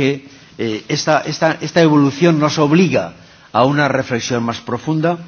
que eh, esta, esta, esta evolución nos obliga a una reflexión más profunda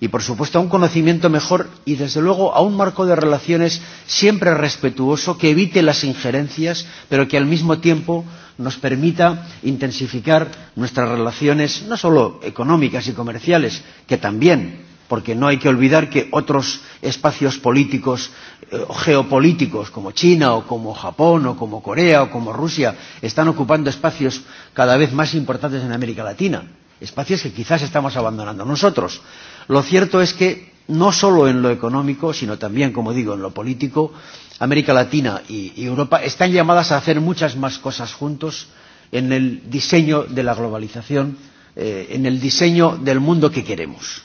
y, por supuesto, a un conocimiento mejor y, desde luego, a un marco de relaciones siempre respetuoso que evite las injerencias, pero que al mismo tiempo nos permita intensificar nuestras relaciones, no solo económicas y comerciales, que también, porque no hay que olvidar que otros espacios políticos eh, geopolíticos como China o como Japón o como Corea o como Rusia están ocupando espacios cada vez más importantes en América Latina, espacios que quizás estamos abandonando nosotros. Lo cierto es que no solo en lo económico, sino también, como digo, en lo político, América Latina y Europa están llamadas a hacer muchas más cosas juntos en el diseño de la globalización, eh, en el diseño del mundo que queremos.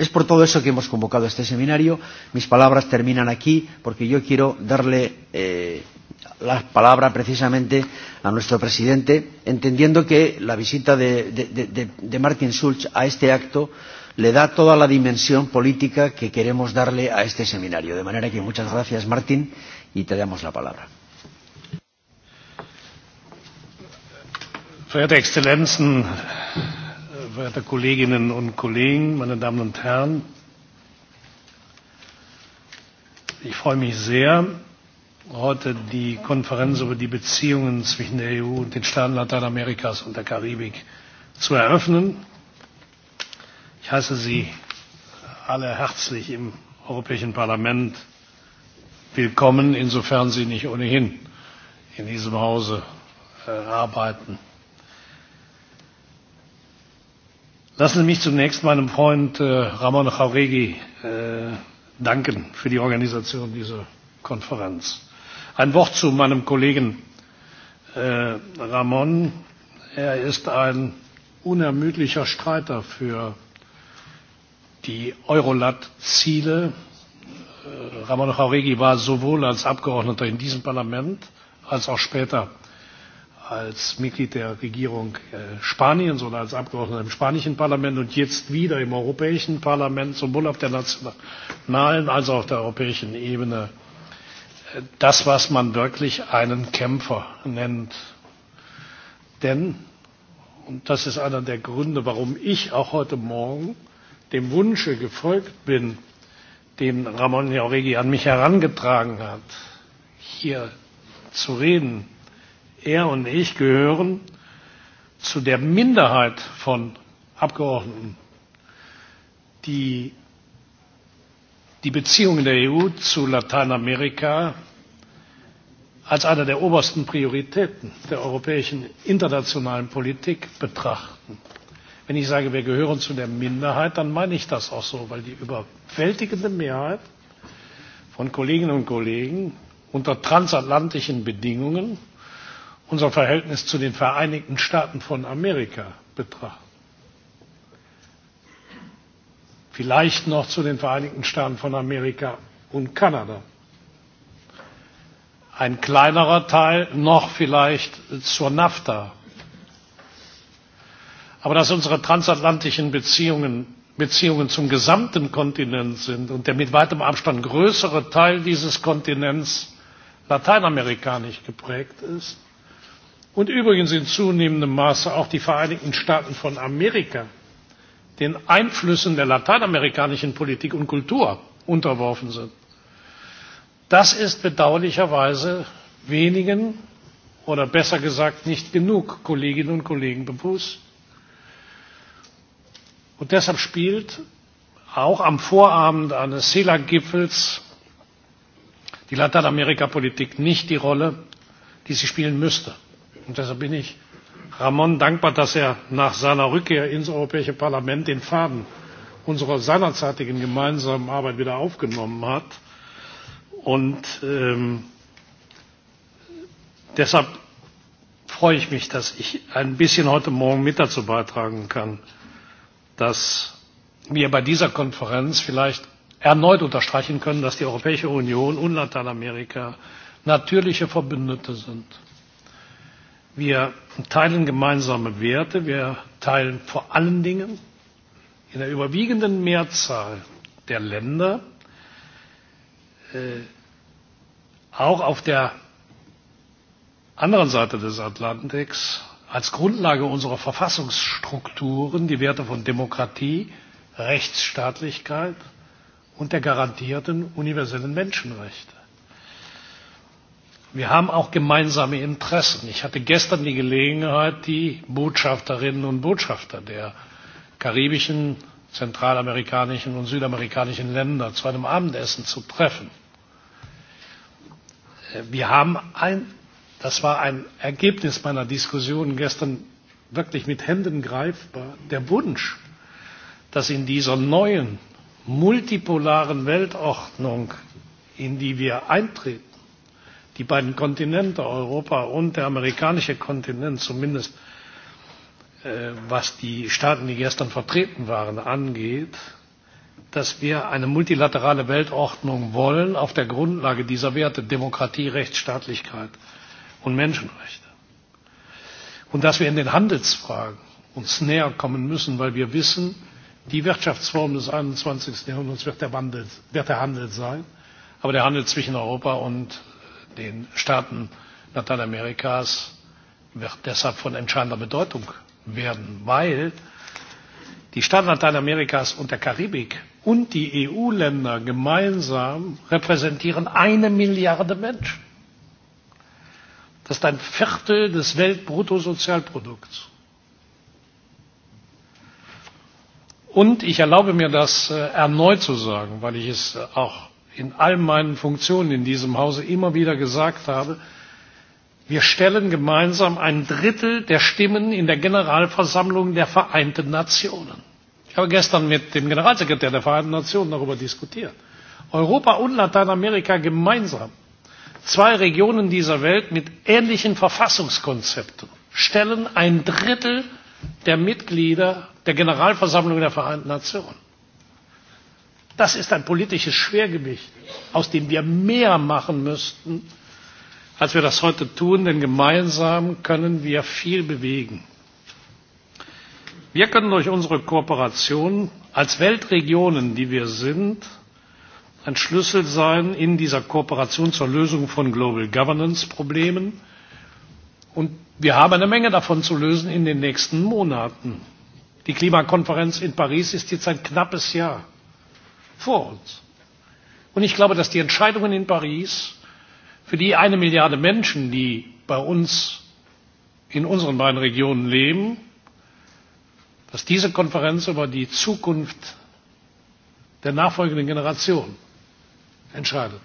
Es por todo eso que hemos convocado este seminario. Mis palabras terminan aquí porque yo quiero darle eh, la palabra precisamente a nuestro presidente, entendiendo que la visita de, de, de, de Martin Schulz a este acto le da toda la dimensión política que queremos darle a este seminario. De manera que muchas gracias, Martín, y te damos la palabra. Verehrte Exzellenzen, verehrte Kolleginnen und Kollegen, meine Damen und Herren! Ich freue mich sehr, heute die Konferenz über die Beziehungen zwischen der EU und den Staaten Lateinamerikas und der Karibik zu eröffnen. Ich heiße Sie alle herzlich im Europäischen Parlament willkommen, insofern Sie nicht ohnehin in diesem Hause arbeiten. Lassen Sie mich zunächst meinem Freund Ramon juregui danken für die Organisation dieser Konferenz. Ein Wort zu meinem Kollegen Ramon. Er ist ein unermüdlicher Streiter für die Eurolat-Ziele. Ramon juregui war sowohl als Abgeordneter in diesem Parlament als auch später als Mitglied der Regierung Spaniens oder als Abgeordneter im spanischen Parlament und jetzt wieder im Europäischen Parlament, sowohl auf der nationalen als auch auf der europäischen Ebene, das, was man wirklich einen Kämpfer nennt. Denn, und das ist einer der Gründe, warum ich auch heute Morgen dem Wunsche gefolgt bin, den Ramon Jauregui an mich herangetragen hat, hier zu reden, er und ich gehören zu der Minderheit von Abgeordneten, die die Beziehungen der EU zu Lateinamerika als eine der obersten Prioritäten der europäischen internationalen Politik betrachten. Wenn ich sage, wir gehören zu der Minderheit, dann meine ich das auch so, weil die überwältigende Mehrheit von Kolleginnen und Kollegen unter transatlantischen Bedingungen unser Verhältnis zu den Vereinigten Staaten von Amerika betrachten. Vielleicht noch zu den Vereinigten Staaten von Amerika und Kanada. Ein kleinerer Teil noch vielleicht zur NAFTA. Aber dass unsere transatlantischen Beziehungen Beziehungen zum gesamten Kontinent sind und der mit weitem Abstand größere Teil dieses Kontinents lateinamerikanisch geprägt ist, und übrigens in zunehmendem maße auch die vereinigten staaten von amerika den einflüssen der lateinamerikanischen politik und kultur unterworfen sind das ist bedauerlicherweise wenigen oder besser gesagt nicht genug kolleginnen und kollegen bewusst. und deshalb spielt auch am vorabend eines celac gipfels die lateinamerikapolitik nicht die rolle die sie spielen müsste. Und deshalb bin ich Ramon dankbar, dass er nach seiner Rückkehr ins Europäische Parlament den Faden unserer seinerzeitigen gemeinsamen Arbeit wieder aufgenommen hat. Und ähm, deshalb freue ich mich, dass ich ein bisschen heute Morgen mit dazu beitragen kann, dass wir bei dieser Konferenz vielleicht erneut unterstreichen können, dass die Europäische Union und Lateinamerika natürliche Verbündete sind. Wir teilen gemeinsame Werte, wir teilen vor allen Dingen in der überwiegenden Mehrzahl der Länder auch auf der anderen Seite des Atlantiks als Grundlage unserer Verfassungsstrukturen die Werte von Demokratie, Rechtsstaatlichkeit und der garantierten universellen Menschenrechte. Wir haben auch gemeinsame Interessen. Ich hatte gestern die Gelegenheit, die Botschafterinnen und Botschafter der karibischen, zentralamerikanischen und südamerikanischen Länder zu einem Abendessen zu treffen. Wir haben ein, das war ein Ergebnis meiner Diskussion gestern wirklich mit Händen greifbar, der Wunsch, dass in dieser neuen multipolaren Weltordnung, in die wir eintreten, die beiden Kontinente, Europa und der amerikanische Kontinent, zumindest was die Staaten, die gestern vertreten waren, angeht, dass wir eine multilaterale Weltordnung wollen auf der Grundlage dieser Werte Demokratie, Rechtsstaatlichkeit und Menschenrechte. Und dass wir uns in den Handelsfragen näher kommen müssen, weil wir wissen, die Wirtschaftsform des einundzwanzig Jahrhunderts wird der Handel sein, aber der Handel zwischen Europa und den Staaten Lateinamerikas wird deshalb von entscheidender Bedeutung werden, weil die Staaten Lateinamerikas und der Karibik und die EU-Länder gemeinsam repräsentieren eine Milliarde Menschen. Das ist ein Viertel des Weltbruttosozialprodukts. Und ich erlaube mir das erneut zu sagen, weil ich es auch in all meinen Funktionen in diesem Hause immer wieder gesagt habe, wir stellen gemeinsam ein Drittel der Stimmen in der Generalversammlung der Vereinten Nationen. Ich habe gestern mit dem Generalsekretär der Vereinten Nationen darüber diskutiert. Europa und Lateinamerika gemeinsam, zwei Regionen dieser Welt mit ähnlichen Verfassungskonzepten, stellen ein Drittel der Mitglieder der Generalversammlung der Vereinten Nationen. Das ist ein politisches Schwergewicht, aus dem wir mehr machen müssten, als wir das heute tun, denn gemeinsam können wir viel bewegen. Wir können durch unsere Kooperation als Weltregionen, die wir sind, ein Schlüssel sein in dieser Kooperation zur Lösung von Global Governance Problemen. Und wir haben eine Menge davon zu lösen in den nächsten Monaten. Die Klimakonferenz in Paris ist jetzt ein knappes Jahr vor uns. Und ich glaube, dass die Entscheidungen in Paris für die eine Milliarde Menschen, die bei uns in unseren beiden Regionen leben, dass diese Konferenz über die Zukunft der nachfolgenden Generation entscheidet.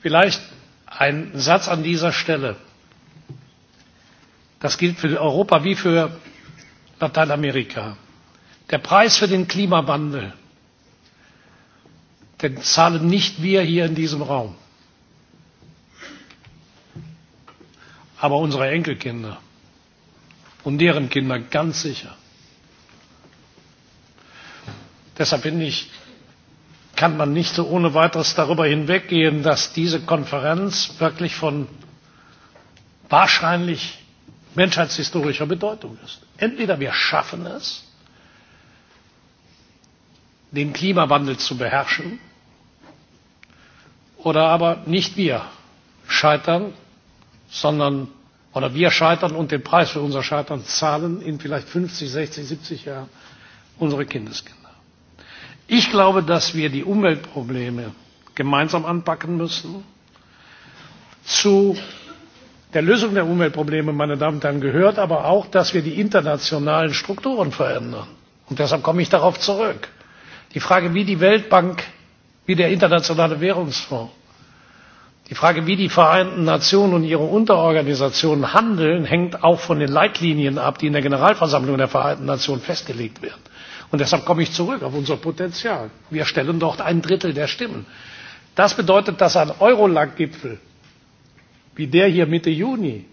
Vielleicht ein Satz an dieser Stelle. Das gilt für Europa wie für Lateinamerika. Der Preis für den Klimawandel Denn zahlen nicht wir hier in diesem Raum. Aber unsere Enkelkinder und deren Kinder ganz sicher. Deshalb bin ich, kann man nicht so ohne weiteres darüber hinweggehen, dass diese Konferenz wirklich von wahrscheinlich menschheitshistorischer Bedeutung ist. Entweder wir schaffen es, den Klimawandel zu beherrschen, oder aber nicht wir scheitern, sondern oder wir scheitern und den Preis für unser Scheitern zahlen in vielleicht 50, 60, 70 Jahren unsere Kindeskinder. Ich glaube, dass wir die Umweltprobleme gemeinsam anpacken müssen. Zu der Lösung der Umweltprobleme, meine Damen und Herren, gehört aber auch, dass wir die internationalen Strukturen verändern. Und deshalb komme ich darauf zurück. Die Frage, wie die Weltbank wie der Internationale Währungsfonds. Die Frage, wie die Vereinten Nationen und ihre Unterorganisationen handeln, hängt auch von den Leitlinien ab, die in der Generalversammlung der Vereinten Nationen festgelegt werden. Und deshalb komme ich zurück auf unser Potenzial. Wir stellen dort ein Drittel der Stimmen. Das bedeutet, dass ein Eurolag-Gipfel wie der hier Mitte Juni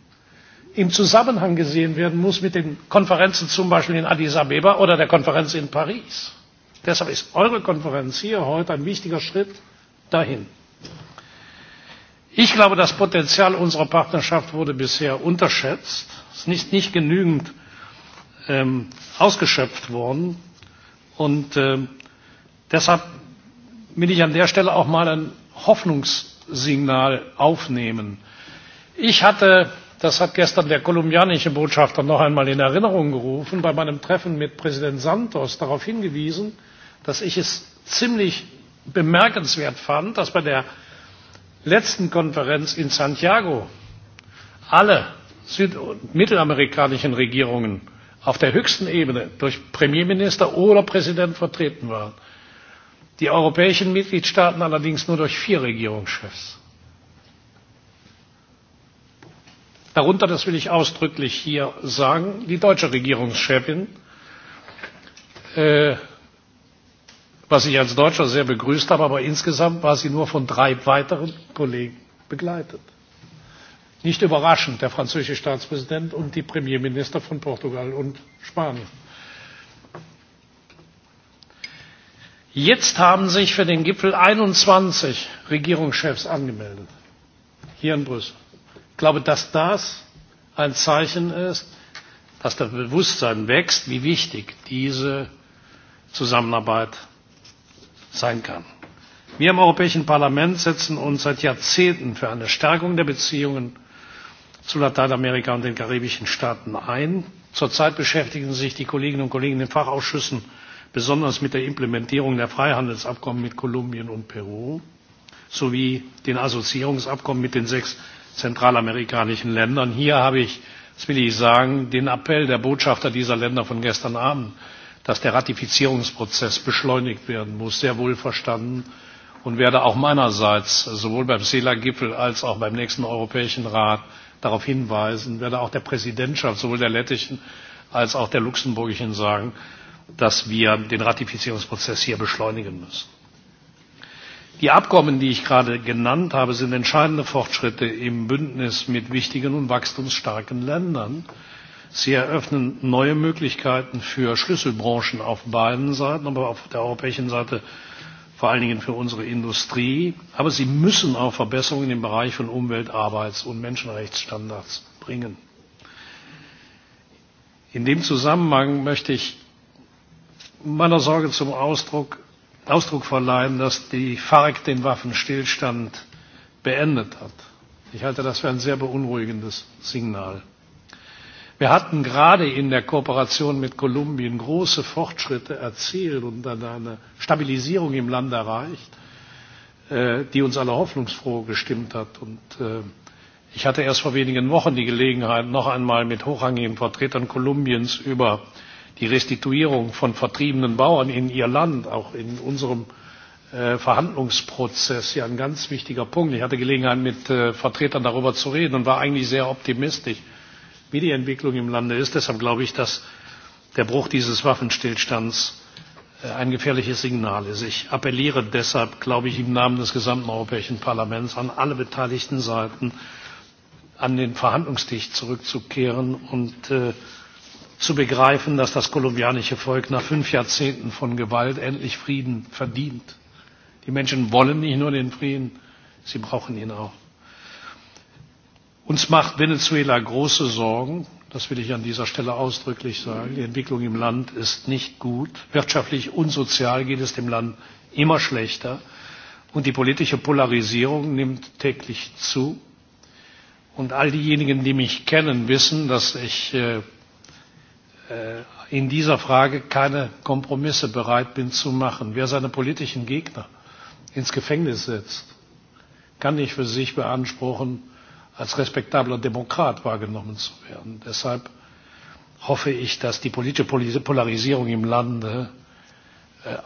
im Zusammenhang gesehen werden muss mit den Konferenzen zum Beispiel in Addis Abeba oder der Konferenz in Paris. Deshalb ist eure Konferenz hier heute ein wichtiger Schritt dahin. Ich glaube, das Potenzial unserer Partnerschaft wurde bisher unterschätzt. Es ist nicht genügend ausgeschöpft worden. Und deshalb will ich an der Stelle auch mal ein Hoffnungssignal aufnehmen. Ich hatte, das hat gestern der kolumbianische Botschafter noch einmal in Erinnerung gerufen, bei meinem Treffen mit Präsident Santos darauf hingewiesen, dass ich es ziemlich bemerkenswert fand, dass bei der letzten Konferenz in Santiago alle süd- und mittelamerikanischen Regierungen auf der höchsten Ebene durch Premierminister oder Präsident vertreten waren. Die europäischen Mitgliedstaaten allerdings nur durch vier Regierungschefs. Darunter, das will ich ausdrücklich hier sagen, die deutsche Regierungschefin, was ich als Deutscher sehr begrüßt habe, aber insgesamt war sie nur von drei weiteren Kollegen begleitet. Nicht überraschend der französische Staatspräsident und die Premierminister von Portugal und Spanien. Jetzt haben sich für den Gipfel einundzwanzig Regierungschefs angemeldet, hier in Brüssel. Ich glaube, dass das ein Zeichen ist, dass das Bewusstsein wächst, wie wichtig diese Zusammenarbeit sein kann. Wir im Europäischen Parlament setzen uns seit Jahrzehnten für eine Stärkung der Beziehungen zu Lateinamerika und den karibischen Staaten ein. Zurzeit beschäftigen sich die Kolleginnen und Kollegen in den Fachausschüssen besonders mit der Implementierung der Freihandelsabkommen mit Kolumbien und Peru sowie den Assoziierungsabkommen mit den sechs zentralamerikanischen Ländern. Hier habe ich, das will ich sagen, den Appell der Botschafter dieser Länder von gestern Abend dass der Ratifizierungsprozess beschleunigt werden muss, sehr wohl verstanden und werde auch meinerseits sowohl beim CELA-Gipfel als auch beim nächsten Europäischen Rat darauf hinweisen, werde auch der Präsidentschaft sowohl der lettischen als auch der luxemburgischen sagen, dass wir den Ratifizierungsprozess hier beschleunigen müssen. Die Abkommen, die ich gerade genannt habe, sind entscheidende Fortschritte im Bündnis mit wichtigen und wachstumsstarken Ländern. Sie eröffnen neue Möglichkeiten für Schlüsselbranchen auf beiden Seiten, aber auf der europäischen Seite vor allen Dingen für unsere Industrie. Aber sie müssen auch Verbesserungen im Bereich von Umwelt-, Arbeits- und Menschenrechtsstandards bringen. In dem Zusammenhang möchte ich meiner Sorge zum Ausdruck, Ausdruck verleihen, dass die FARC den Waffenstillstand beendet hat. Ich halte das für ein sehr beunruhigendes Signal. Wir hatten gerade in der Kooperation mit Kolumbien große Fortschritte erzielt und dann eine Stabilisierung im Land erreicht, die uns alle hoffnungsfroh gestimmt hat. Und ich hatte erst vor wenigen Wochen die Gelegenheit, noch einmal mit hochrangigen Vertretern Kolumbiens über die Restituierung von vertriebenen Bauern in ihr Land, auch in unserem Verhandlungsprozess ja ein ganz wichtiger Punkt. Ich hatte Gelegenheit, mit Vertretern darüber zu reden und war eigentlich sehr optimistisch wie die Entwicklung im Lande ist. Deshalb glaube ich, dass der Bruch dieses Waffenstillstands ein gefährliches Signal ist. Ich appelliere deshalb, glaube ich, im Namen des gesamten Europäischen Parlaments an alle beteiligten Seiten, an den Verhandlungstisch zurückzukehren und zu begreifen, dass das kolumbianische Volk nach fünf Jahrzehnten von Gewalt endlich Frieden verdient. Die Menschen wollen nicht nur den Frieden, sie brauchen ihn auch. Uns macht Venezuela große Sorgen. Das will ich an dieser Stelle ausdrücklich sagen. Die Entwicklung im Land ist nicht gut. Wirtschaftlich und sozial geht es dem Land immer schlechter. Und die politische Polarisierung nimmt täglich zu. Und all diejenigen, die mich kennen, wissen, dass ich in dieser Frage keine Kompromisse bereit bin zu machen. Wer seine politischen Gegner ins Gefängnis setzt, kann nicht für sich beanspruchen, als respektabler Demokrat wahrgenommen zu werden. Deshalb hoffe ich, dass die politische Polarisierung im Lande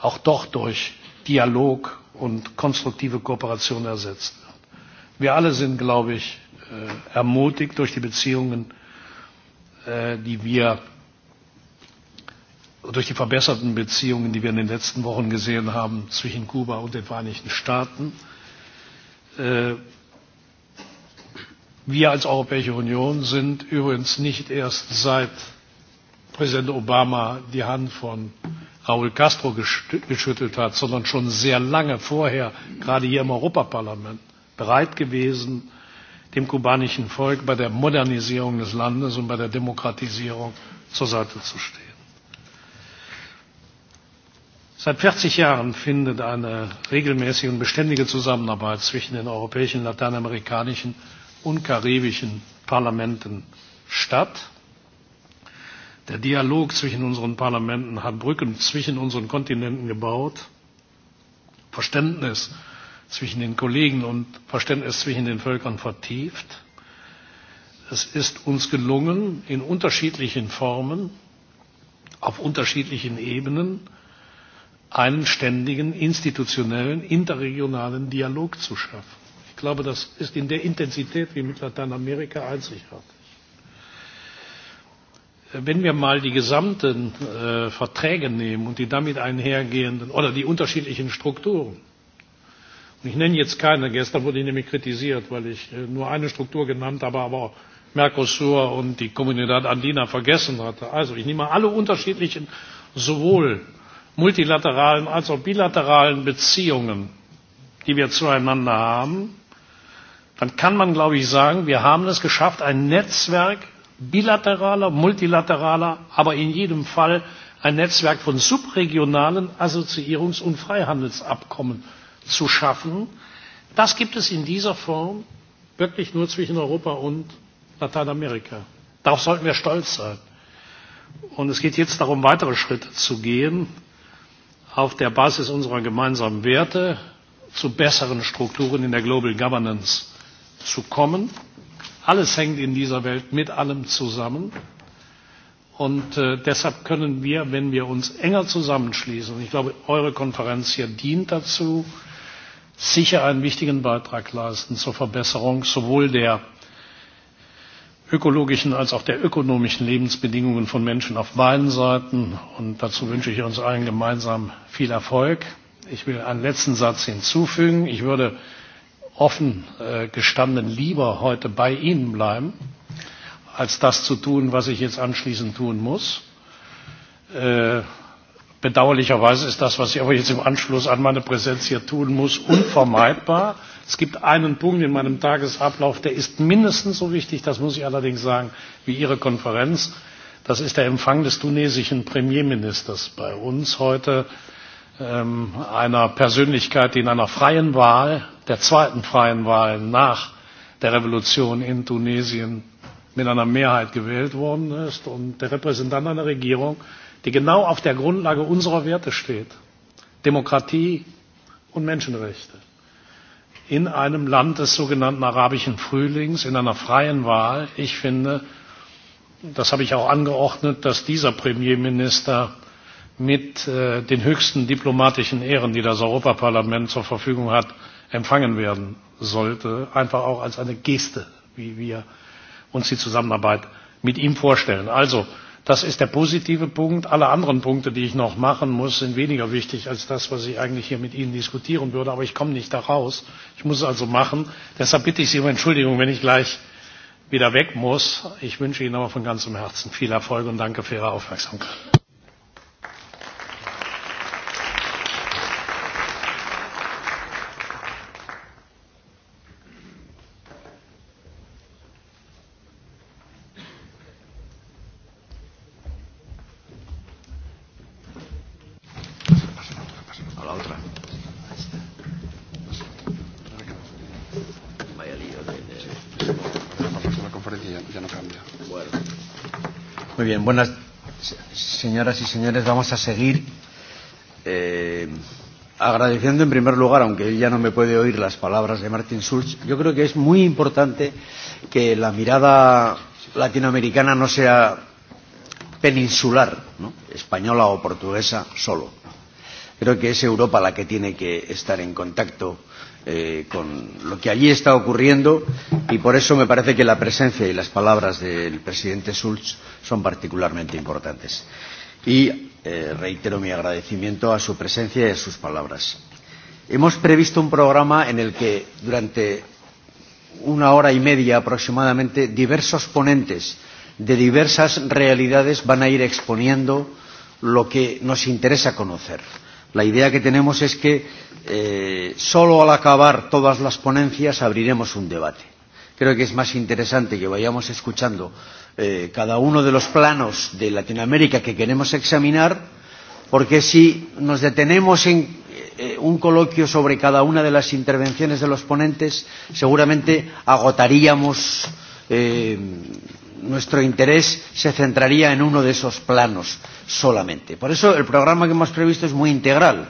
auch doch durch Dialog und konstruktive Kooperation ersetzt wird. Wir alle sind, glaube ich, ermutigt durch die Beziehungen, die wir durch die verbesserten Beziehungen, die wir in den letzten Wochen gesehen haben zwischen Kuba und den Vereinigten Staaten. Wir als Europäische Union sind übrigens nicht erst seit Präsident Obama die Hand von Raúl Castro geschüttelt hat, sondern schon sehr lange vorher, gerade hier im Europaparlament, bereit gewesen, dem kubanischen Volk bei der Modernisierung des Landes und bei der Demokratisierung zur Seite zu stehen. Seit 40 Jahren findet eine regelmäßige und beständige Zusammenarbeit zwischen den europäischen, und lateinamerikanischen und karibischen Parlamenten statt. Der Dialog zwischen unseren Parlamenten hat Brücken zwischen unseren Kontinenten gebaut, Verständnis zwischen den Kollegen und Verständnis zwischen den Völkern vertieft. Es ist uns gelungen, in unterschiedlichen Formen, auf unterschiedlichen Ebenen, einen ständigen institutionellen interregionalen Dialog zu schaffen. Ich glaube, das ist in der Intensität wie mit Lateinamerika einzigartig. Wenn wir mal die gesamten äh, Verträge nehmen und die damit einhergehenden oder die unterschiedlichen Strukturen, und ich nenne jetzt keine, gestern wurde ich nämlich kritisiert, weil ich äh, nur eine Struktur genannt habe, aber Mercosur und die Comunidad Andina vergessen hatte. Also ich nehme alle unterschiedlichen, sowohl multilateralen als auch bilateralen Beziehungen, die wir zueinander haben, dann kann man, glaube ich, sagen, wir haben es geschafft, ein Netzwerk bilateraler, multilateraler, aber in jedem Fall ein Netzwerk von subregionalen Assoziierungs- und Freihandelsabkommen zu schaffen. Das gibt es in dieser Form wirklich nur zwischen Europa und Lateinamerika. Darauf sollten wir stolz sein. Und es geht jetzt darum, weitere Schritte zu gehen, auf der Basis unserer gemeinsamen Werte zu besseren Strukturen in der Global Governance zu kommen. Alles hängt in dieser Welt mit allem zusammen. Und deshalb können wir, wenn wir uns enger zusammenschließen, und ich glaube, eure Konferenz hier dient dazu, sicher einen wichtigen Beitrag leisten zur Verbesserung sowohl der ökologischen als auch der ökonomischen Lebensbedingungen von Menschen auf beiden Seiten. Und dazu wünsche ich uns allen gemeinsam viel Erfolg. Ich will einen letzten Satz hinzufügen. Ich würde offen gestanden lieber heute bei Ihnen bleiben, als das zu tun, was ich jetzt anschließend tun muss. Bedauerlicherweise ist das, was ich aber jetzt im Anschluss an meine Präsenz hier tun muss, unvermeidbar. Es gibt einen Punkt in meinem Tagesablauf, der ist mindestens so wichtig, das muss ich allerdings sagen, wie Ihre Konferenz. Das ist der Empfang des tunesischen Premierministers bei uns heute, einer Persönlichkeit, die in einer freien Wahl der zweiten freien Wahl nach der Revolution in Tunesien mit einer Mehrheit gewählt worden ist und der Repräsentant einer Regierung, die genau auf der Grundlage unserer Werte steht, Demokratie und Menschenrechte, in einem Land des sogenannten arabischen Frühlings, in einer freien Wahl. Ich finde, das habe ich auch angeordnet, dass dieser Premierminister mit den höchsten diplomatischen Ehren, die das Europaparlament zur Verfügung hat, empfangen werden sollte, einfach auch als eine Geste, wie wir uns die Zusammenarbeit mit ihm vorstellen. Also, das ist der positive Punkt. Alle anderen Punkte, die ich noch machen muss, sind weniger wichtig als das, was ich eigentlich hier mit Ihnen diskutieren würde. Aber ich komme nicht daraus. Ich muss es also machen. Deshalb bitte ich Sie um Entschuldigung, wenn ich gleich wieder weg muss. Ich wünsche Ihnen aber von ganzem Herzen viel Erfolg und danke für Ihre Aufmerksamkeit. Buenas, señoras y señores, vamos a seguir. Eh, agradeciendo en primer lugar, aunque él ya no me puede oír las palabras de Martin Schulz, yo creo que es muy importante que la mirada latinoamericana no sea peninsular, ¿no? española o portuguesa solo. Creo que es Europa la que tiene que estar en contacto eh, con lo que allí está ocurriendo y por eso me parece que la presencia y las palabras del presidente Schulz son particularmente importantes. Y eh, reitero mi agradecimiento a su presencia y a sus palabras. Hemos previsto un programa en el que durante una hora y media aproximadamente diversos ponentes de diversas realidades van a ir exponiendo lo que nos interesa conocer La idea que tenemos es que eh, solo al acabar todas las ponencias abriremos un debate. Creo que es más interesante que vayamos escuchando eh, cada uno de los planos de Latinoamérica que queremos examinar porque si nos detenemos en eh, un coloquio sobre cada una de las intervenciones de los ponentes, seguramente agotaríamos eh, nuestro interés se centraría en uno de esos planos solamente. Por eso el programa que hemos previsto es muy integral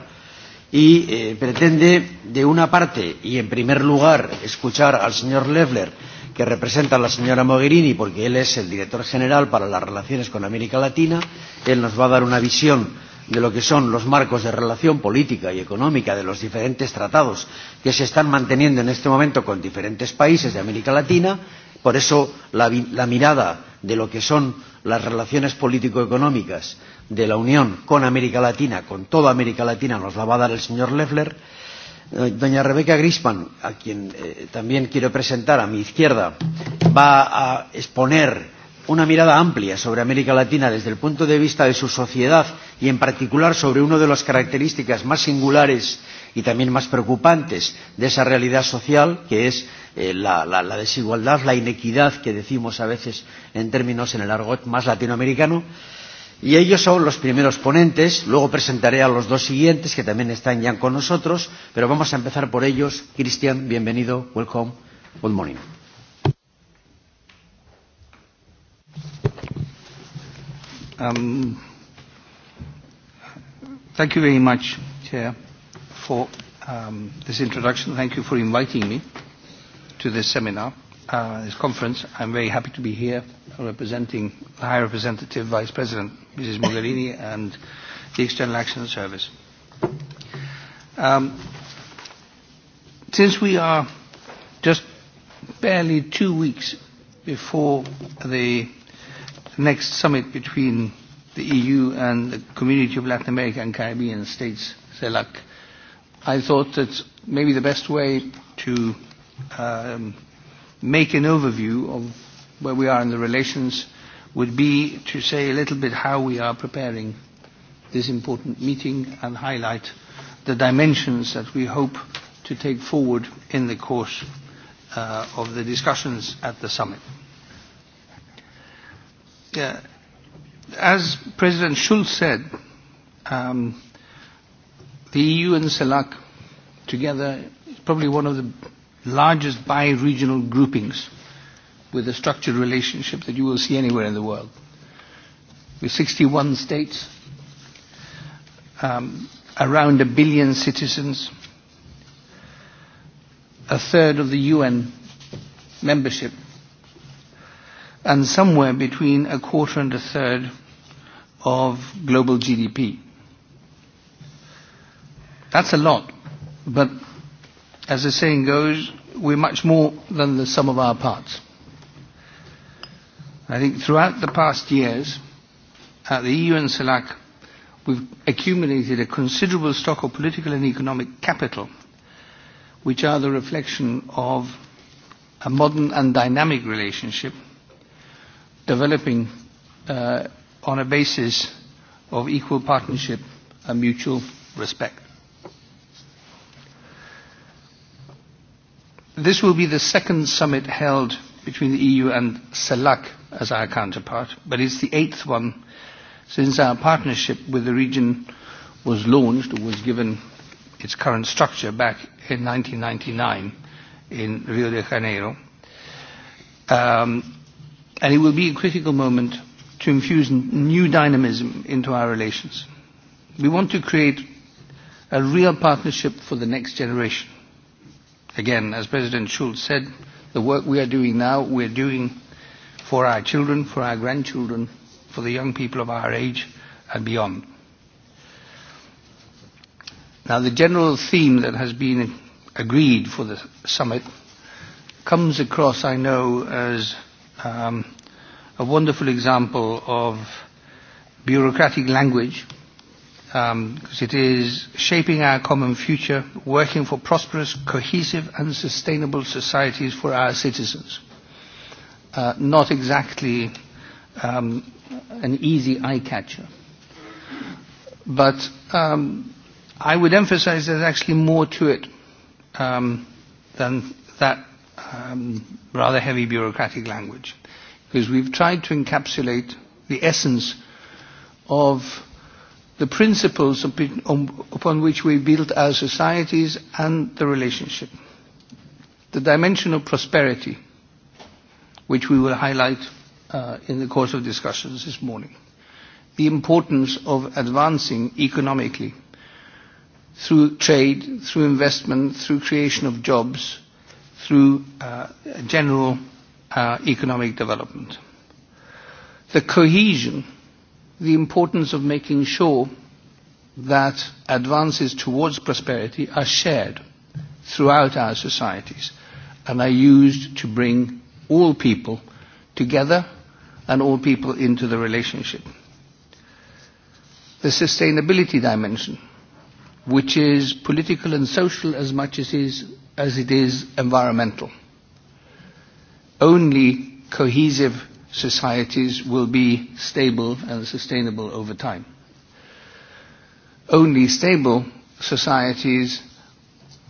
y eh, pretende, de una parte y en primer lugar, escuchar al señor Leffler, que representa a la señora Mogherini, porque él es el director general para las relaciones con América Latina. Él nos va a dar una visión de lo que son los marcos de relación política y económica de los diferentes tratados que se están manteniendo en este momento con diferentes países de América Latina Por eso la, la mirada de lo que son las relaciones político-económicas de la Unión con América Latina, con toda América Latina, nos la va a dar el señor Leffler. Doña Rebeca Grispan, a quien eh, también quiero presentar a mi izquierda, va a exponer una mirada amplia sobre América Latina desde el punto de vista de su sociedad y en particular sobre una de las características más singulares y también más preocupantes de esa realidad social que es eh, la, la, la desigualdad, la inequidad que decimos a veces en términos en el argot más latinoamericano. Y ellos son los primeros ponentes, luego presentaré a los dos siguientes que también están ya con nosotros, pero vamos a empezar por ellos. Cristian, bienvenido, welcome, good morning. Um, thank you very much, Chair for um, this introduction. Thank you for inviting me to this seminar, uh, this conference. I'm very happy to be here representing the High Representative Vice President, Mrs. Mogherini, and the External Action Service. Um, since we are just barely two weeks before the next summit between the EU and the Community of Latin America and Caribbean States, CELAC, I thought that maybe the best way to um, make an overview of where we are in the relations would be to say a little bit how we are preparing this important meeting and highlight the dimensions that we hope to take forward in the course uh, of the discussions at the summit. Yeah. As President Schulz said, um, The EU and CELAC together is probably one of the largest bi-regional groupings with a structured relationship that you will see anywhere in the world. With 61 states, um, around a billion citizens, a third of the UN membership, and somewhere between a quarter and a third of global GDP. That's a lot. But as the saying goes, we're much more than the sum of our parts. I think throughout the past years, at the EU and CELAC, we've accumulated a considerable stock of political and economic capital, which are the reflection of a modern and dynamic relationship developing uh, on a basis of equal partnership and mutual respect. This will be the second summit held between the EU and CELAC as our counterpart, but it's the eighth one since our partnership with the region was launched, was given its current structure back in 1999 in Rio de Janeiro. Um, and it will be a critical moment to infuse new dynamism into our relations. We want to create a real partnership for the next generation Again, as President Schulz said, the work we are doing now, we are doing for our children, for our grandchildren, for the young people of our age and beyond. Now, the general theme that has been agreed for the summit comes across, I know, as um, a wonderful example of bureaucratic language – because it is shaping our common future, working for prosperous, cohesive and sustainable societies for our citizens. Uh, not exactly um, an easy eye-catcher. But um, I would emphasize there's actually more to it um, than that um, rather heavy bureaucratic language. Because we've tried to encapsulate the essence of the principles upon which we build our societies and the relationship. The dimension of prosperity, which we will highlight uh, in the course of discussions this morning. The importance of advancing economically through trade, through investment, through creation of jobs, through uh, general uh, economic development. The cohesion the importance of making sure that advances towards prosperity are shared throughout our societies and are used to bring all people together and all people into the relationship. The sustainability dimension, which is political and social as much as it is, as it is environmental. Only cohesive societies will be stable and sustainable over time. Only stable societies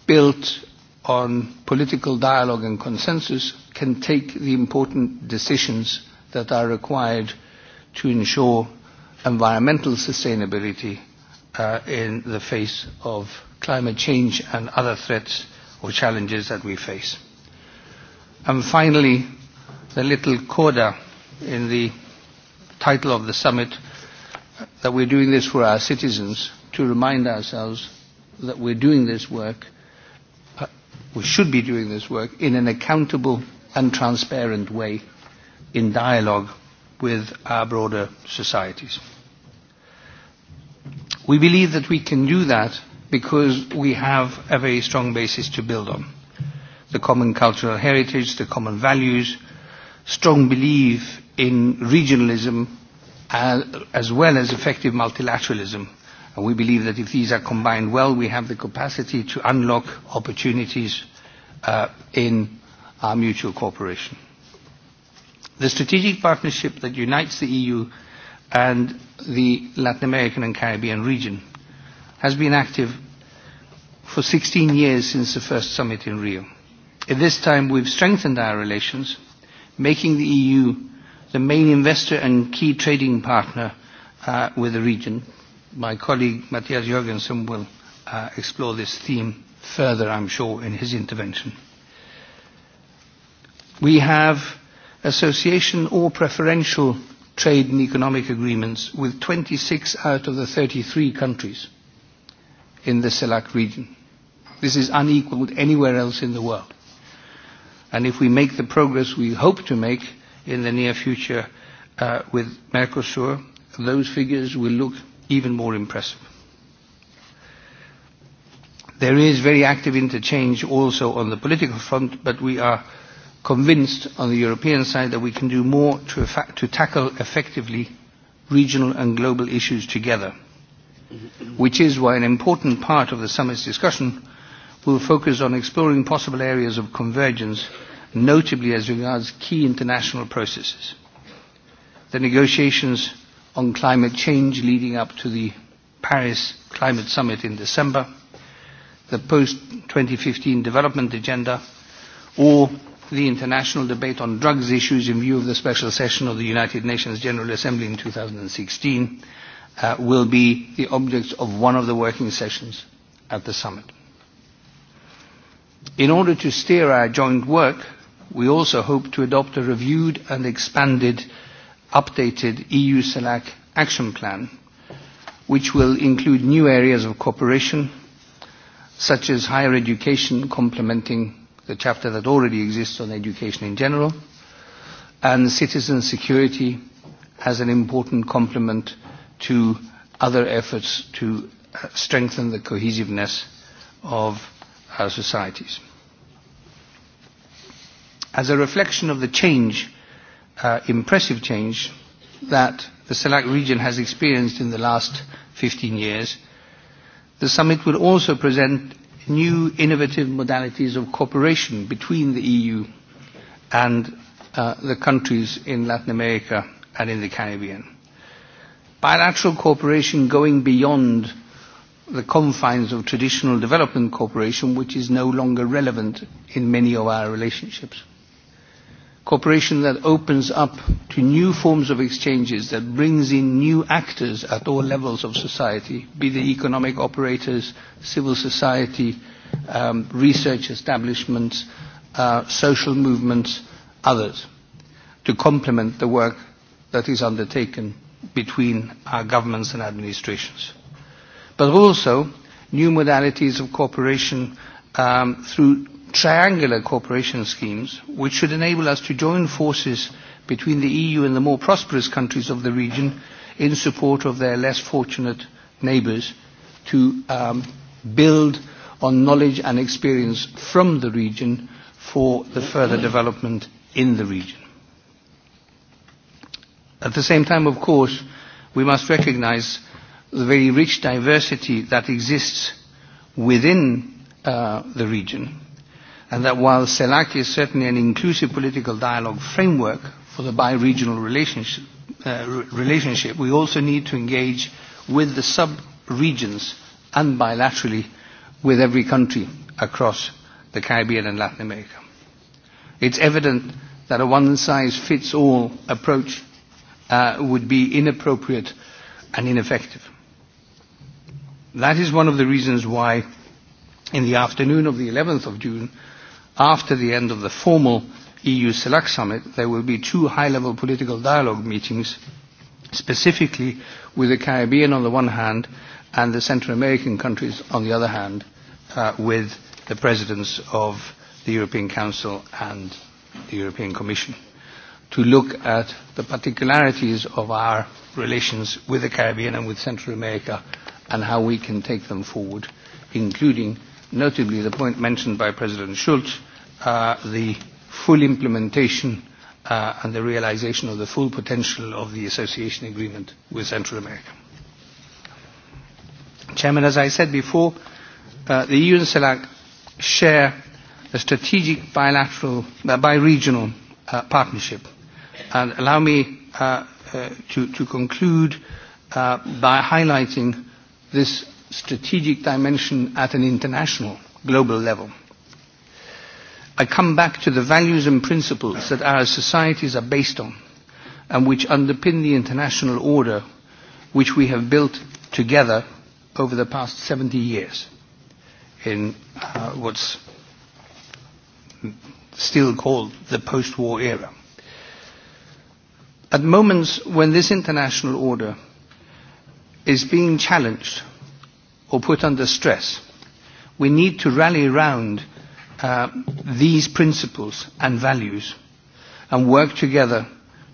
built on political dialogue and consensus can take the important decisions that are required to ensure environmental sustainability uh, in the face of climate change and other threats or challenges that we face. And finally, the little coda in the title of the summit that we're doing this for our citizens to remind ourselves that we're doing this work, uh, we should be doing this work in an accountable and transparent way in dialogue with our broader societies. We believe that we can do that because we have a very strong basis to build on. The common cultural heritage, the common values, strong belief in regionalism as well as effective multilateralism. And we believe that if these are combined well, we have the capacity to unlock opportunities uh, in our mutual cooperation. The strategic partnership that unites the EU and the Latin American and Caribbean region has been active for 16 years since the first summit in Rio. At this time, we've strengthened our relations, making the EU the main investor and key trading partner uh, with the region. My colleague Matthias Jorgensen will uh, explore this theme further, I'm sure, in his intervention. We have association or preferential trade and economic agreements with 26 out of the 33 countries in the CELAC region. This is unequaled anywhere else in the world. And if we make the progress we hope to make, in the near future uh, with Mercosur, those figures will look even more impressive. There is very active interchange also on the political front, but we are convinced on the European side that we can do more to, to tackle effectively regional and global issues together, which is why an important part of the summit's discussion will focus on exploring possible areas of convergence notably as regards key international processes. The negotiations on climate change leading up to the Paris Climate Summit in December, the post-2015 development agenda, or the international debate on drugs issues in view of the special session of the United Nations General Assembly in 2016 uh, will be the objects of one of the working sessions at the summit. In order to steer our joint work we also hope to adopt a reviewed and expanded, updated EU CELAC action plan, which will include new areas of cooperation, such as higher education complementing the chapter that already exists on education in general, and citizen security as an important complement to other efforts to strengthen the cohesiveness of our societies as a reflection of the change, uh, impressive change, that the CELAC region has experienced in the last 15 years, the summit will also present new innovative modalities of cooperation between the EU and uh, the countries in Latin America and in the Caribbean. Bilateral cooperation going beyond the confines of traditional development cooperation, which is no longer relevant in many of our relationships cooperation that opens up to new forms of exchanges, that brings in new actors at all levels of society, be they economic operators, civil society, um, research establishments, uh, social movements, others, to complement the work that is undertaken between our governments and administrations. But also new modalities of cooperation um, through triangular cooperation schemes which should enable us to join forces between the EU and the more prosperous countries of the region in support of their less fortunate neighbours to um, build on knowledge and experience from the region for the further development in the region. At the same time, of course, we must recognise the very rich diversity that exists within uh, the region and that while CELAC is certainly an inclusive political dialogue framework for the bi-regional relationship, uh, relationship, we also need to engage with the sub-regions and bilaterally with every country across the Caribbean and Latin America. It's evident that a one-size-fits-all approach uh, would be inappropriate and ineffective. That is one of the reasons why in the afternoon of the 11th of June, after the end of the formal EU Select Summit, there will be two high-level political dialogue meetings, specifically with the Caribbean on the one hand and the Central American countries on the other hand, uh, with the presidents of the European Council and the European Commission, to look at the particularities of our relations with the Caribbean and with Central America and how we can take them forward, including notably the point mentioned by President Schulz, uh, the full implementation uh, and the realization of the full potential of the association agreement with Central America. Chairman, as I said before, uh, the EU and CELAC share a strategic bilateral, uh, bi-regional uh, partnership. And allow me uh, uh, to, to conclude uh, by highlighting this strategic dimension at an international, global level. I come back to the values and principles that our societies are based on and which underpin the international order which we have built together over the past 70 years in uh, what's still called the post-war era. At moments when this international order is being challenged or put under stress. We need to rally around uh, these principles and values and work together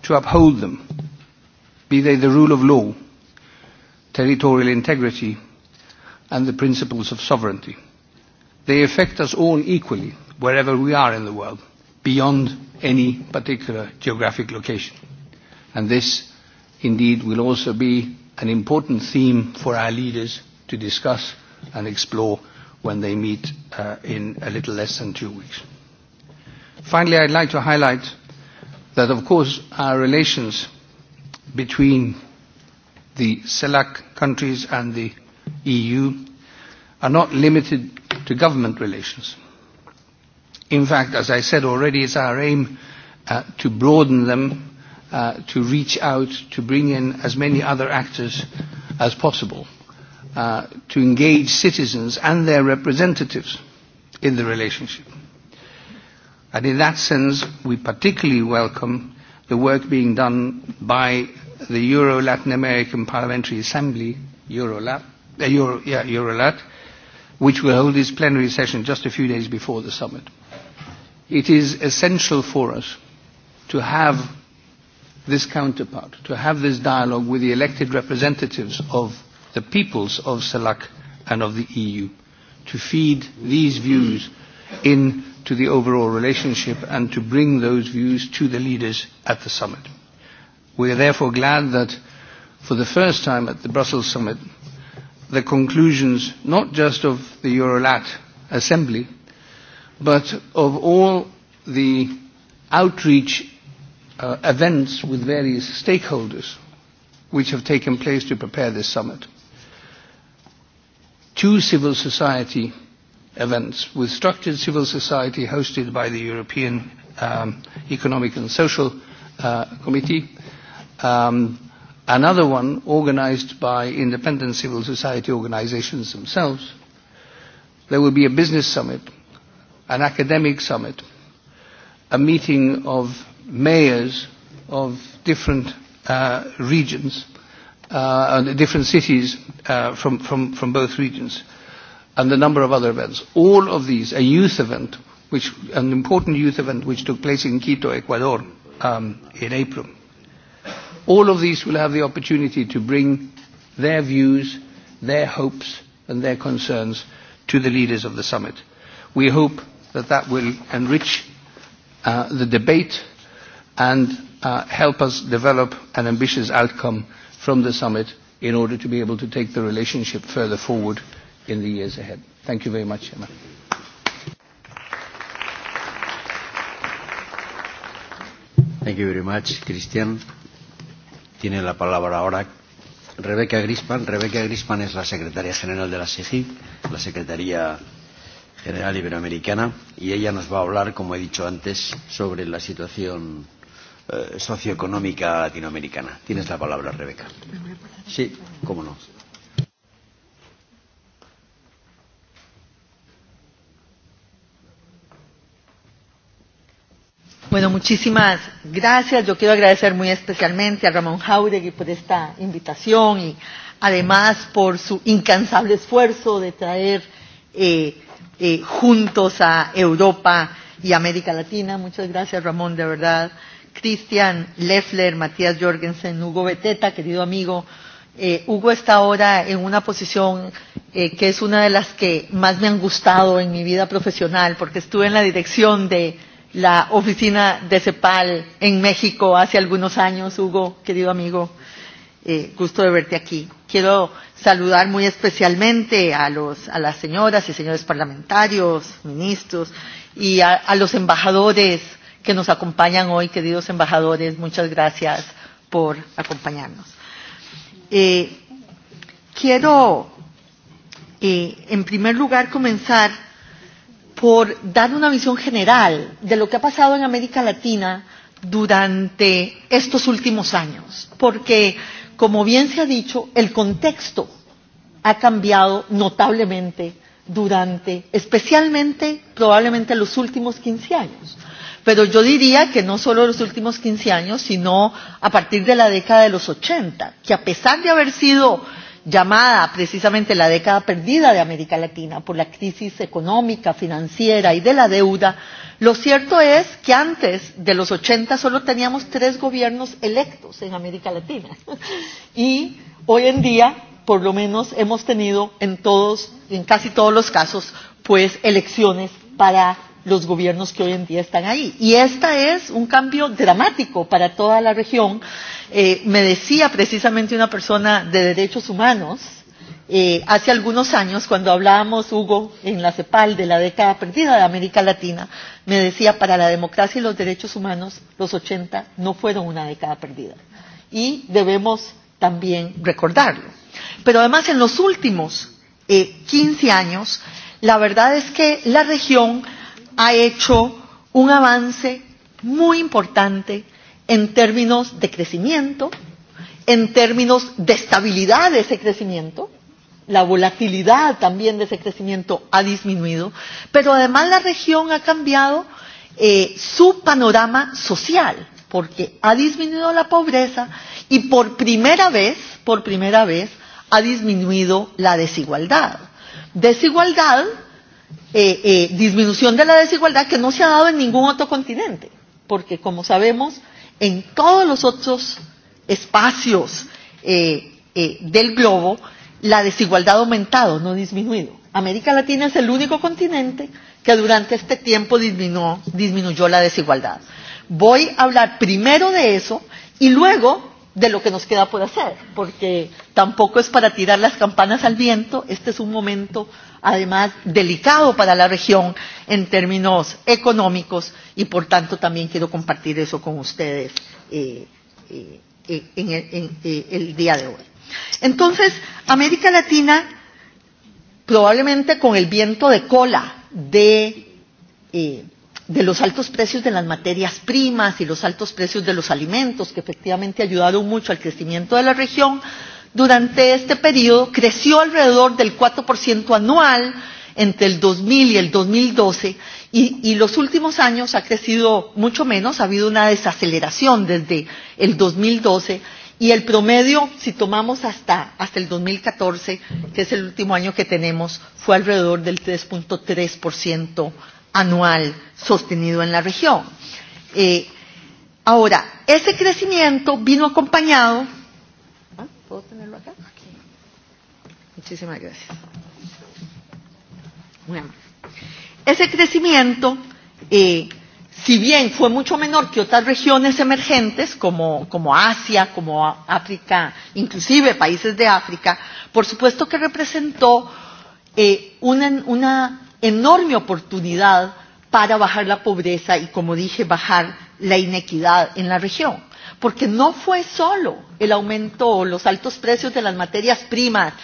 to uphold them, be they the rule of law, territorial integrity, and the principles of sovereignty. They affect us all equally wherever we are in the world, beyond any particular geographic location. And this, indeed, will also be an important theme for our leaders to discuss and explore when they meet uh, in a little less than two weeks. Finally, I'd like to highlight that, of course, our relations between the CELAC countries and the EU are not limited to government relations. In fact, as I said already, it's our aim uh, to broaden them, uh, to reach out, to bring in as many other actors as possible to engage citizens and their representatives in the relationship. And in that sense, we particularly welcome the work being done by the Euro Latin American Parliamentary Assembly, Eurolat, uh, Euro, yeah, Eurolat, which will hold its plenary session just a few days before the summit. It is essential for us to have this counterpart, to have this dialogue with the elected representatives of the peoples of Salak and of the EU, to feed these views into the overall relationship and to bring those views to the leaders at the summit. We are therefore glad that for the first time at the Brussels summit, the conclusions not just of the Eurolat Assembly, but of all the outreach uh, events with various stakeholders which have taken place to prepare this summit two civil society events with structured civil society hosted by the European um, Economic and Social uh, Committee. Um, another one organized by independent civil society organizations themselves. There will be a business summit, an academic summit, a meeting of mayors of different uh, regions uh, and different cities uh, from, from, from both regions, and a number of other events. All of these, a youth event, which, an important youth event which took place in Quito, Ecuador, um, in April. All of these will have the opportunity to bring their views, their hopes, and their concerns to the leaders of the summit. We hope that that will enrich uh, the debate and uh, help us develop an ambitious outcome from the summit in order to be able to take the relationship further forward in the years ahead. Thank you very much, Emma. Thank you very much, Christian. Tiene la palabra ahora Rebeca Grispan. Rebeca Grispan es la secretaria general de la SIGI, la Secretaría General Iberoamericana, y ella nos va a hablar, como he dicho antes, sobre la situación socioeconómica latinoamericana. Tienes la palabra, Rebeca. Sí, cómo no. Bueno, muchísimas gracias. Yo quiero agradecer muy especialmente a Ramón Jauregui por esta invitación y además por su incansable esfuerzo de traer eh, eh, juntos a Europa y América Latina. Muchas gracias, Ramón, de verdad. Cristian Leffler, Matías Jorgensen, Hugo Beteta, querido amigo. Eh, Hugo está ahora en una posición eh, que es una de las que más me han gustado en mi vida profesional, porque estuve en la dirección de la oficina de CEPAL en México hace algunos años. Hugo, querido amigo, eh, gusto de verte aquí. Quiero saludar muy especialmente a, los, a las señoras y señores parlamentarios, ministros y a, a los embajadores que nos acompañan hoy, queridos embajadores. Muchas gracias por acompañarnos. Eh, quiero, eh, en primer lugar, comenzar por dar una visión general de lo que ha pasado en América Latina durante estos últimos años, porque, como bien se ha dicho, el contexto ha cambiado notablemente durante, especialmente, probablemente los últimos 15 años. Pero yo diría que no solo en los últimos 15 años, sino a partir de la década de los 80, que a pesar de haber sido llamada precisamente la década perdida de América Latina por la crisis económica, financiera y de la deuda, lo cierto es que antes de los 80 solo teníamos tres gobiernos electos en América Latina y hoy en día por lo menos hemos tenido en todos, en casi todos los casos, pues elecciones para los gobiernos que hoy en día están ahí. Y este es un cambio dramático para toda la región. Eh, me decía precisamente una persona de derechos humanos eh, hace algunos años, cuando hablábamos, Hugo, en la CEPAL de la década perdida de América Latina, me decía, para la democracia y los derechos humanos, los 80 no fueron una década perdida. Y debemos también recordarlo. Pero además, en los últimos eh, 15 años, la verdad es que la región ha hecho un avance muy importante en términos de crecimiento, en términos de estabilidad de ese crecimiento, la volatilidad también de ese crecimiento ha disminuido, pero además la región ha cambiado eh, su panorama social, porque ha disminuido la pobreza y por primera vez, por primera vez, ha disminuido la desigualdad. Desigualdad eh, eh, disminución de la desigualdad que no se ha dado en ningún otro continente, porque como sabemos, en todos los otros espacios eh, eh, del globo, la desigualdad ha aumentado, no disminuido. América Latina es el único continente que durante este tiempo disminuó, disminuyó la desigualdad. Voy a hablar primero de eso y luego de lo que nos queda por hacer, porque tampoco es para tirar las campanas al viento, este es un momento además delicado para la región en términos económicos y por tanto también quiero compartir eso con ustedes eh, eh, en, el, en eh, el día de hoy. Entonces, América Latina probablemente con el viento de cola de, eh, de los altos precios de las materias primas y los altos precios de los alimentos que efectivamente ayudaron mucho al crecimiento de la región, durante este periodo creció alrededor del 4% anual entre el 2000 y el 2012 y, y los últimos años ha crecido mucho menos, ha habido una desaceleración desde el 2012 y el promedio, si tomamos hasta, hasta el 2014, que es el último año que tenemos, fue alrededor del 3.3% anual sostenido en la región. Eh, ahora, ese crecimiento vino acompañado ¿Puedo tenerlo acá? Aquí. Muchísimas gracias. amable. Ese crecimiento, eh, si bien fue mucho menor que otras regiones emergentes como, como Asia, como África, inclusive países de África, por supuesto que representó eh, una, una enorme oportunidad para bajar la pobreza y, como dije, bajar la inequidad en la región porque no fue solo el aumento o los altos precios de las materias primas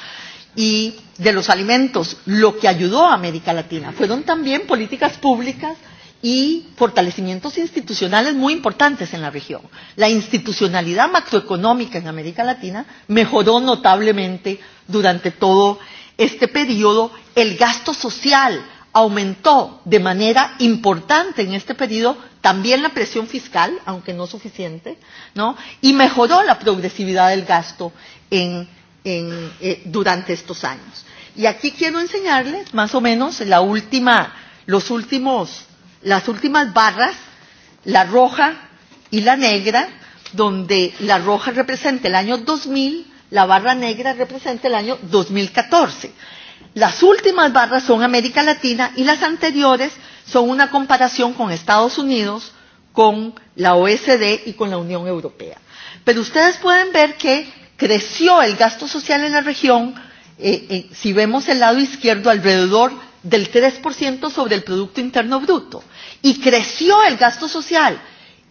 y de los alimentos lo que ayudó a América Latina, fueron también políticas públicas y fortalecimientos institucionales muy importantes en la región. La institucionalidad macroeconómica en América Latina mejoró notablemente durante todo este periodo. El gasto social aumentó de manera importante en este periodo también la presión fiscal, aunque no suficiente, ¿no? y mejoró la progresividad del gasto en, en, eh, durante estos años. Y aquí quiero enseñarles más o menos la última, los últimos, las últimas barras, la roja y la negra, donde la roja representa el año 2000, la barra negra representa el año 2014. Las últimas barras son América Latina y las anteriores son una comparación con Estados Unidos, con la OSD y con la Unión Europea. Pero ustedes pueden ver que creció el gasto social en la región, eh, eh, si vemos el lado izquierdo, alrededor del 3% sobre el Producto Interno Bruto. Y creció el gasto social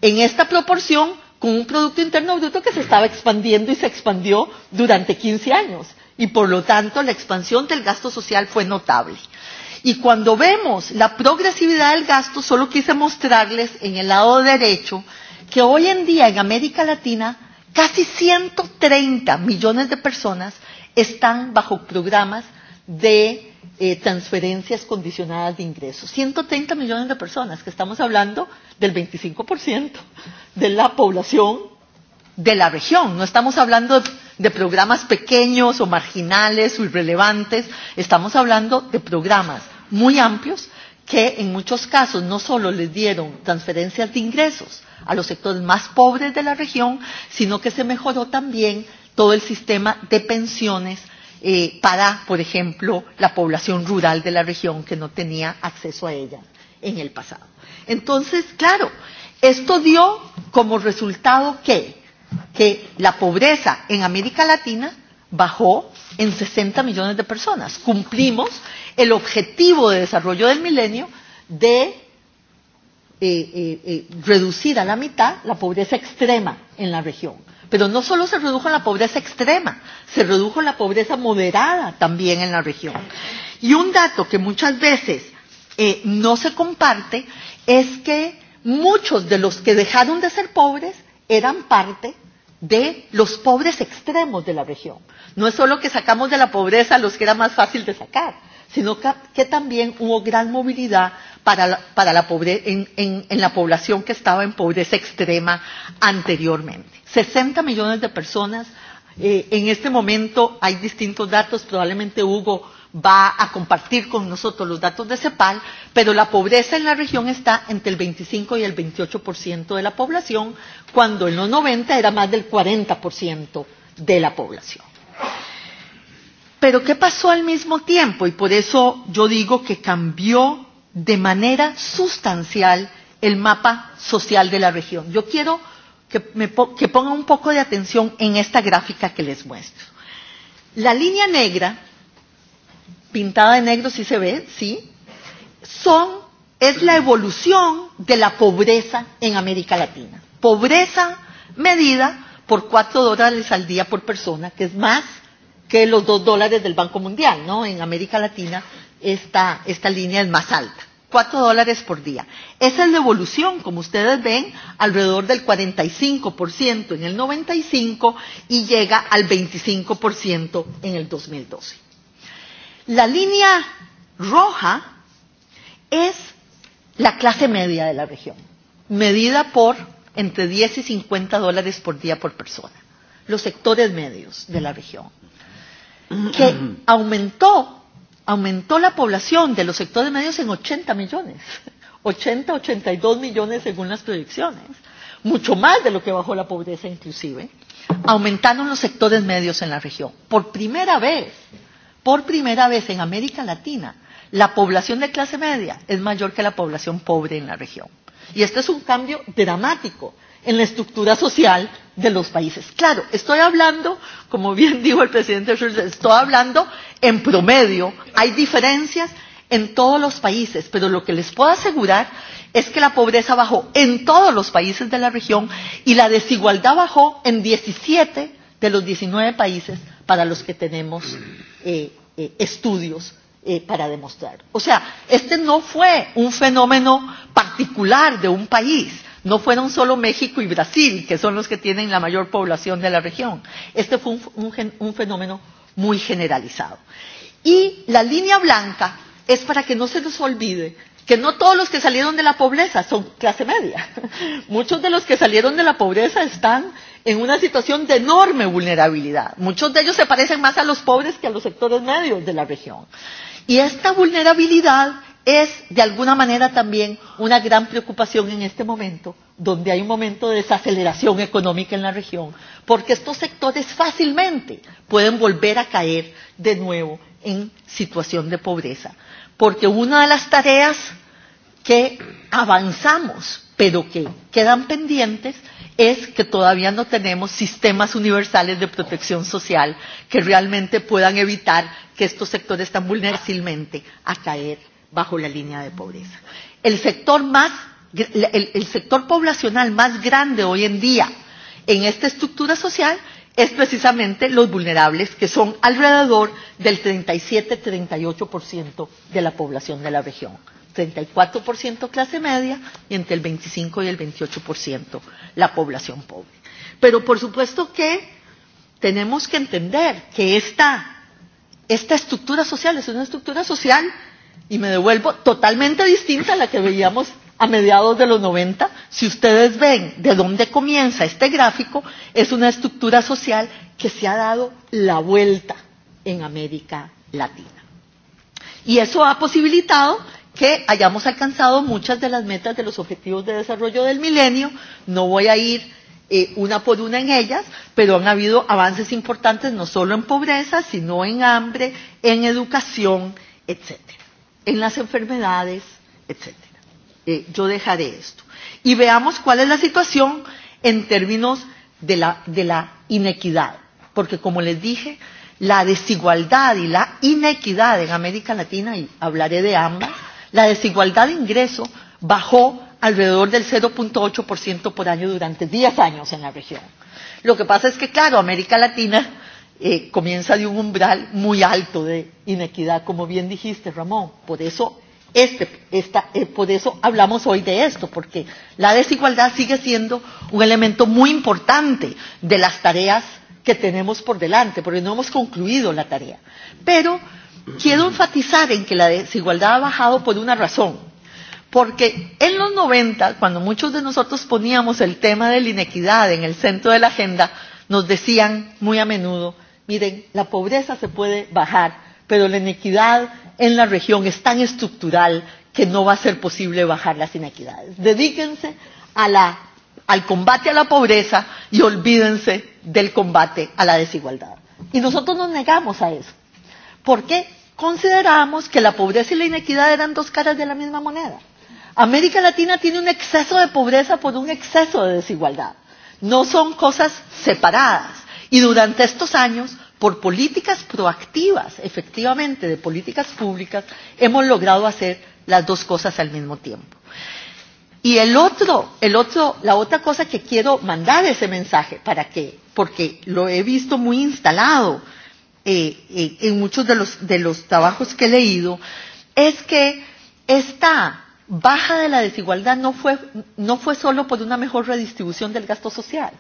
en esta proporción con un Producto Interno Bruto que se estaba expandiendo y se expandió durante 15 años y por lo tanto la expansión del gasto social fue notable. Y cuando vemos la progresividad del gasto, solo quise mostrarles en el lado derecho que hoy en día en América Latina casi 130 millones de personas están bajo programas de eh, transferencias condicionadas de ingresos. 130 millones de personas, que estamos hablando del 25% de la población de la región. No estamos hablando de de programas pequeños o marginales o irrelevantes. Estamos hablando de programas muy amplios que en muchos casos no solo les dieron transferencias de ingresos a los sectores más pobres de la región, sino que se mejoró también todo el sistema de pensiones eh, para, por ejemplo, la población rural de la región que no tenía acceso a ella en el pasado. Entonces, claro, esto dio como resultado que que la pobreza en América Latina bajó en 60 millones de personas. Cumplimos el objetivo de desarrollo del milenio de eh, eh, eh, reducir a la mitad la pobreza extrema en la región. Pero no solo se redujo la pobreza extrema, se redujo la pobreza moderada también en la región. Y un dato que muchas veces eh, no se comparte es que muchos de los que dejaron de ser pobres eran parte de los pobres extremos de la región. No es solo que sacamos de la pobreza a los que era más fácil de sacar, sino que, que también hubo gran movilidad para la, para la pobre, en, en, en la población que estaba en pobreza extrema anteriormente. 60 millones de personas. Eh, en este momento hay distintos datos, probablemente Hugo va a compartir con nosotros los datos de CEPAL, pero la pobreza en la región está entre el 25 y el 28% de la población, cuando en los 90 era más del 40% de la población. Pero ¿qué pasó al mismo tiempo? Y por eso yo digo que cambió de manera sustancial el mapa social de la región. Yo quiero que, me, que pongan un poco de atención en esta gráfica que les muestro. La línea negra pintada de negro, sí se ve, sí, son, es la evolución de la pobreza en América Latina. Pobreza medida por cuatro dólares al día por persona, que es más que los dos dólares del Banco Mundial, ¿no? En América Latina esta, esta línea es más alta, cuatro dólares por día. Esa es la evolución, como ustedes ven, alrededor del 45% en el 95 y llega al 25% en el 2012. La línea roja es la clase media de la región, medida por entre 10 y 50 dólares por día por persona, los sectores medios de la región, que aumentó, aumentó la población de los sectores medios en 80 millones, 80, 82 millones según las proyecciones, mucho más de lo que bajó la pobreza inclusive, aumentaron los sectores medios en la región. Por primera vez por primera vez en América Latina, la población de clase media es mayor que la población pobre en la región. Y este es un cambio dramático en la estructura social de los países. Claro, estoy hablando, como bien dijo el presidente Schultz, estoy hablando en promedio, hay diferencias en todos los países, pero lo que les puedo asegurar es que la pobreza bajó en todos los países de la región y la desigualdad bajó en 17 de los 19 países para los que tenemos eh, eh, estudios eh, para demostrar. O sea, este no fue un fenómeno particular de un país. No fueron solo México y Brasil, que son los que tienen la mayor población de la región. Este fue un, un, un fenómeno muy generalizado. Y la línea blanca es para que no se nos olvide que no todos los que salieron de la pobreza son clase media. Muchos de los que salieron de la pobreza están en una situación de enorme vulnerabilidad. Muchos de ellos se parecen más a los pobres que a los sectores medios de la región. Y esta vulnerabilidad es, de alguna manera, también una gran preocupación en este momento, donde hay un momento de desaceleración económica en la región, porque estos sectores fácilmente pueden volver a caer de nuevo en situación de pobreza. Porque una de las tareas que avanzamos, pero que quedan pendientes, es que todavía no tenemos sistemas universales de protección social que realmente puedan evitar que estos sectores tan vulnerablemente a caer bajo la línea de pobreza. El sector más el, el sector poblacional más grande hoy en día en esta estructura social es precisamente los vulnerables, que son alrededor del 37-38% de la población de la región. 34% clase media y entre el 25 y el 28% la población pobre. Pero por supuesto que tenemos que entender que esta, esta estructura social es una estructura social y me devuelvo totalmente distinta a la que veíamos a mediados de los 90. Si ustedes ven de dónde comienza este gráfico, es una estructura social que se ha dado la vuelta en América Latina. Y eso ha posibilitado que hayamos alcanzado muchas de las metas de los objetivos de desarrollo del milenio. No voy a ir eh, una por una en ellas, pero han habido avances importantes no solo en pobreza, sino en hambre, en educación, etcétera, en las enfermedades, etcétera. Eh, yo dejaré esto. Y veamos cuál es la situación en términos de la, de la inequidad, porque como les dije, la desigualdad y la inequidad en América Latina, y hablaré de ambas, La desigualdad de ingreso bajó alrededor del 0.8% por año durante 10 años en la región. Lo que pasa es que, claro, América Latina eh, comienza de un umbral muy alto de inequidad, como bien dijiste, Ramón. Por eso, este, esta, eh, por eso hablamos hoy de esto, porque la desigualdad sigue siendo un elemento muy importante de las tareas que tenemos por delante, porque no hemos concluido la tarea. Pero Quiero enfatizar en que la desigualdad ha bajado por una razón, porque en los 90, cuando muchos de nosotros poníamos el tema de la inequidad en el centro de la agenda, nos decían muy a menudo, miren, la pobreza se puede bajar, pero la inequidad en la región es tan estructural que no va a ser posible bajar las inequidades. Dedíquense a la, al combate a la pobreza y olvídense del combate a la desigualdad. Y nosotros nos negamos a eso porque consideramos que la pobreza y la inequidad eran dos caras de la misma moneda. América Latina tiene un exceso de pobreza por un exceso de desigualdad. No son cosas separadas. Y durante estos años, por políticas proactivas, efectivamente, de políticas públicas, hemos logrado hacer las dos cosas al mismo tiempo. Y el otro, el otro, la otra cosa que quiero mandar ese mensaje para qué? porque lo he visto muy instalado eh, eh, en muchos de los, de los trabajos que he leído, es que esta baja de la desigualdad no fue, no fue solo por una mejor redistribución del gasto social.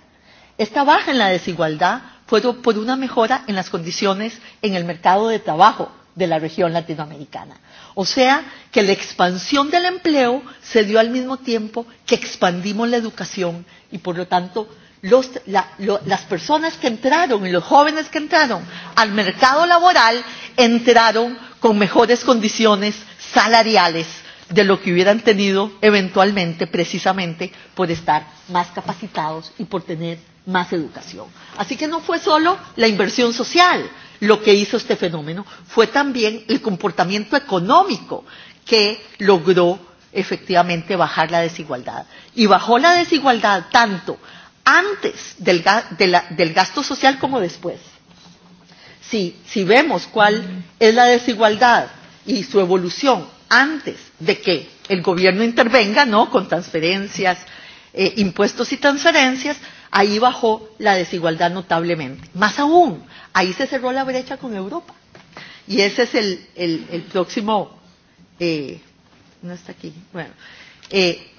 Esta baja en la desigualdad fue por una mejora en las condiciones en el mercado de trabajo de la región latinoamericana. O sea, que la expansión del empleo se dio al mismo tiempo que expandimos la educación y, por lo tanto, los, la, lo, las personas que entraron y los jóvenes que entraron al mercado laboral entraron con mejores condiciones salariales de lo que hubieran tenido eventualmente precisamente por estar más capacitados y por tener más educación. Así que no fue solo la inversión social lo que hizo este fenómeno, fue también el comportamiento económico que logró efectivamente bajar la desigualdad. Y bajó la desigualdad tanto antes del, de la, del gasto social como después. Si, si vemos cuál es la desigualdad y su evolución antes de que el gobierno intervenga, ¿no? Con transferencias, eh, impuestos y transferencias, ahí bajó la desigualdad notablemente. Más aún, ahí se cerró la brecha con Europa. Y ese es el, el, el próximo, eh, no está aquí, bueno, eh,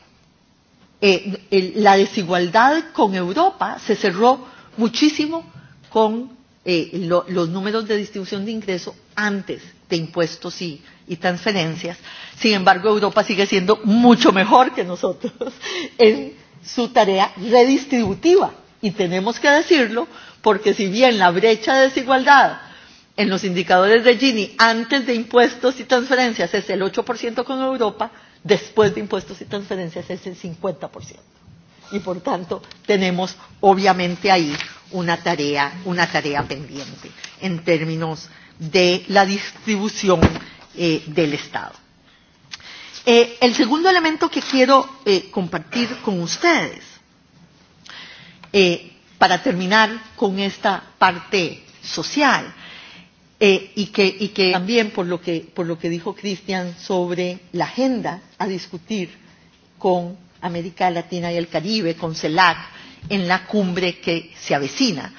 eh, el, la desigualdad con Europa se cerró muchísimo con eh, lo, los números de distribución de ingresos antes de impuestos y, y transferencias. Sin embargo, Europa sigue siendo mucho mejor que nosotros en su tarea redistributiva. Y tenemos que decirlo porque si bien la brecha de desigualdad en los indicadores de Gini antes de impuestos y transferencias es el 8% con Europa, después de impuestos y transferencias es el 50%. Y por tanto, tenemos obviamente ahí una tarea, una tarea pendiente en términos de la distribución eh, del Estado. Eh, el segundo elemento que quiero eh, compartir con ustedes, eh, para terminar con esta parte social, eh, y, que, y que también por lo que, por lo que dijo Cristian sobre la agenda a discutir con América Latina y el Caribe, con CELAC, en la cumbre que se avecina.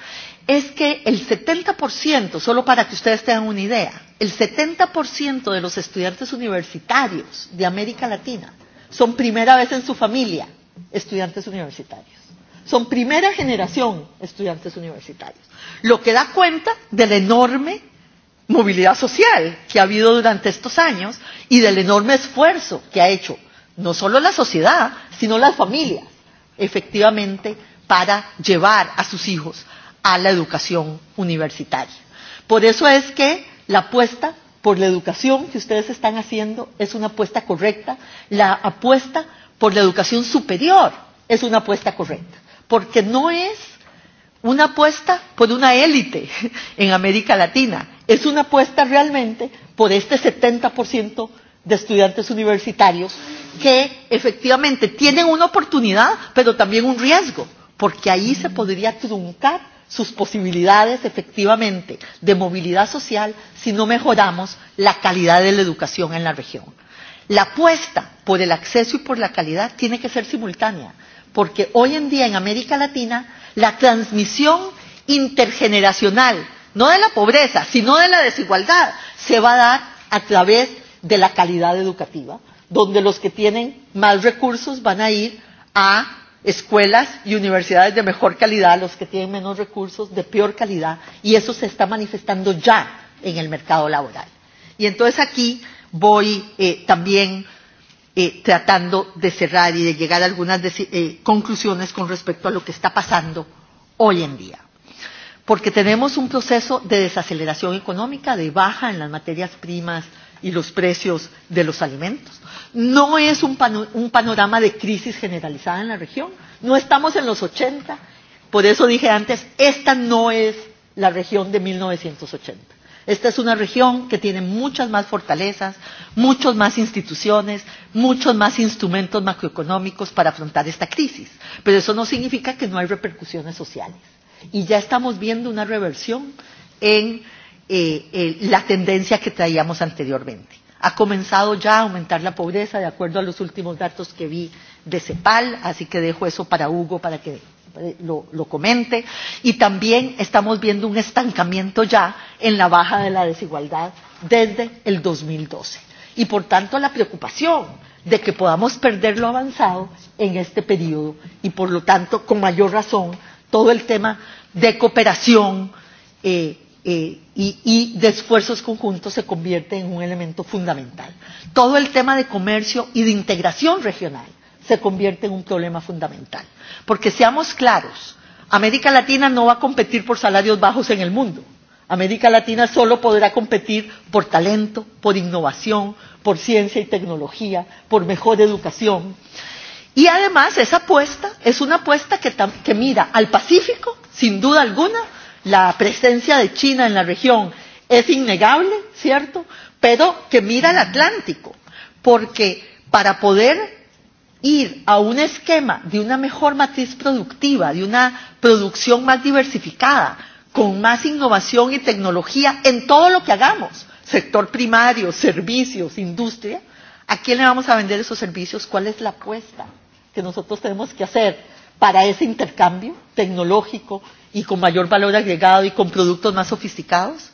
Es que el 70%, solo para que ustedes tengan una idea, el 70% de los estudiantes universitarios de América Latina son primera vez en su familia estudiantes universitarios. Son primera generación estudiantes universitarios. Lo que da cuenta del enorme movilidad social que ha habido durante estos años y del enorme esfuerzo que ha hecho no solo la sociedad, sino las familias, efectivamente, para llevar a sus hijos a la educación universitaria. Por eso es que la apuesta por la educación que ustedes están haciendo es una apuesta correcta, la apuesta por la educación superior es una apuesta correcta, porque no es una apuesta por una élite en América Latina, es una apuesta realmente por este 70% de estudiantes universitarios que efectivamente tienen una oportunidad, pero también un riesgo, porque ahí se podría truncar sus posibilidades efectivamente de movilidad social si no mejoramos la calidad de la educación en la región. La apuesta por el acceso y por la calidad tiene que ser simultánea, porque hoy en día en América Latina la transmisión intergeneracional no de la pobreza, sino de la desigualdad, se va a dar a través de la calidad educativa, donde los que tienen más recursos van a ir a escuelas y universidades de mejor calidad, los que tienen menos recursos de peor calidad, y eso se está manifestando ya en el mercado laboral. Y entonces aquí voy eh, también eh, tratando de cerrar y de llegar a algunas eh, conclusiones con respecto a lo que está pasando hoy en día porque tenemos un proceso de desaceleración económica, de baja en las materias primas y los precios de los alimentos. No es un, pano un panorama de crisis generalizada en la región. No estamos en los 80. Por eso dije antes, esta no es la región de 1980. Esta es una región que tiene muchas más fortalezas, muchas más instituciones, muchos más instrumentos macroeconómicos para afrontar esta crisis. Pero eso no significa que no hay repercusiones sociales. Y ya estamos viendo una reversión en eh, eh, la tendencia que traíamos anteriormente. Ha comenzado ya a aumentar la pobreza de acuerdo a los últimos datos que vi de CEPAL, así que dejo eso para Hugo para que lo, lo comente. Y también estamos viendo un estancamiento ya en la baja de la desigualdad desde el 2012. Y por tanto la preocupación de que podamos perder lo avanzado en este periodo y por lo tanto con mayor razón todo el tema de cooperación eh, eh, y, y de esfuerzos conjuntos se convierte en un elemento fundamental. Todo el tema de comercio y de integración regional se convierte en un problema fundamental. Porque seamos claros, América Latina no va a competir por salarios bajos en el mundo. América Latina solo podrá competir por talento, por innovación, por ciencia y tecnología, por mejor educación. Y además esa apuesta es una apuesta que, que mira al Pacífico, sin duda alguna, la presencia de China en la región es innegable, ¿cierto? Pero que mira al Atlántico, porque para poder ir a un esquema de una mejor matriz productiva, de una producción más diversificada, con más innovación y tecnología en todo lo que hagamos, sector primario, servicios, industria, ¿a quién le vamos a vender esos servicios? ¿Cuál es la apuesta? que nosotros tenemos que hacer para ese intercambio tecnológico y con mayor valor agregado y con productos más sofisticados?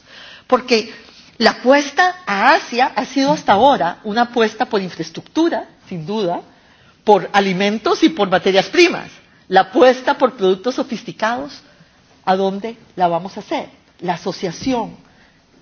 Porque la apuesta a Asia ha sido hasta ahora una apuesta por infraestructura, sin duda, por alimentos y por materias primas. La apuesta por productos sofisticados, ¿a dónde la vamos a hacer? La asociación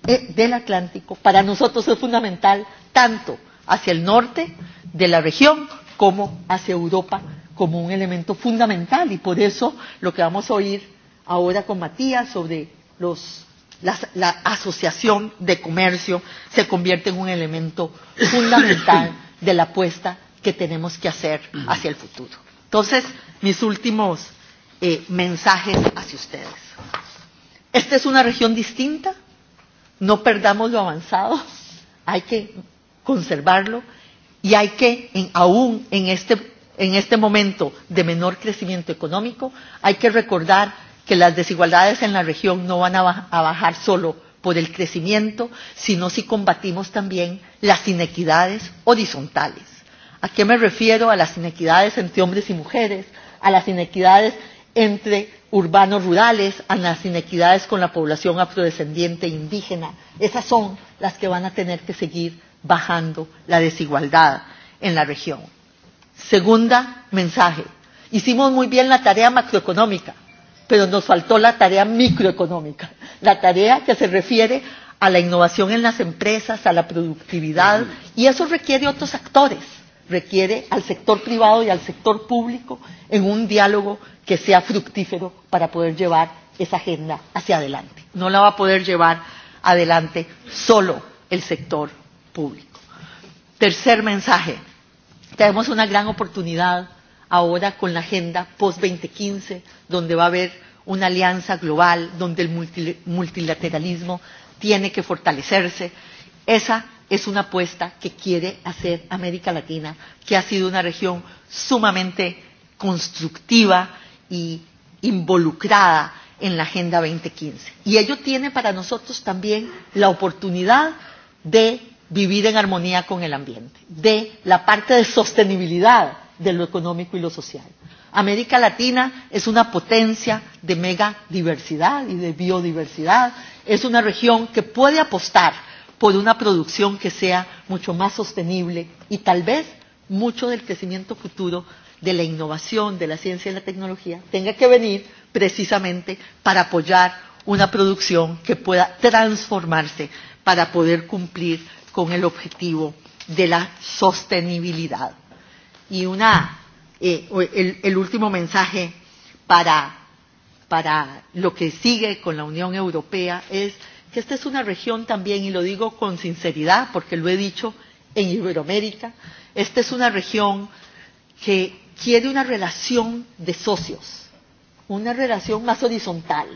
del Atlántico para nosotros es fundamental tanto hacia el norte de la región como hacia Europa como un elemento fundamental y por eso lo que vamos a oír ahora con Matías sobre los, la, la asociación de comercio se convierte en un elemento fundamental de la apuesta que tenemos que hacer hacia el futuro. Entonces, mis últimos eh, mensajes hacia ustedes. Esta es una región distinta, no perdamos lo avanzado, hay que conservarlo Y hay que, en, aún en este, en este momento de menor crecimiento económico, hay que recordar que las desigualdades en la región no van a, a bajar solo por el crecimiento, sino si combatimos también las inequidades horizontales. ¿A qué me refiero? A las inequidades entre hombres y mujeres, a las inequidades entre urbanos rurales, a las inequidades con la población afrodescendiente e indígena. Esas son las que van a tener que seguir bajando la desigualdad en la región. Segunda mensaje. Hicimos muy bien la tarea macroeconómica, pero nos faltó la tarea microeconómica, la tarea que se refiere a la innovación en las empresas, a la productividad, y eso requiere otros actores, requiere al sector privado y al sector público en un diálogo que sea fructífero para poder llevar esa agenda hacia adelante. No la va a poder llevar adelante solo el sector público. Tercer mensaje, tenemos una gran oportunidad ahora con la agenda post-2015, donde va a haber una alianza global, donde el multilateralismo tiene que fortalecerse. Esa es una apuesta que quiere hacer América Latina, que ha sido una región sumamente constructiva y involucrada en la Agenda 2015. Y ello tiene para nosotros también la oportunidad de vivir en armonía con el ambiente, de la parte de sostenibilidad de lo económico y lo social. América Latina es una potencia de mega diversidad y de biodiversidad, es una región que puede apostar por una producción que sea mucho más sostenible y tal vez mucho del crecimiento futuro de la innovación, de la ciencia y la tecnología tenga que venir precisamente para apoyar una producción que pueda transformarse para poder cumplir con el objetivo de la sostenibilidad. Y una, eh, el, el último mensaje para, para lo que sigue con la Unión Europea es que esta es una región también, y lo digo con sinceridad porque lo he dicho en Iberoamérica, esta es una región que quiere una relación de socios, una relación más horizontal,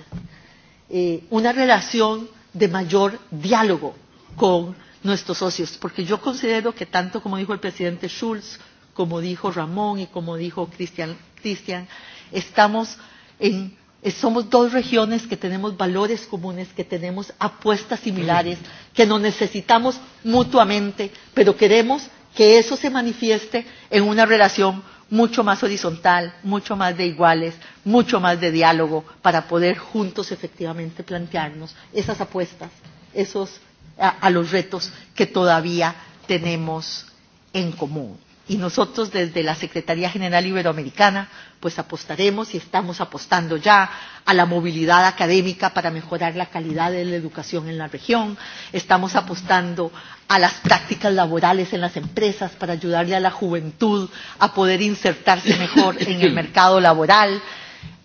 eh, una relación de mayor diálogo con nuestros socios, porque yo considero que tanto como dijo el presidente Schulz, como dijo Ramón y como dijo Cristian, Cristian estamos en somos dos regiones que tenemos valores comunes, que tenemos apuestas similares, que nos necesitamos mutuamente, pero queremos que eso se manifieste en una relación mucho más horizontal, mucho más de iguales, mucho más de diálogo, para poder juntos efectivamente plantearnos esas apuestas, esos a, a los retos que todavía tenemos en común. Y nosotros desde la Secretaría General Iberoamericana pues apostaremos y estamos apostando ya a la movilidad académica para mejorar la calidad de la educación en la región, estamos apostando a las prácticas laborales en las empresas para ayudarle a la juventud a poder insertarse mejor en el mercado laboral,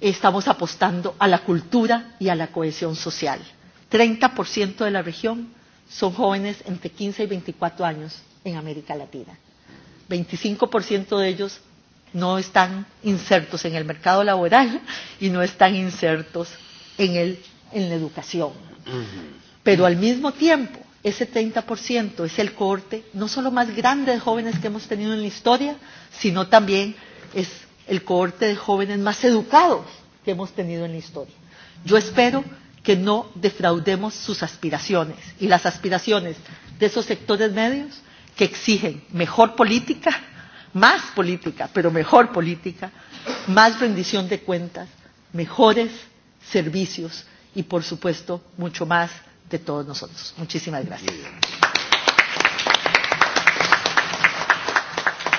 estamos apostando a la cultura y a la cohesión social. 30% de la región son jóvenes entre 15 y 24 años en América Latina. 25% de ellos no están insertos en el mercado laboral y no están insertos en, el, en la educación. Pero al mismo tiempo, ese 30% es el corte no solo más grande de jóvenes que hemos tenido en la historia, sino también es el cohorte de jóvenes más educados que hemos tenido en la historia. Yo espero que no defraudemos sus aspiraciones y las aspiraciones de esos sectores medios que exigen mejor política, más política, pero mejor política, más rendición de cuentas, mejores servicios y, por supuesto, mucho más de todos nosotros. Muchísimas gracias.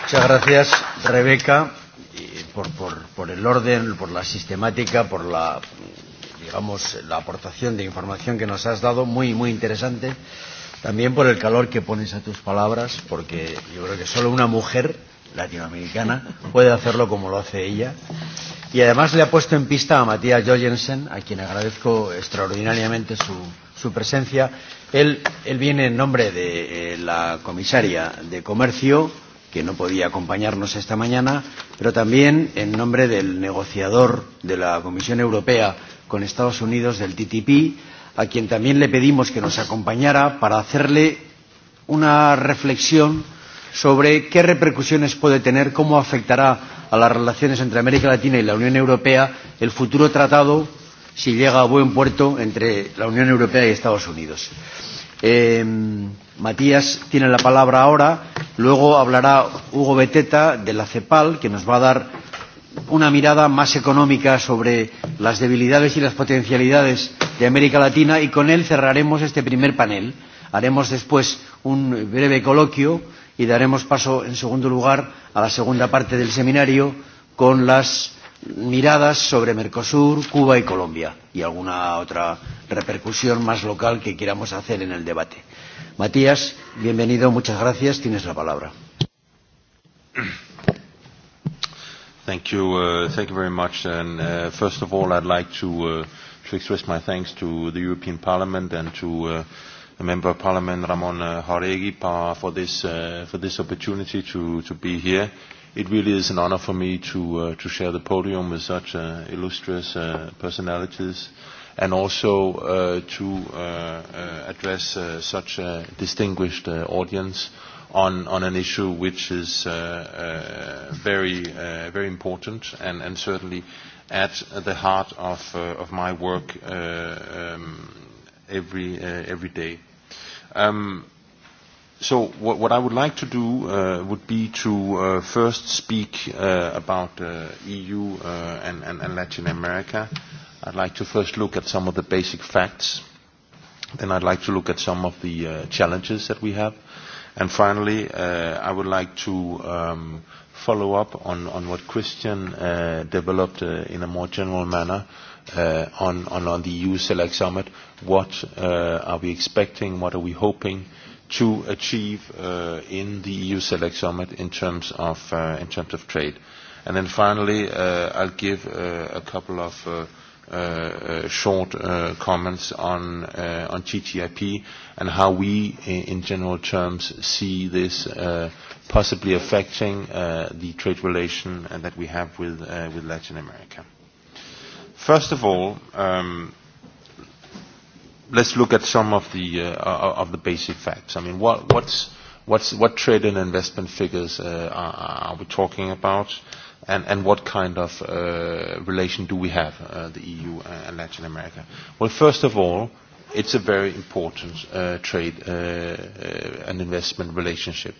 Muchas gracias, Rebeca, por, por, por el orden, por la sistemática, por la digamos, la aportación de información que nos has dado, muy, muy interesante. También por el calor que pones a tus palabras, porque yo creo que solo una mujer latinoamericana puede hacerlo como lo hace ella. Y además le ha puesto en pista a Matías Jorgensen, a quien agradezco extraordinariamente su, su presencia. Él, él viene en nombre de eh, la comisaria de Comercio, que no podía acompañarnos esta mañana, pero también en nombre del negociador de la Comisión Europea con Estados Unidos del TTP, a quien también le pedimos que nos acompañara para hacerle una reflexión sobre qué repercusiones puede tener, cómo afectará a las relaciones entre América Latina y la Unión Europea el futuro tratado, si llega a buen puerto, entre la Unión Europea y Estados Unidos. Eh, Matías tiene la palabra ahora, luego hablará Hugo Beteta de la CEPAL, que nos va a dar una mirada más económica sobre las debilidades y las potencialidades de América Latina y con él cerraremos este primer panel. Haremos después un breve coloquio y daremos paso, en segundo lugar, a la segunda parte del seminario con las miradas sobre Mercosur, Cuba y Colombia y alguna otra repercusión más local que queramos hacer en el debate. Matías, bienvenido, muchas gracias, tienes la palabra. Thank you. Uh, thank you very much. And uh, first of all, I'd like to, uh, to express my thanks to the European Parliament and to uh, the Member of Parliament Ramon Jauregui for this uh, for this opportunity to, to be here. It really is an honor for me to uh, to share the podium with such uh, illustrious uh, personalities, and also uh, to uh, uh, address uh, such a distinguished uh, audience on, on an issue which is uh, uh, very, uh, very important and, and certainly at the heart of, uh, of my work uh, um, every, uh, every day. Um, so what, what I would like to do uh, would be to uh, first speak uh, about uh, EU uh, and, and, and Latin America. I'd like to first look at some of the basic facts. Then I'd like to look at some of the uh, challenges that we have. Uh, And finally, uh, I would like to um, follow up on, on what Christian uh, developed uh, in a more general manner uh, on, on, on the EU Select Summit. What uh, are we expecting? What are we hoping? to achieve uh, in the EU Select Summit in terms of uh, in terms of trade. And then finally, uh, I'll give uh, a couple of uh, uh, short uh, comments on uh, on TTIP and how we, in general terms, see this uh, possibly affecting uh, the trade relation uh, that we have with uh, with Latin America. First of all, um, let's look at some of the uh, of the basic facts. I mean, what what's what's what trade and investment figures uh, are, are we talking about? Uh, and, and what kind of uh, relation do we have, uh, the EU and Latin America? Well, first of all, it's a very important uh, trade uh, uh, and investment relationship.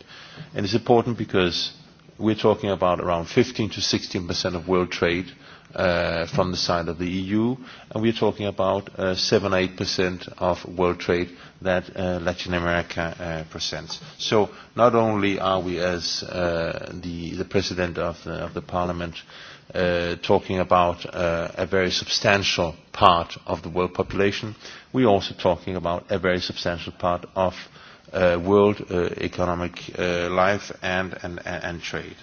And it's important because we're talking about around 15 to 16 percent of world trade uh, from the side of the EU, and we're talking about uh, 7-8% of world trade that uh, Latin America uh, presents. So not only are we, as uh, the, the President of the, of the Parliament, uh, talking about uh, a very substantial part of the world population, we're also talking about a very substantial part of uh, world uh, economic uh, life and, and, and trade.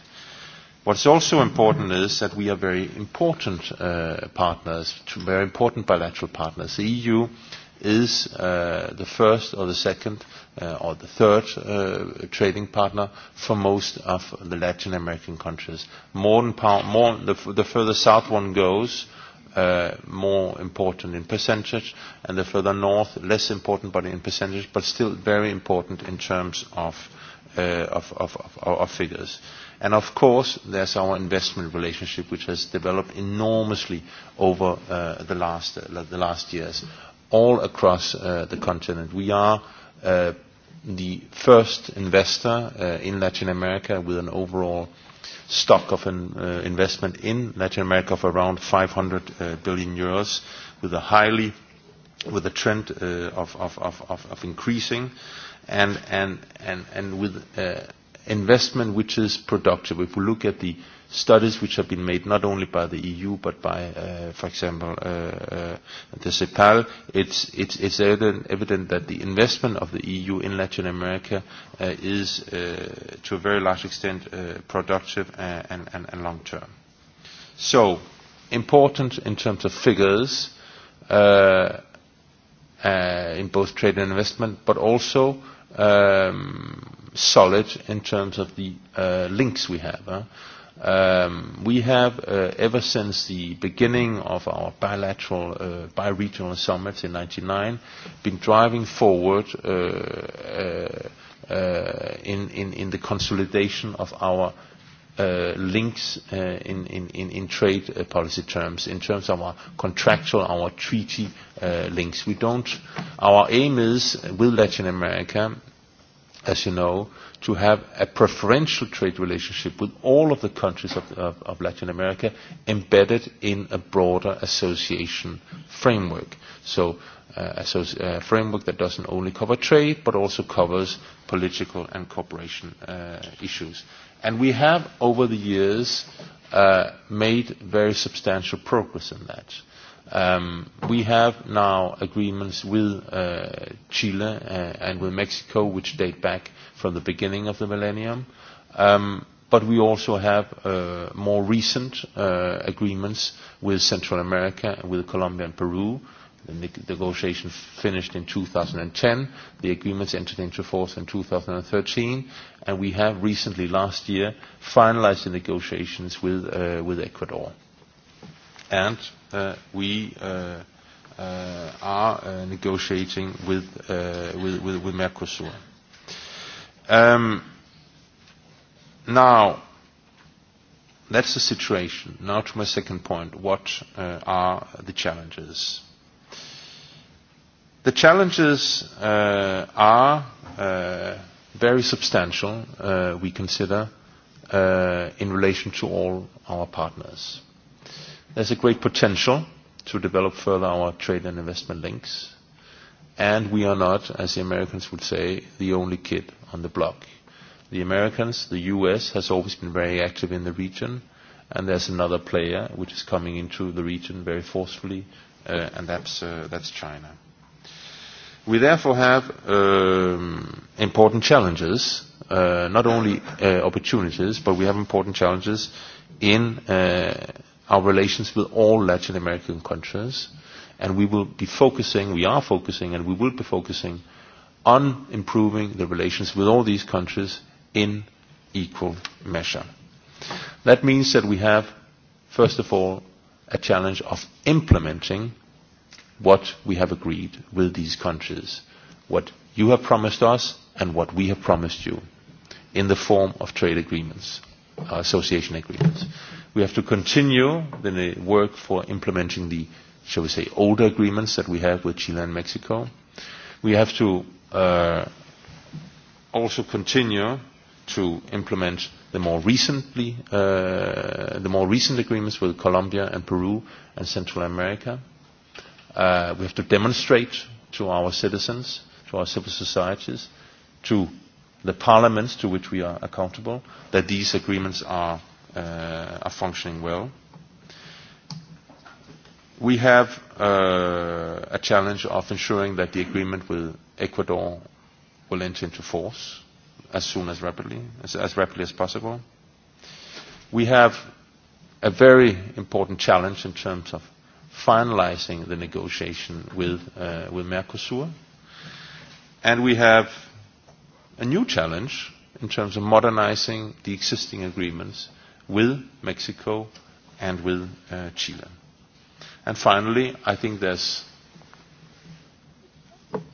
What's also important is that we are very important uh, partners, very important bilateral partners. The EU is uh, the first or the second uh, or the third uh, trading partner for most of the Latin American countries. More, than power, more the, f the further south one goes, uh, more important in percentage, and the further north, less important but in percentage, but still very important in terms of, uh, of, of, of, of figures. Uh, And of course, there's our investment relationship, which has developed enormously over uh, the, last, uh, the last years, all across uh, the continent. We are uh, the first investor uh, in Latin America with an overall stock of an uh, investment in Latin America of around 500 uh, billion euros, with a highly with a trend uh, of, of, of, of increasing and, and, and, and with uh, investment which is productive. If we look at the studies which have been made not only by the EU but by, uh, for example, uh, uh, the CEPAL, it's, it's, it's evident, evident that the investment of the EU in Latin America uh, is, uh, to a very large extent, uh, productive and, and, and long-term. So, important in terms of figures uh, uh, in both trade and investment, but also um, solid in terms of the uh, links we have. Uh. Um, we have, uh, ever since the beginning of our bilateral, uh, bi-regional summits in 1999, been driving forward uh, uh, uh, in, in, in the consolidation of our uh, links uh, in, in, in, in trade uh, policy terms, in terms of our contractual, our treaty uh, links. We don't, our aim is with Latin America as you know, to have a preferential trade relationship with all of the countries of, of, of Latin America embedded in a broader association framework. So uh, a framework that doesn't only cover trade, but also covers political and cooperation uh, issues. And we have, over the years, uh, made very substantial progress in that Um, we have now agreements with uh, Chile uh, and with Mexico, which date back from the beginning of the millennium. Um, but we also have uh, more recent uh, agreements with Central America, with Colombia and Peru. The negotiations finished in 2010. The agreements entered into force in 2013, and we have recently, last year, finalized the negotiations with uh, with Ecuador. And uh, we uh, uh, are uh, negotiating with, uh, with, with, with Mercosur. Um, now, that's the situation. Now to my second point. What uh, are the challenges? The challenges uh, are uh, very substantial, uh, we consider, uh, in relation to all our partners. There's a great potential to develop further our trade and investment links. And we are not, as the Americans would say, the only kid on the block. The Americans, the US, has always been very active in the region, and there's another player which is coming into the region very forcefully, uh, and that's, uh, that's China. We therefore have um, important challenges, uh, not only uh, opportunities, but we have important challenges in uh, our relations with all Latin American countries, and we will be focusing, we are focusing, and we will be focusing on improving the relations with all these countries in equal measure. That means that we have, first of all, a challenge of implementing what we have agreed with these countries, what you have promised us and what we have promised you in the form of trade agreements, association agreements. We have to continue the work for implementing the, shall we say, older agreements that we have with Chile and Mexico. We have to uh, also continue to implement the more recently uh, the more recent agreements with Colombia and Peru and Central America. Uh, we have to demonstrate to our citizens, to our civil societies, to the parliaments to which we are accountable, that these agreements are uh, are functioning well. We have uh, a challenge of ensuring that the agreement with Ecuador will enter into force as soon as rapidly, as, as rapidly as possible. We have a very important challenge in terms of finalizing the negotiation with, uh, with Mercosur. And we have a new challenge in terms of modernizing the existing agreements with Mexico and with uh, Chile. And finally, I think there's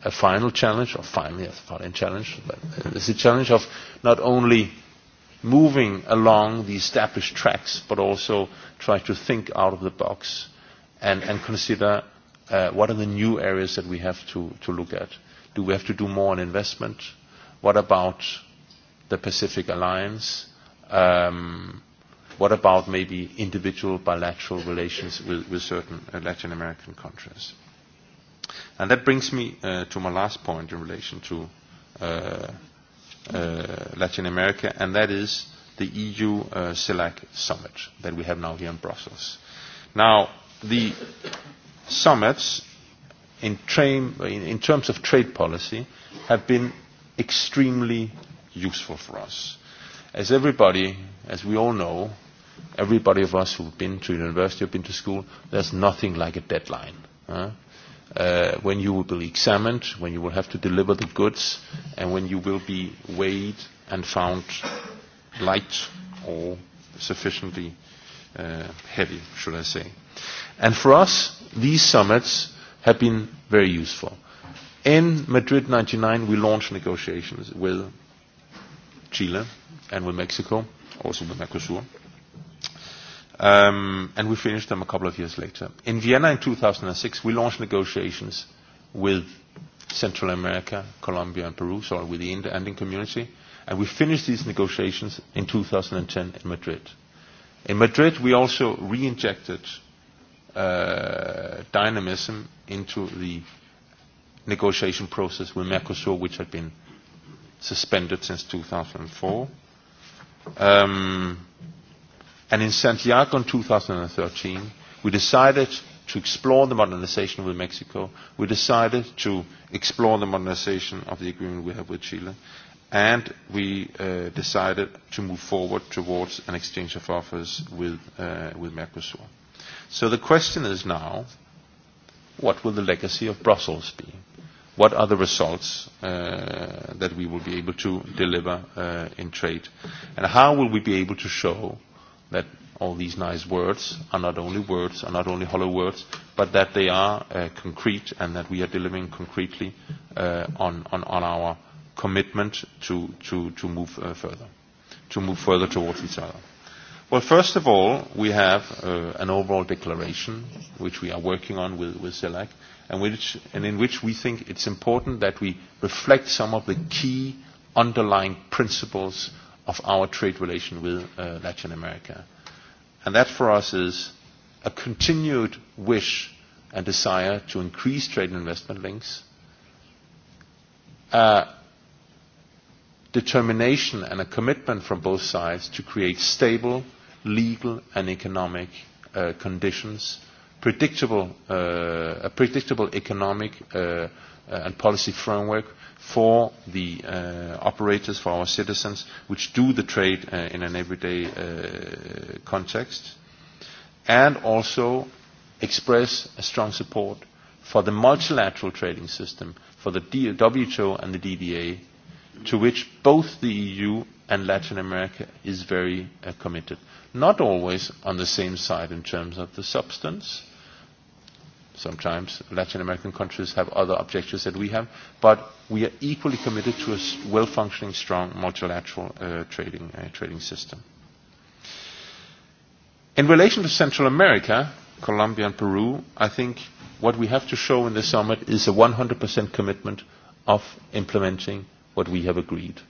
a final challenge, or finally, a final challenge, but there's a challenge of not only moving along the established tracks, but also try to think out of the box and, and consider uh, what are the new areas that we have to, to look at. Do we have to do more on investment? What about the Pacific Alliance? Um, What about maybe individual bilateral relations with, with certain uh, Latin American countries? And that brings me uh, to my last point in relation to uh, uh, Latin America, and that is the EU uh, CELAC summit that we have now here in Brussels. Now, the summits in, train, in, in terms of trade policy have been extremely useful for us. As everybody, as we all know, Everybody of us who've been to university or been to school, there's nothing like a deadline. Uh, uh, when you will be examined, when you will have to deliver the goods, and when you will be weighed and found light or sufficiently uh, heavy, should I say. And for us, these summits have been very useful. In Madrid 99, we launched negotiations with Chile and with Mexico, also with Mercosur. Um, and we finished them a couple of years later. In Vienna in 2006, we launched negotiations with Central America, Colombia and Peru, sorry, with the Andean community. And we finished these negotiations in 2010 in Madrid. In Madrid, we also re-injected uh, dynamism into the negotiation process with Mercosur, which had been suspended since 2004. Um, And in Santiago in 2013, we decided to explore the modernization with Mexico. We decided to explore the modernization of the agreement we have with Chile. And we uh, decided to move forward towards an exchange of offers with, uh, with Mercosur. So the question is now, what will the legacy of Brussels be? What are the results uh, that we will be able to deliver uh, in trade? And how will we be able to show that all these nice words are not only words, are not only hollow words, but that they are uh, concrete and that we are delivering concretely uh, on, on, on our commitment to, to, to move uh, further, to move further towards each other. Well, first of all, we have uh, an overall declaration which we are working on with, with CELAC, and, which, and in which we think it's important that we reflect some of the key underlying principles of our trade relation with uh, Latin America. And that for us is a continued wish and desire to increase trade and investment links, uh, determination and a commitment from both sides to create stable legal and economic uh, conditions, predictable, uh, a predictable economic uh, uh, and policy framework for the uh, operators, for our citizens, which do the trade uh, in an everyday uh, context, and also express a strong support for the multilateral trading system, for the WTO and the DBA, to which both the EU and Latin America is very uh, committed. Not always on the same side in terms of the substance, Sometimes Latin American countries have other objectives that we have, but we are equally committed to a well-functioning, strong multilateral uh, trading, uh, trading system. In relation to Central America, Colombia and Peru, I think what we have to show in the summit is a 100% commitment of implementing what we have agreed.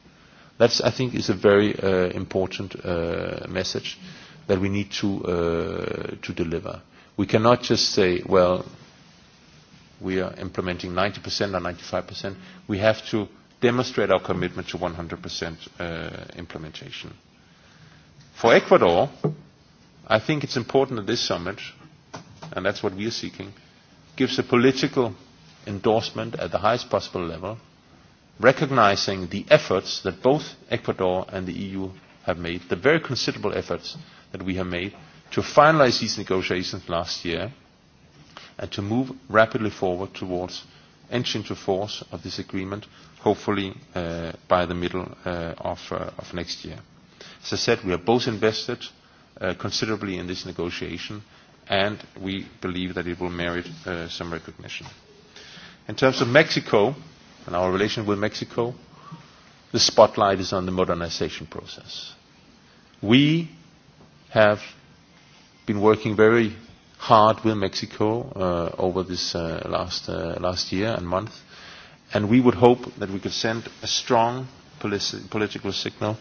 That, I think, is a very uh, important uh, message that we need to, uh, to deliver. We cannot just say, well, we are implementing 90% or 95%. We have to demonstrate our commitment to 100% uh, implementation. For Ecuador, I think it's important that this summit, and that's what we are seeking, gives a political endorsement at the highest possible level, recognizing the efforts that both Ecuador and the EU have made, the very considerable efforts that we have made to finalize these negotiations last year and to move rapidly forward towards entry into force of this agreement, hopefully uh, by the middle uh, of, uh, of next year. As I said, we are both invested uh, considerably in this negotiation, and we believe that it will merit uh, some recognition. In terms of Mexico and our relation with Mexico, the spotlight is on the modernization process. We have been working very hard with Mexico uh, over this uh, last, uh, last year and month. And we would hope that we could send a strong politi- political signal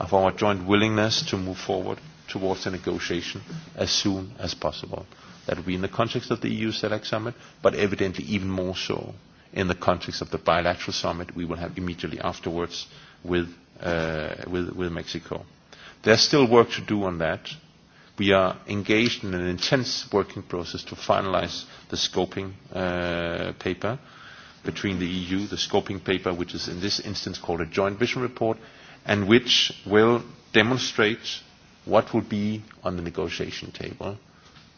of our joint willingness to move forward towards a negotiation as soon as possible. That would be in the context of the EU SELEC summit, but evidently even more so in the context of the bilateral summit we will have immediately afterwards with, uh, with, with Mexico. There's still work to do on that We are engaged in an intense working process to finalize the scoping uh, paper between the EU, the scoping paper, which is in this instance called a joint vision report, and which will demonstrate what will be on the negotiation table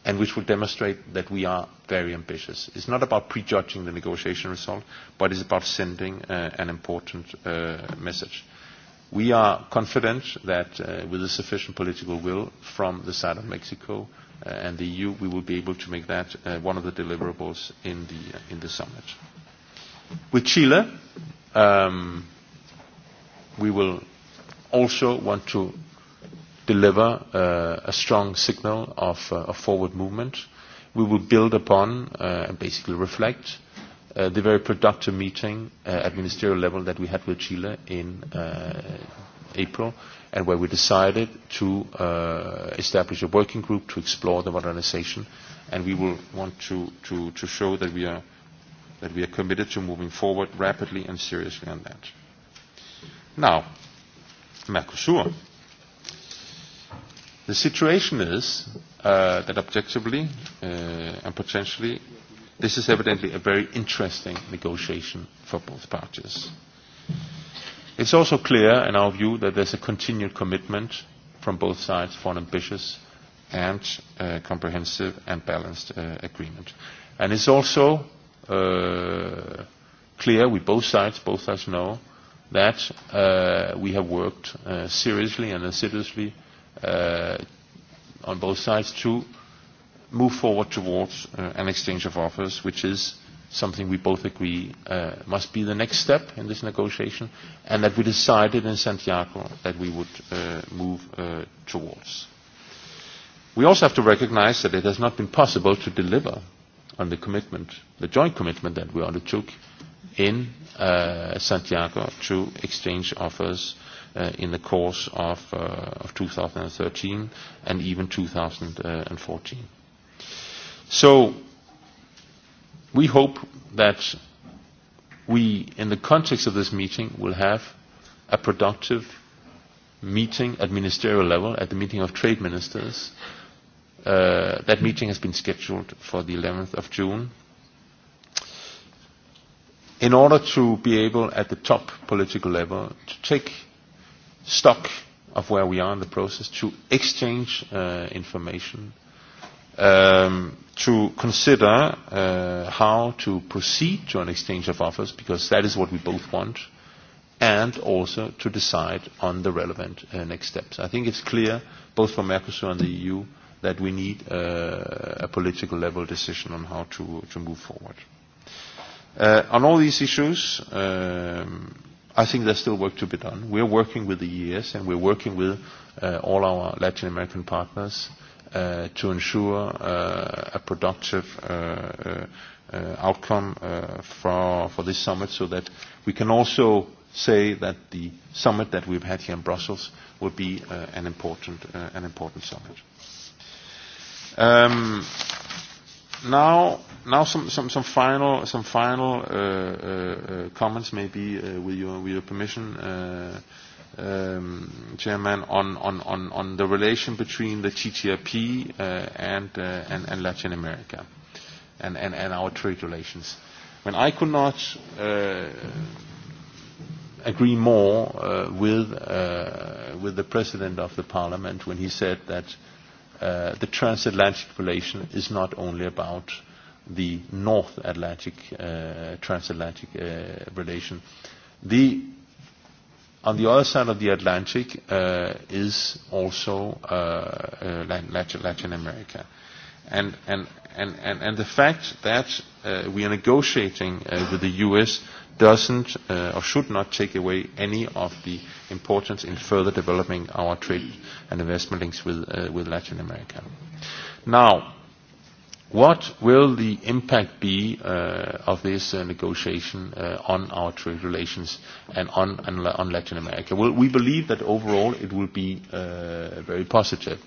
and which will demonstrate that we are very ambitious. It's not about prejudging the negotiation result, but it's about sending uh, an important uh, message. We are confident that uh, with a sufficient political will from the side of Mexico uh, and the EU, we will be able to make that uh, one of the deliverables in the, uh, in the summit. With Chile, um, we will also want to deliver uh, a strong signal of, uh, a forward movement. We will build upon uh, and basically reflect uh, the very productive meeting uh, at ministerial level that we had with Chile in uh, April, and where we decided to uh, establish a working group to explore the modernization, and we will want to, to, to show that we are that we are committed to moving forward rapidly and seriously on that. Now, Mercosur. The situation is uh, that objectively uh, and potentially This is evidently a very interesting negotiation for both parties. It's also clear, in our view, that there's a continued commitment from both sides for an ambitious and uh, comprehensive and balanced uh, agreement. And it's also uh, clear, we both sides, both sides know, that uh, we have worked uh, seriously and assiduously uh, on both sides to move forward towards uh, an exchange of offers, which is something we both agree uh, must be the next step in this negotiation, and that we decided in Santiago that we would uh, move uh, towards. We also have to recognize that it has not been possible to deliver on the commitment, the joint commitment that we undertook in uh, Santiago to exchange offers uh, in the course of, uh, of 2013 and even 2014 So we hope that we, in the context of this meeting, will have a productive meeting at ministerial level, at the meeting of trade ministers. Uh, that meeting has been scheduled for the 11th of June. In order to be able, at the top political level, to take stock of where we are in the process, to exchange uh, information, um, to consider uh, how to proceed to an exchange of offers, because that is what we both want, and also to decide on the relevant uh, next steps. I think it's clear, both for Mercosur and the EU, that we need uh, a political level decision on how to, to move forward. Uh, on all these issues, um, I think there's still work to be done. We're working with the ES and we're working with uh, all our Latin American partners uh, to ensure uh, a productive uh, uh, outcome uh, for, for this summit so that we can also say that the summit that we've had here in Brussels will be uh, an, important, uh, an important summit. Um, now, now some, some, some final, some final uh, uh, comments, maybe uh, with, your, with your permission, uh, um, Chairman, on, on, on, on the relation between the TTIP uh, and, uh, and, and Latin America and, and, and our trade relations. When I could not uh, agree more uh, with, uh, with the President of the Parliament when he said that uh, the transatlantic relation is not only about the North Atlantic uh, transatlantic uh, relation. The on the other side of the Atlantic uh, is also uh, uh, Latin, Latin America. And, and, and, and, and the fact that uh, we are negotiating uh, with the U.S. doesn't uh, or should not take away any of the importance in further developing our trade and investment links with, uh, with Latin America. Now, What will the impact be uh of this uh negotiation uh on our trade relations and on on on Latin America? Well, we believe that overall it will be uh very positive.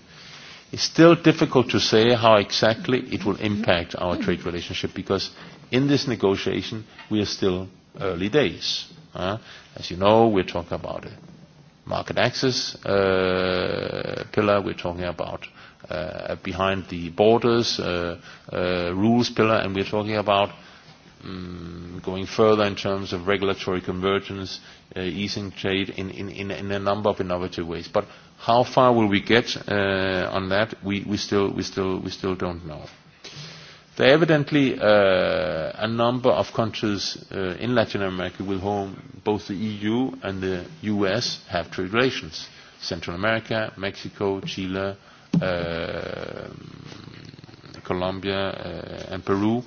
It's still difficult to say how exactly it will impact our trade relationship because in this negotiation, we are still early days. Uh As you know, we're talking about a market access uh pillar. We're talking about uh, behind the borders uh, uh, rules pillar, and we're talking about um, going further in terms of regulatory convergence, uh, easing trade in, in, in, in a number of innovative ways. But how far will we get uh, on that? We, we, still, we, still, we still don't know. There are evidently uh, a number of countries uh, in Latin America with whom both the EU and the US have trade relations. Central America, Mexico, Chile, uh, Colombia uh, and Peru,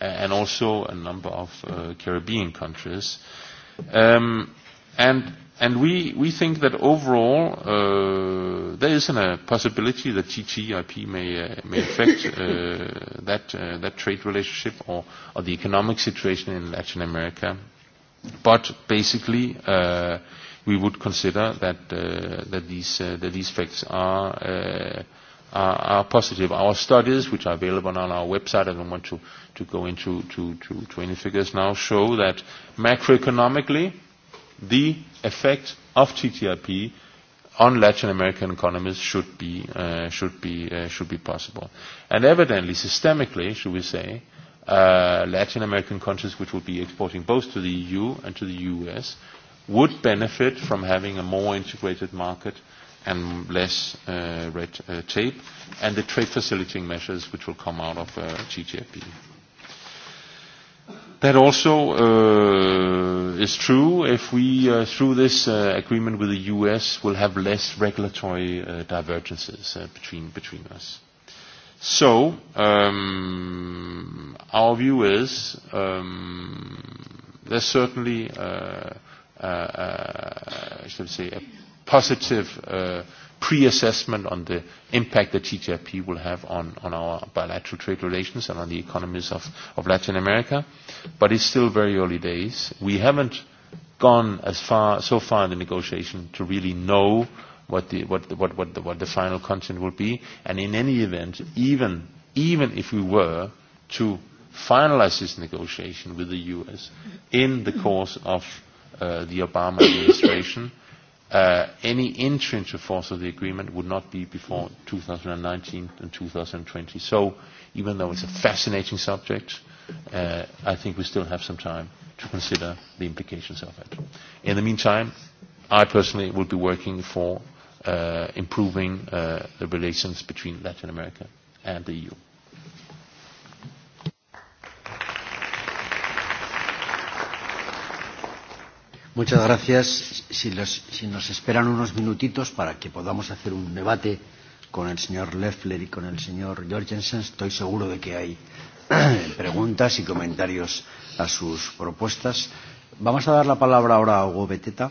and also a number of uh, Caribbean countries. Um, and and we, we think that overall uh, there is a possibility that TTIP may, uh, may affect uh, that, uh, that trade relationship or, or the economic situation in Latin America. But basically, uh, we would consider that, uh, that, these, uh, that these facts are uh, are, are positive. Our studies, which are available on our website, I don't want to, to go into to, to, to any figures now, show that macroeconomically, the effect of TTIP on Latin American economies should be, uh, should be, uh, should be possible. And evidently, systemically, should we say, uh, Latin American countries which would be exporting both to the EU and to the US would benefit from having a more integrated market uh, and less uh, red uh, tape, and the trade facilitating measures which will come out of uh, TTIP. That also uh, is true if we, uh, through this uh, agreement with the U.S., will have less regulatory uh, divergences uh, between, between us. So, um, our view is um, there's certainly, uh, uh, uh, should say, a positive uh, pre-assessment on the impact that TTIP will have on, on our bilateral trade relations and on the economies of, of Latin America. But it's still very early days. We haven't gone as far so far in the negotiation to really know what the, what the, what, what the, what the final content will be. And in any event, even, even if we were to finalize this negotiation with the U.S. in the course of uh, the Obama administration, uh, any entry into force of the agreement would not be before 2019 and 2020. So even though it's a fascinating subject, uh, I think we still have some time to consider the implications of it. In the meantime, I personally will be working for uh, improving uh, the relations between Latin America and the EU. Muchas gracias. Si, los, si nos esperan unos minutitos para que podamos hacer un debate con el señor Leffler y con el señor Jorgensen, estoy seguro de que hay preguntas y comentarios a sus propuestas. Vamos a dar la palabra ahora a Hugo Beteta.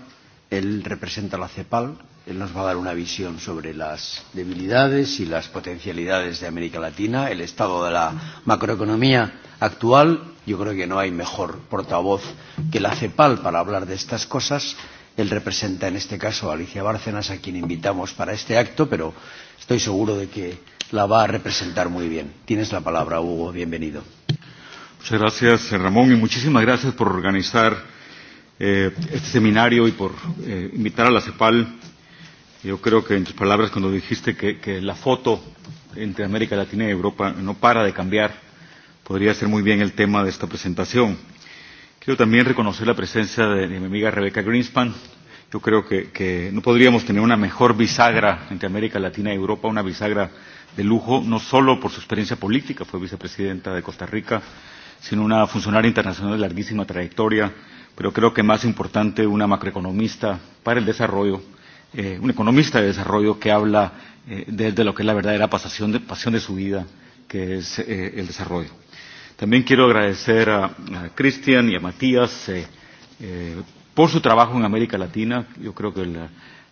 Él representa la CEPAL. Él nos va a dar una visión sobre las debilidades y las potencialidades de América Latina, el estado de la macroeconomía actual Yo creo que no hay mejor portavoz que la CEPAL para hablar de estas cosas. Él representa en este caso a Alicia Bárcenas, a quien invitamos para este acto, pero estoy seguro de que la va a representar muy bien. Tienes la palabra, Hugo. Bienvenido. Muchas gracias, Ramón, y muchísimas gracias por organizar eh, este seminario y por eh, invitar a la CEPAL. Yo creo que en tus palabras, cuando dijiste que, que la foto entre América Latina y Europa no para de cambiar, podría ser muy bien el tema de esta presentación. Quiero también reconocer la presencia de, de mi amiga Rebeca Greenspan. Yo creo que, que no podríamos tener una mejor bisagra entre América Latina y Europa, una bisagra de lujo, no solo por su experiencia política, fue vicepresidenta de Costa Rica, sino una funcionaria internacional de larguísima trayectoria, pero creo que más importante una macroeconomista para el desarrollo, eh, un economista de desarrollo que habla eh, desde lo que es la verdadera pasación de, pasión de su vida, que es eh, el desarrollo. También quiero agradecer a, a Cristian y a Matías eh, eh, por su trabajo en América Latina. Yo creo que la,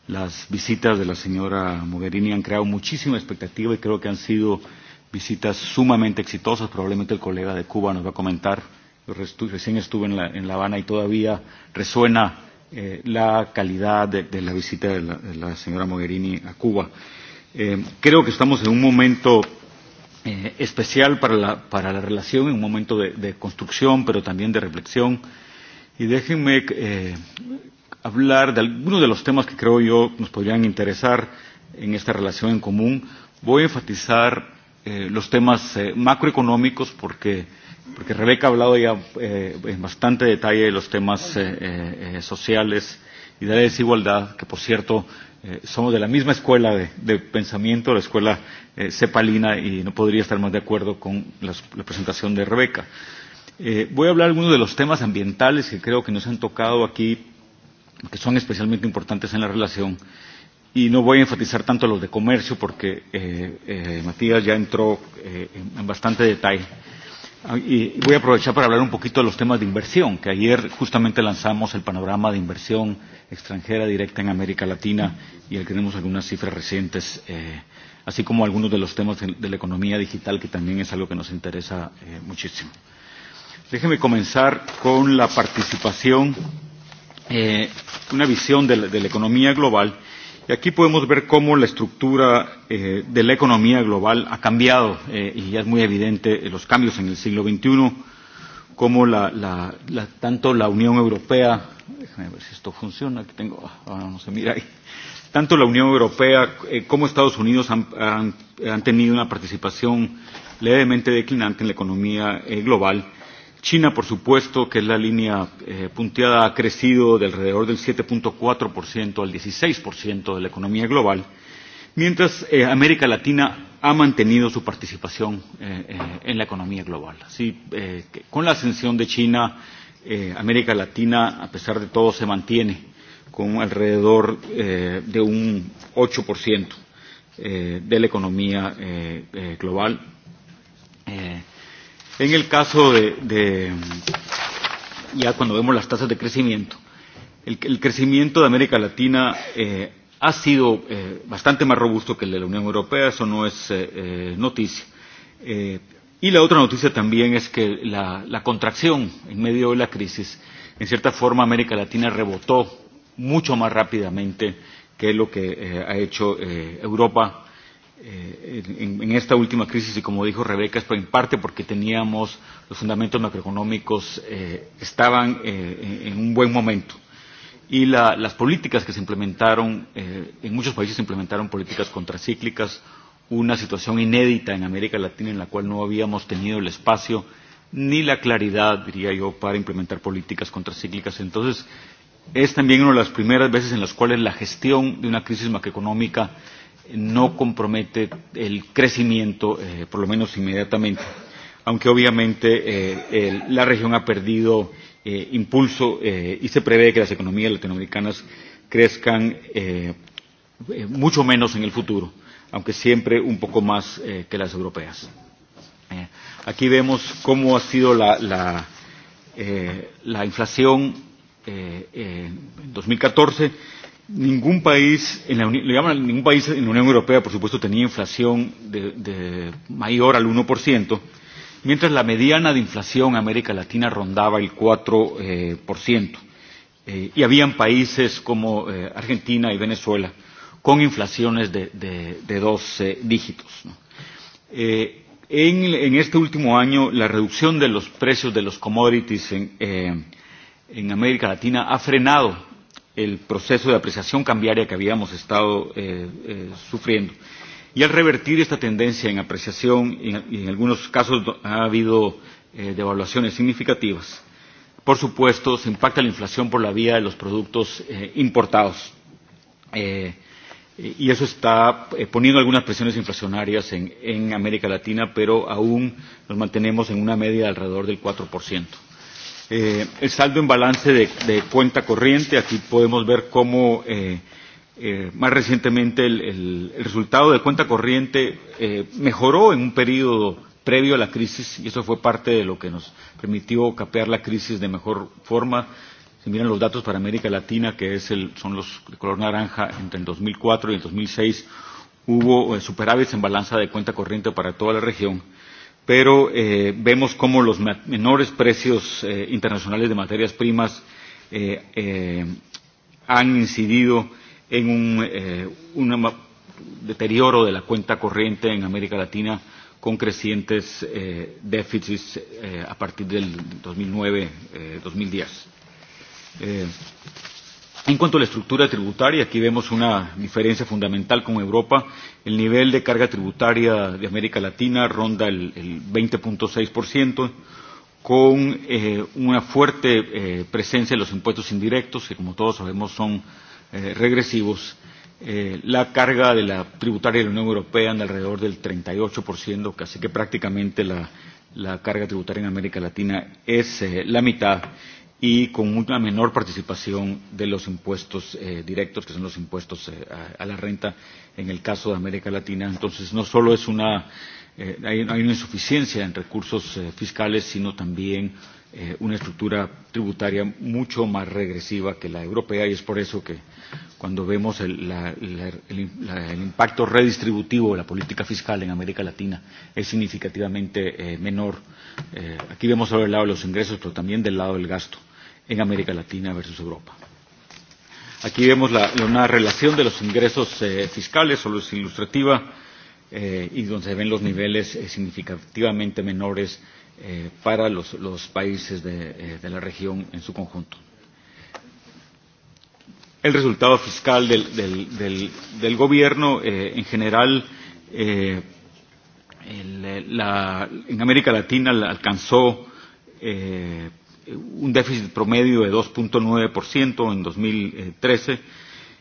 las visitas de la señora Mogherini han creado muchísima expectativa y creo que han sido visitas sumamente exitosas. Probablemente el colega de Cuba nos va a comentar. Yo recién estuve en La, en la Habana y todavía resuena eh, la calidad de, de la visita de la, de la señora Mogherini a Cuba. Eh, creo que estamos en un momento eh, especial para la, para la relación, en un momento de, de construcción, pero también de reflexión. Y déjenme eh, hablar de algunos de los temas que creo yo nos podrían interesar en esta relación en común. Voy a enfatizar eh, los temas eh, macroeconómicos porque, porque Rebeca ha hablado ya eh, en bastante detalle de los temas eh, eh, sociales y de la desigualdad, que por cierto eh, somos de la misma escuela de, de pensamiento, la escuela eh, cepalina, y no podría estar más de acuerdo con la, la presentación de Rebeca. Eh, voy a hablar de algunos de los temas ambientales que creo que nos han tocado aquí, que son especialmente importantes en la relación, y no voy a enfatizar tanto los de comercio, porque eh, eh, Matías ya entró eh, en, en bastante detalle. Y voy a aprovechar para hablar un poquito de los temas de inversión, que ayer justamente lanzamos el panorama de inversión extranjera directa en América Latina y ahí tenemos algunas cifras recientes, eh, así como algunos de los temas de, de la economía digital, que también es algo que nos interesa eh, muchísimo. Déjeme comenzar con la participación, eh, una visión de la, de la economía global Y aquí podemos ver cómo la estructura eh, de la economía global ha cambiado eh, y ya es muy evidente los cambios en el siglo XXI, cómo la, la, la, tanto la Unión Europea, déjame ver si esto funciona, que tengo, ahora no se mira ahí, tanto la Unión Europea eh, como Estados Unidos han, han, han tenido una participación levemente declinante en la economía eh, global China, por supuesto, que es la línea eh, punteada, ha crecido de alrededor del 7.4% al 16% de la economía global, mientras eh, América Latina ha mantenido su participación eh, eh, en la economía global. Así, eh, con la ascensión de China, eh, América Latina, a pesar de todo, se mantiene con alrededor eh, de un 8% eh, de la economía eh, eh, global. Eh, En el caso de, de ya cuando vemos las tasas de crecimiento, el, el crecimiento de América Latina eh, ha sido eh, bastante más robusto que el de la Unión Europea, eso no es eh, noticia. Eh, y la otra noticia también es que la, la contracción en medio de la crisis, en cierta forma América Latina rebotó mucho más rápidamente que lo que eh, ha hecho eh, Europa eh, en, en esta última crisis y como dijo Rebeca es en parte porque teníamos los fundamentos macroeconómicos eh, estaban eh, en un buen momento y la, las políticas que se implementaron eh, en muchos países se implementaron políticas contracíclicas una situación inédita en América Latina en la cual no habíamos tenido el espacio ni la claridad, diría yo, para implementar políticas contracíclicas. Entonces, es también una de las primeras veces en las cuales la gestión de una crisis macroeconómica eh, no compromete el crecimiento, eh, por lo menos inmediatamente, aunque obviamente eh, el, la región ha perdido eh, impulso eh, y se prevé que las economías latinoamericanas crezcan eh, mucho menos en el futuro, aunque siempre un poco más eh, que las europeas. Eh, aquí vemos cómo ha sido la, la, eh, la inflación eh, eh, en 2014 Ningún país, en la, digamos, ningún país en la Unión Europea, por supuesto, tenía inflación de, de mayor al 1%, mientras la mediana de inflación en América Latina rondaba el 4%. Eh, por ciento. Eh, y habían países como eh, Argentina y Venezuela con inflaciones de, de, de dos dígitos. ¿no? Eh, en, en este último año, la reducción de los precios de los commodities en, eh, en América Latina ha frenado el proceso de apreciación cambiaria que habíamos estado eh, eh, sufriendo. Y al revertir esta tendencia en apreciación, y en, y en algunos casos ha habido eh, devaluaciones significativas, por supuesto, se impacta la inflación por la vía de los productos eh, importados. Eh, y eso está eh, poniendo algunas presiones inflacionarias en, en América Latina, pero aún nos mantenemos en una media de alrededor del 4%. Eh, el saldo en balance de, de cuenta corriente, aquí podemos ver cómo eh, eh, más recientemente el, el, el resultado de cuenta corriente eh, mejoró en un periodo previo a la crisis y eso fue parte de lo que nos permitió capear la crisis de mejor forma. Si miran los datos para América Latina, que es el, son los de color naranja, entre el 2004 y el 2006 hubo eh, superávits en balanza de cuenta corriente para toda la región pero eh, vemos cómo los menores precios eh, internacionales de materias primas eh, eh, han incidido en un, eh, un deterioro de la cuenta corriente en América Latina con crecientes eh, déficits eh, a partir del 2009-2010. Eh, En cuanto a la estructura tributaria, aquí vemos una diferencia fundamental con Europa. El nivel de carga tributaria de América Latina ronda el, el 20.6%, con eh, una fuerte eh, presencia de los impuestos indirectos, que como todos sabemos son eh, regresivos. Eh, la carga de la tributaria de la Unión Europea anda alrededor del 38%, casi que prácticamente la, la carga tributaria en América Latina es eh, la mitad y con una menor participación de los impuestos eh, directos, que son los impuestos eh, a, a la renta en el caso de América Latina. Entonces, no solo es una, eh, hay, hay una insuficiencia en recursos eh, fiscales, sino también eh, una estructura tributaria mucho más regresiva que la europea y es por eso que cuando vemos el, la, la, el, la, el impacto redistributivo de la política fiscal en América Latina es significativamente eh, menor. Eh, aquí vemos sobre el lado de los ingresos, pero también del lado del gasto en América Latina versus Europa. Aquí vemos la, una relación de los ingresos eh, fiscales, solo es ilustrativa, eh, y donde se ven los niveles eh, significativamente menores eh, para los, los países de, eh, de la región en su conjunto. El resultado fiscal del, del, del, del gobierno, eh, en general, eh, el, la, en América Latina alcanzó eh, un déficit promedio de 2.9% en 2013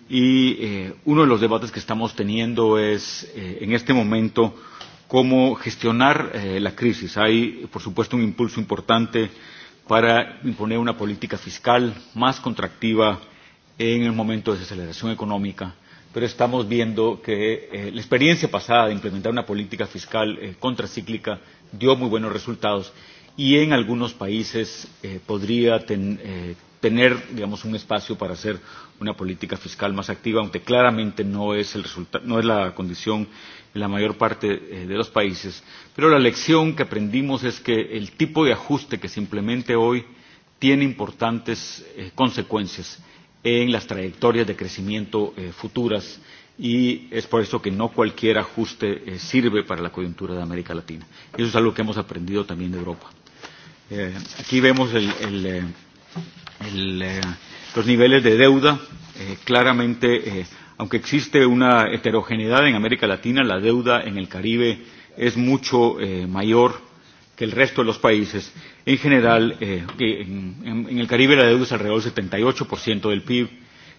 y eh, uno de los debates que estamos teniendo es eh, en este momento cómo gestionar eh, la crisis. Hay, por supuesto, un impulso importante para imponer una política fiscal más contractiva en el momento de desaceleración económica, pero estamos viendo que eh, la experiencia pasada de implementar una política fiscal eh, contracíclica dio muy buenos resultados y en algunos países eh, podría ten, eh, tener, digamos, un espacio para hacer una política fiscal más activa, aunque claramente no es, el no es la condición en la mayor parte eh, de los países. Pero la lección que aprendimos es que el tipo de ajuste que se implemente hoy tiene importantes eh, consecuencias en las trayectorias de crecimiento eh, futuras y es por eso que no cualquier ajuste eh, sirve para la coyuntura de América Latina. Eso es algo que hemos aprendido también de Europa. Eh, aquí vemos el, el, el, eh, los niveles de deuda. Eh, claramente, eh, aunque existe una heterogeneidad en América Latina, la deuda en el Caribe es mucho eh, mayor que el resto de los países. En general, eh, en, en, en el Caribe la deuda es alrededor del 78% del PIB.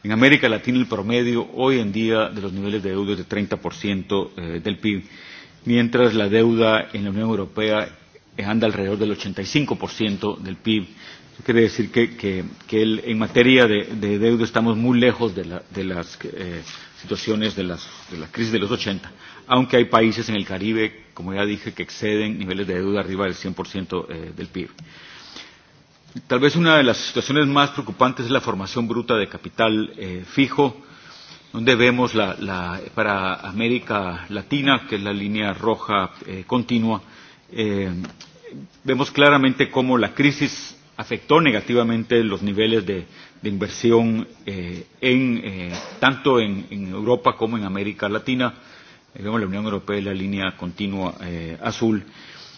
En América Latina el promedio hoy en día de los niveles de deuda es de 30% eh, del PIB, mientras la deuda en la Unión Europea anda alrededor del 85% del PIB. Eso quiere decir que, que, que el, en materia de, de deuda estamos muy lejos de, la, de las eh, situaciones de, las, de la crisis de los 80, aunque hay países en el Caribe, como ya dije, que exceden niveles de deuda arriba del 100% eh, del PIB. Tal vez una de las situaciones más preocupantes es la formación bruta de capital eh, fijo, donde vemos la, la, para América Latina, que es la línea roja eh, continua, eh, vemos claramente cómo la crisis afectó negativamente los niveles de, de inversión eh, en, eh, tanto en, en Europa como en América Latina. Eh, vemos la Unión Europea en la línea continua eh, azul.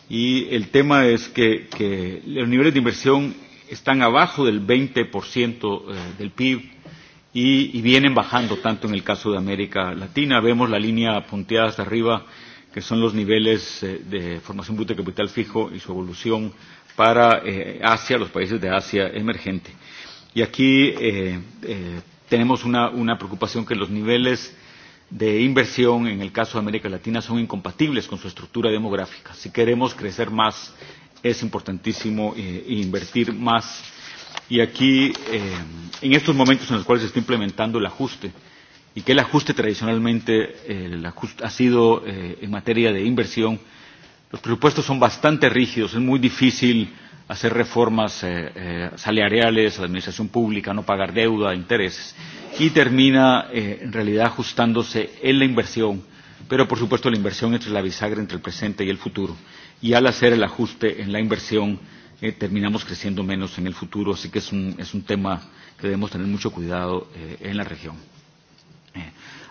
Y el tema es que, que los niveles de inversión están abajo del 20% eh, del PIB y, y vienen bajando tanto en el caso de América Latina. Vemos la línea punteada hasta arriba que son los niveles de formación bruta de capital fijo y su evolución para eh, Asia, los países de Asia emergente. Y aquí eh, eh, tenemos una, una preocupación que los niveles de inversión en el caso de América Latina son incompatibles con su estructura demográfica. Si queremos crecer más, es importantísimo eh, invertir más. Y aquí, eh, en estos momentos en los cuales se está implementando el ajuste, eh, y que el ajuste tradicionalmente el ajuste ha sido eh, en materia de inversión. Los presupuestos son bastante rígidos, es muy difícil hacer reformas eh, eh, salariales a la administración pública, no pagar deuda, intereses, y termina eh, en realidad ajustándose en la inversión, pero por supuesto la inversión entre la bisagra entre el presente y el futuro, y al hacer el ajuste en la inversión eh, terminamos creciendo menos en el futuro, así que es un, es un tema que debemos tener mucho cuidado eh, en la región.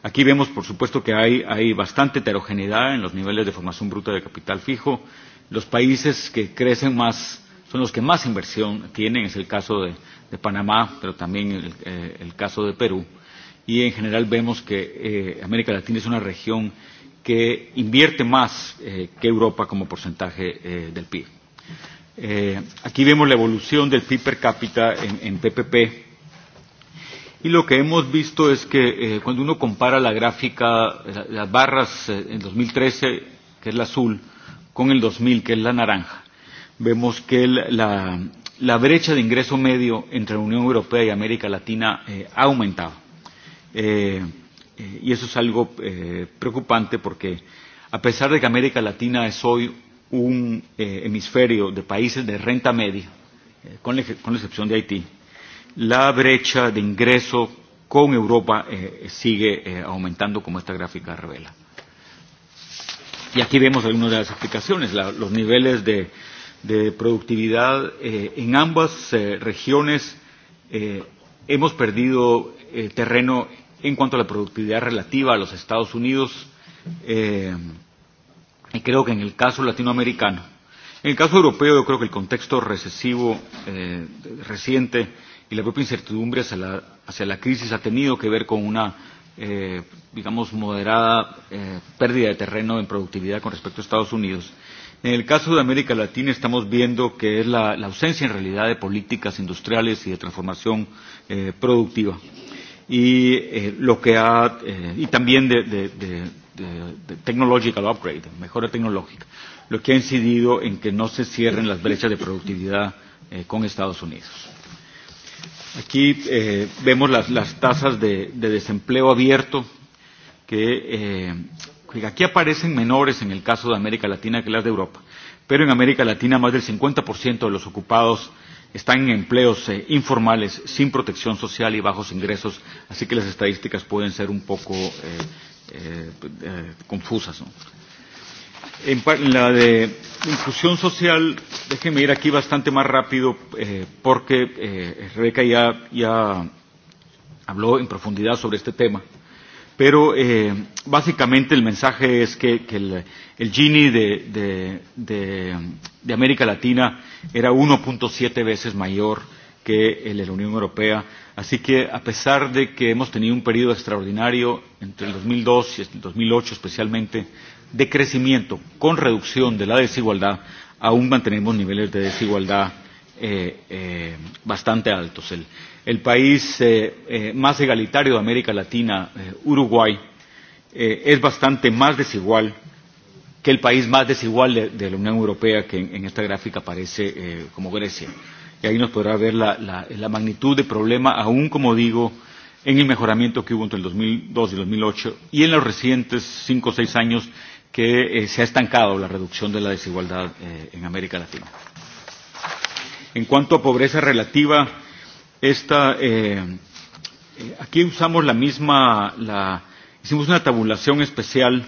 Aquí vemos, por supuesto, que hay, hay bastante heterogeneidad en los niveles de formación bruta de capital fijo. Los países que crecen más son los que más inversión tienen, es el caso de, de Panamá, pero también el, eh, el caso de Perú. Y en general vemos que eh, América Latina es una región que invierte más eh, que Europa como porcentaje eh, del PIB. Eh, aquí vemos la evolución del PIB per cápita en, en PPP Y lo que hemos visto es que eh, cuando uno compara la gráfica, la, las barras eh, en 2013, que es la azul, con el 2000, que es la naranja, vemos que el, la, la brecha de ingreso medio entre la Unión Europea y América Latina eh, ha aumentado. Eh, eh, y eso es algo eh, preocupante porque a pesar de que América Latina es hoy un eh, hemisferio de países de renta media, eh, con, la, con la excepción de Haití, eh, la brecha de ingreso con Europa eh, sigue eh, aumentando, como esta gráfica revela. Y aquí vemos algunas de las explicaciones, la, los niveles de, de productividad eh, en ambas eh, regiones. Eh, hemos perdido eh, terreno en cuanto a la productividad relativa a los Estados Unidos eh, y creo que en el caso latinoamericano. En el caso europeo yo creo que el contexto recesivo eh, reciente y la propia incertidumbre hacia la, hacia la crisis ha tenido que ver con una, eh, digamos, moderada eh, pérdida de terreno en productividad con respecto a Estados Unidos. En el caso de América Latina estamos viendo que es la, la ausencia en realidad de políticas industriales y de transformación eh, productiva. Y, eh, lo que ha, eh, y también de, de, de, de, de technological upgrade, mejora tecnológica, lo que ha incidido en que no se cierren las brechas de productividad eh, con Estados Unidos. Aquí eh, vemos las, las tasas de, de desempleo abierto, que eh, aquí aparecen menores en el caso de América Latina que las de Europa, pero en América Latina más del 50% de los ocupados están en empleos eh, informales, sin protección social y bajos ingresos, así que las estadísticas pueden ser un poco eh, eh, confusas. ¿no? En, en la de inclusión social, déjenme ir aquí bastante más rápido eh, porque eh, Rebeca ya, ya habló en profundidad sobre este tema. Pero eh, básicamente el mensaje es que, que el, el Gini de, de, de, de América Latina era 1.7 veces mayor que el de la Unión Europea. Así que a pesar de que hemos tenido un periodo extraordinario entre el 2002 y el 2008 especialmente de crecimiento con reducción de la desigualdad, aún mantenemos niveles de desigualdad eh, eh, bastante altos. El, el país eh, eh, más egalitario de América Latina, eh, Uruguay, eh, es bastante más desigual que el país más desigual de, de la Unión Europea, que en, en esta gráfica aparece eh, como Grecia. Y ahí nos podrá ver la, la, la magnitud del problema, aún como digo, en el mejoramiento que hubo entre el 2002 y el 2008 y en los recientes cinco o seis años que eh, se ha estancado la reducción de la desigualdad eh, en América Latina. En cuanto a pobreza relativa, esta, eh, aquí usamos la misma, la, hicimos una tabulación especial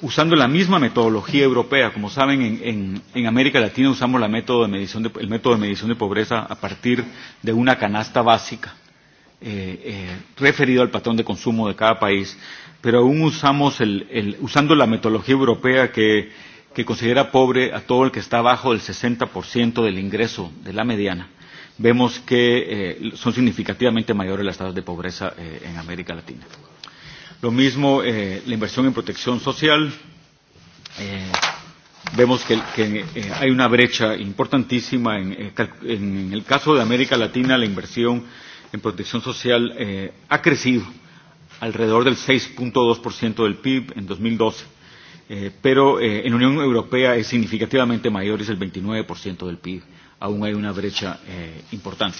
usando la misma metodología europea. Como saben, en, en, en América Latina usamos la método de medición de, el método de medición de pobreza a partir de una canasta básica eh, eh, referido al patrón de consumo de cada país pero aún usamos el, el, usando la metodología europea que, que considera pobre a todo el que está abajo del 60% del ingreso de la mediana, vemos que eh, son significativamente mayores las tasas de pobreza eh, en América Latina. Lo mismo eh, la inversión en protección social. Eh, vemos que, que eh, hay una brecha importantísima. En, en el caso de América Latina, la inversión en protección social eh, ha crecido alrededor del 6.2% del PIB en 2012, eh, pero eh, en Unión Europea es significativamente mayor, es el 29% del PIB. Aún hay una brecha eh, importante.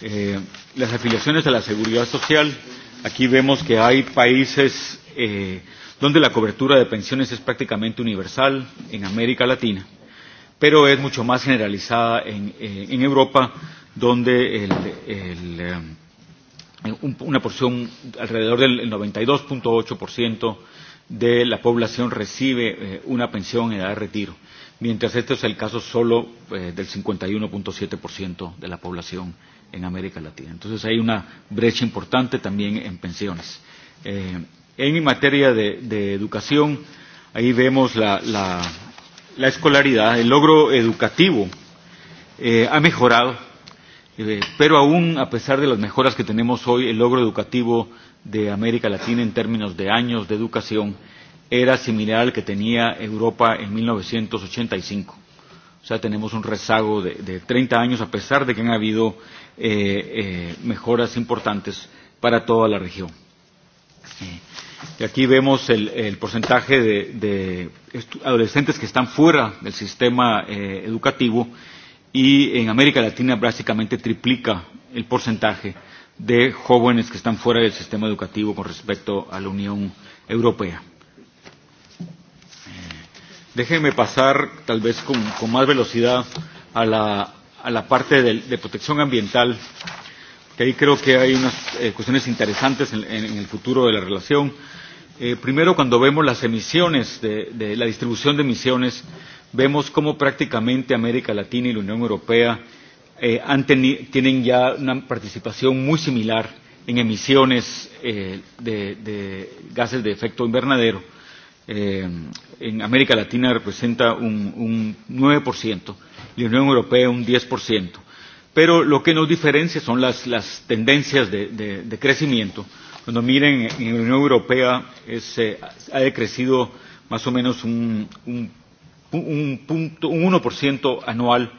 Eh, las afiliaciones a la seguridad social, aquí vemos que hay países eh, donde la cobertura de pensiones es prácticamente universal en América Latina, pero es mucho más generalizada en, en Europa, donde el, el, una porción alrededor del 92.8% de la población recibe eh, una pensión en edad de retiro, mientras este es el caso solo eh, del 51.7% de la población en América Latina. Entonces hay una brecha importante también en pensiones. Eh, en materia de, de educación, ahí vemos la, la, la escolaridad, el logro educativo eh, ha mejorado Eh, pero aún, a pesar de las mejoras que tenemos hoy, el logro educativo de América Latina en términos de años de educación era similar al que tenía Europa en 1985. O sea, tenemos un rezago de, de 30 años, a pesar de que han habido eh, eh, mejoras importantes para toda la región. Eh, y aquí vemos el, el porcentaje de, de adolescentes que están fuera del sistema eh, educativo y en América Latina básicamente triplica el porcentaje de jóvenes que están fuera del sistema educativo con respecto a la Unión Europea. Déjenme pasar tal vez con, con más velocidad a la, a la parte de, de protección ambiental, que ahí creo que hay unas eh, cuestiones interesantes en, en, en el futuro de la relación. Eh, primero, cuando vemos las emisiones, de, de la distribución de emisiones, eh, vemos cómo prácticamente América Latina y la Unión Europea eh, han tienen ya una participación muy similar en emisiones eh, de, de gases de efecto invernadero. Eh, en América Latina representa un, un 9% y la Unión Europea un 10%. Pero lo que nos diferencia son las, las tendencias de, de, de crecimiento. Cuando miren, en la Unión Europea es, eh, ha decrecido más o menos un, un un, punto, un 1% anual,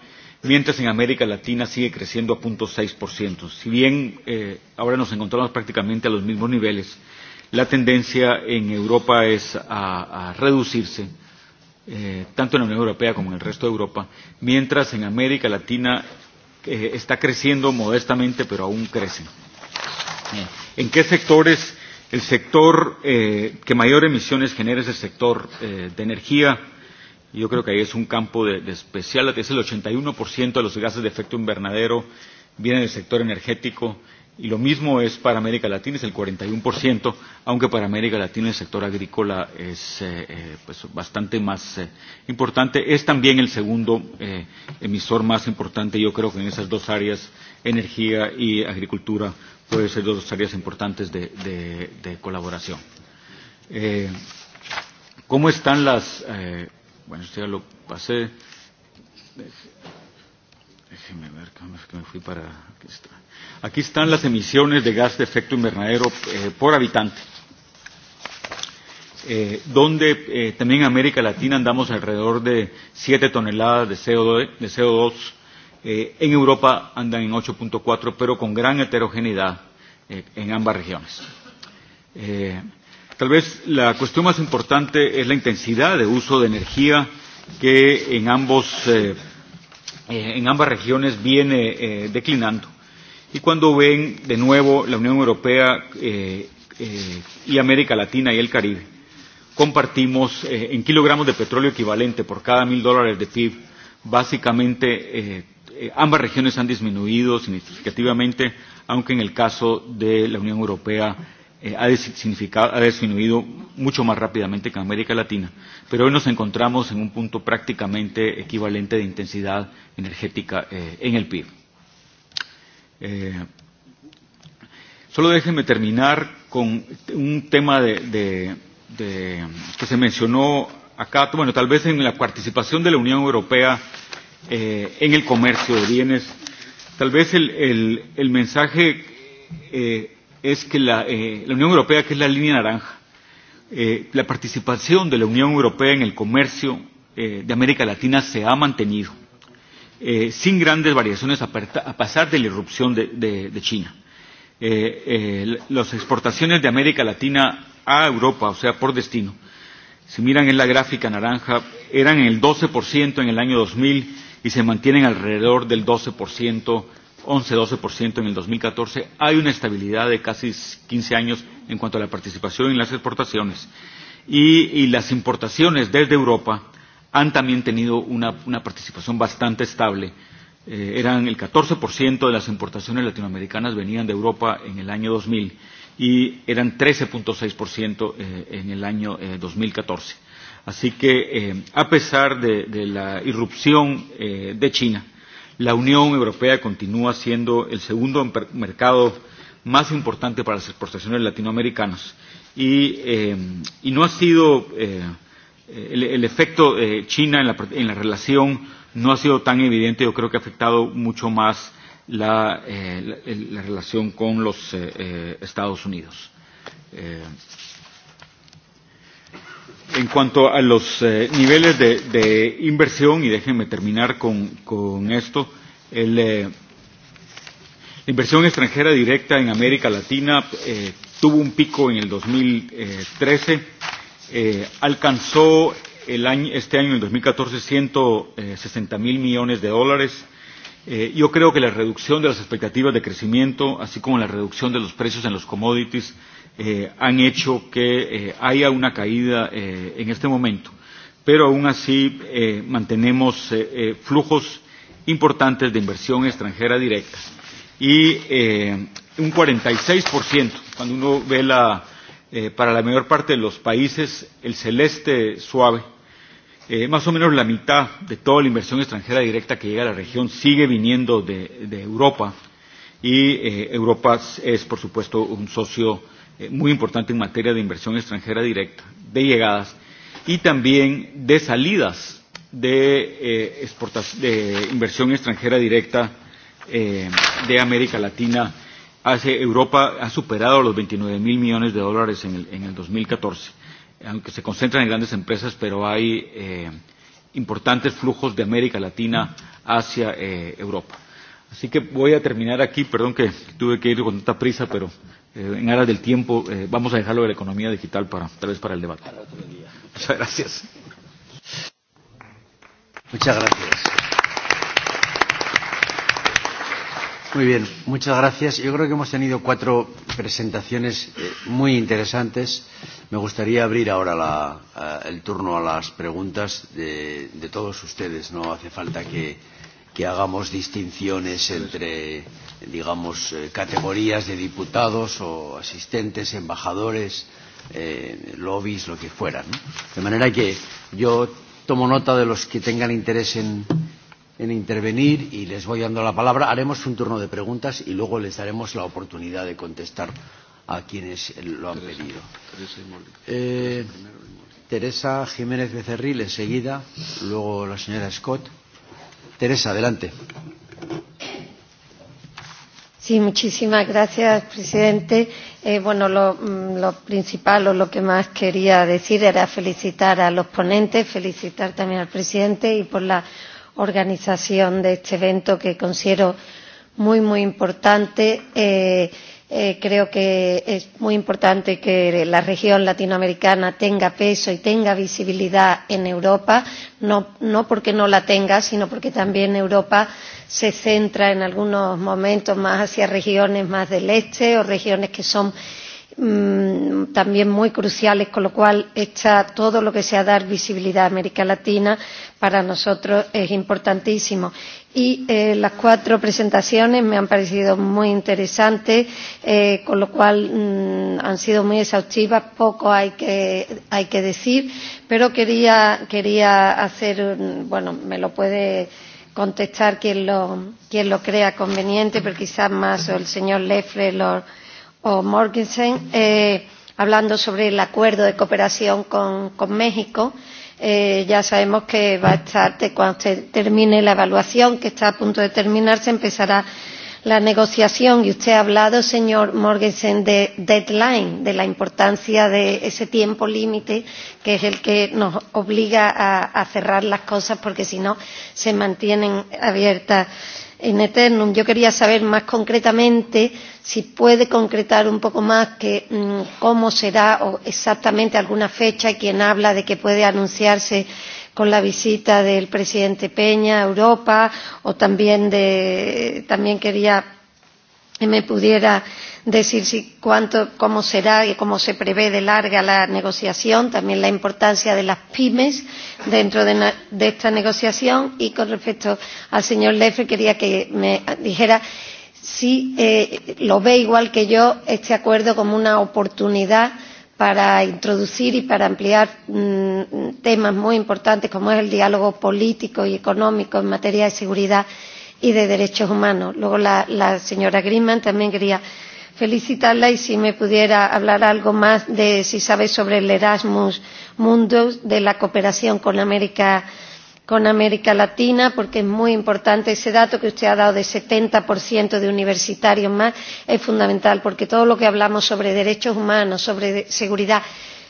mientras en América Latina sigue creciendo a 0.6%. Si bien eh, ahora nos encontramos prácticamente a los mismos niveles, la tendencia en Europa es a, a reducirse, eh, tanto en la Unión Europea como en el resto de Europa, mientras en América Latina eh, está creciendo modestamente, pero aún crece. Eh, ¿En qué sectores? El sector eh, que mayor emisiones genera es el sector eh, de energía, Yo creo que ahí es un campo de, de especial atención. El 81% de los gases de efecto invernadero vienen del sector energético y lo mismo es para América Latina, es el 41%, aunque para América Latina el sector agrícola es eh, pues bastante más eh, importante. Es también el segundo eh, emisor más importante, yo creo que en esas dos áreas, energía y agricultura, pueden ser dos áreas importantes de, de, de colaboración. Eh, ¿Cómo están las... Eh, Bueno, esto ya lo pasé. Déjeme ver que me fui para. Aquí, está. Aquí están las emisiones de gas de efecto invernadero eh, por habitante. Eh, donde eh, también en América Latina andamos alrededor de 7 toneladas de CO2, de CO2 eh, en Europa andan en 8.4, pero con gran heterogeneidad eh, en ambas regiones. Eh, Tal vez la cuestión más importante es la intensidad de uso de energía que en, ambos, eh, en ambas regiones viene eh, declinando. Y cuando ven de nuevo la Unión Europea eh, eh, y América Latina y el Caribe, compartimos eh, en kilogramos de petróleo equivalente por cada mil dólares de PIB, básicamente eh, ambas regiones han disminuido significativamente, aunque en el caso de la Unión Europea eh, ha, ha disminuido mucho más rápidamente que en América Latina, pero hoy nos encontramos en un punto prácticamente equivalente de intensidad energética eh, en el PIB. Eh, solo déjenme terminar con un tema de, de, de, que se mencionó acá, bueno, tal vez en la participación de la Unión Europea eh, en el comercio de bienes, tal vez el, el, el mensaje eh, es que la, eh, la Unión Europea, que es la línea naranja, eh, la participación de la Unión Europea en el comercio eh, de América Latina se ha mantenido eh, sin grandes variaciones a, a pasar de la irrupción de, de, de China. Eh, eh, las exportaciones de América Latina a Europa, o sea, por destino, si miran en la gráfica naranja, eran el 12% en el año 2000 y se mantienen alrededor del 12% 11-12% en el 2014. Hay una estabilidad de casi 15 años en cuanto a la participación en las exportaciones. Y, y las importaciones desde Europa han también tenido una, una participación bastante estable. Eh, eran el 14% de las importaciones latinoamericanas venían de Europa en el año 2000 y eran 13.6% eh, en el año eh, 2014. Así que, eh, a pesar de, de la irrupción eh, de China, La Unión Europea continúa siendo el segundo mercado más importante para las exportaciones latinoamericanas y, eh, y no ha sido eh, el, el efecto eh, China en la, en la relación no ha sido tan evidente, yo creo que ha afectado mucho más la, eh, la, la relación con los eh, eh, Estados Unidos. Eh, en cuanto a los eh, niveles de, de inversión, y déjenme terminar con, con esto, el, eh, la inversión extranjera directa en América Latina eh, tuvo un pico en el 2013, eh, alcanzó el año, este año, en 2014, 160 mil millones de dólares. Eh, yo creo que la reducción de las expectativas de crecimiento, así como la reducción de los precios en los commodities, eh, han hecho que eh, haya una caída eh, en este momento. Pero aún así eh, mantenemos eh, eh, flujos importantes de inversión extranjera directa y eh, un 46%. Cuando uno ve la, eh, para la mayor parte de los países el celeste suave, eh, más o menos la mitad de toda la inversión extranjera directa que llega a la región sigue viniendo de, de Europa y eh, Europa es, por supuesto, un socio eh, muy importante en materia de inversión extranjera directa, de llegadas y también de salidas de, eh, de inversión extranjera directa eh, de América Latina. Hace, Europa ha superado los 29 mil millones de dólares en el, en el 2014, aunque se concentran en grandes empresas, pero hay eh, importantes flujos de América Latina hacia eh, Europa. Así que voy a terminar aquí, perdón que tuve que ir con tanta prisa, pero en aras del tiempo, eh, vamos a dejarlo de la economía digital para, tal vez para el debate. Muchas gracias. Muchas gracias. Muy bien, muchas gracias. Yo creo que hemos tenido cuatro presentaciones muy interesantes. Me gustaría abrir ahora la, el turno a las preguntas de, de todos ustedes. No hace falta que, que hagamos distinciones entre digamos, categorías de diputados o asistentes, embajadores, eh, lobbies, lo que fuera. ¿no? De manera que yo tomo nota de los que tengan interés en, en intervenir y les voy dando la palabra. Haremos un turno de preguntas y luego les daremos la oportunidad de contestar a quienes lo han pedido. Eh, Teresa Jiménez Becerril enseguida, luego la señora Scott. Teresa, adelante. Sí, muchísimas gracias, presidente. Eh, bueno, lo, lo principal o lo que más quería decir era felicitar a los ponentes, felicitar también al presidente y por la organización de este evento que considero muy, muy importante. Eh, Eh, creo que es muy importante que la región latinoamericana tenga peso y tenga visibilidad en Europa, no, no porque no la tenga, sino porque también Europa se centra en algunos momentos más hacia regiones más del este o regiones que son mmm, también muy cruciales, con lo cual está todo lo que sea dar visibilidad a América Latina para nosotros es importantísimo Y eh, las cuatro presentaciones me han parecido muy interesantes, eh, con lo cual mmm, han sido muy exhaustivas, poco hay que, hay que decir, pero quería, quería hacer, bueno, me lo puede contestar quien lo, quien lo crea conveniente, pero quizás más o el señor Leffler o, o Morgensen, eh, hablando sobre el acuerdo de cooperación con, con México. Eh, eh, ya sabemos que va a estar, cuando se termine la evaluación, que está a punto de terminarse, empezará la negociación y usted ha hablado, señor Morgensen, de deadline, de la importancia de ese tiempo límite que es el que nos obliga a, a cerrar las cosas porque si no se mantienen abiertas en eternum. Yo quería saber más concretamente si puede concretar un poco más que, cómo será o exactamente alguna fecha y quién habla de que puede anunciarse con la visita del presidente Peña a Europa o también de también quería que me pudiera decir si cuánto cómo será y cómo se prevé de larga la negociación, también la importancia de las pymes dentro de, una, de esta negociación y con respecto al señor Leffe quería que me dijera si eh, lo ve igual que yo este acuerdo como una oportunidad eh, para introducir y para ampliar mmm, temas muy importantes como es el diálogo político y económico en materia de seguridad y de derechos humanos. Luego la, la señora Grimman también quería felicitarla y si me pudiera hablar algo más de si sabe sobre el Erasmus Mundus, de la cooperación con América Latina con América Latina, porque es muy importante ese dato que usted ha dado de setenta de universitarios más, es fundamental, porque todo lo que hablamos sobre derechos humanos, sobre seguridad,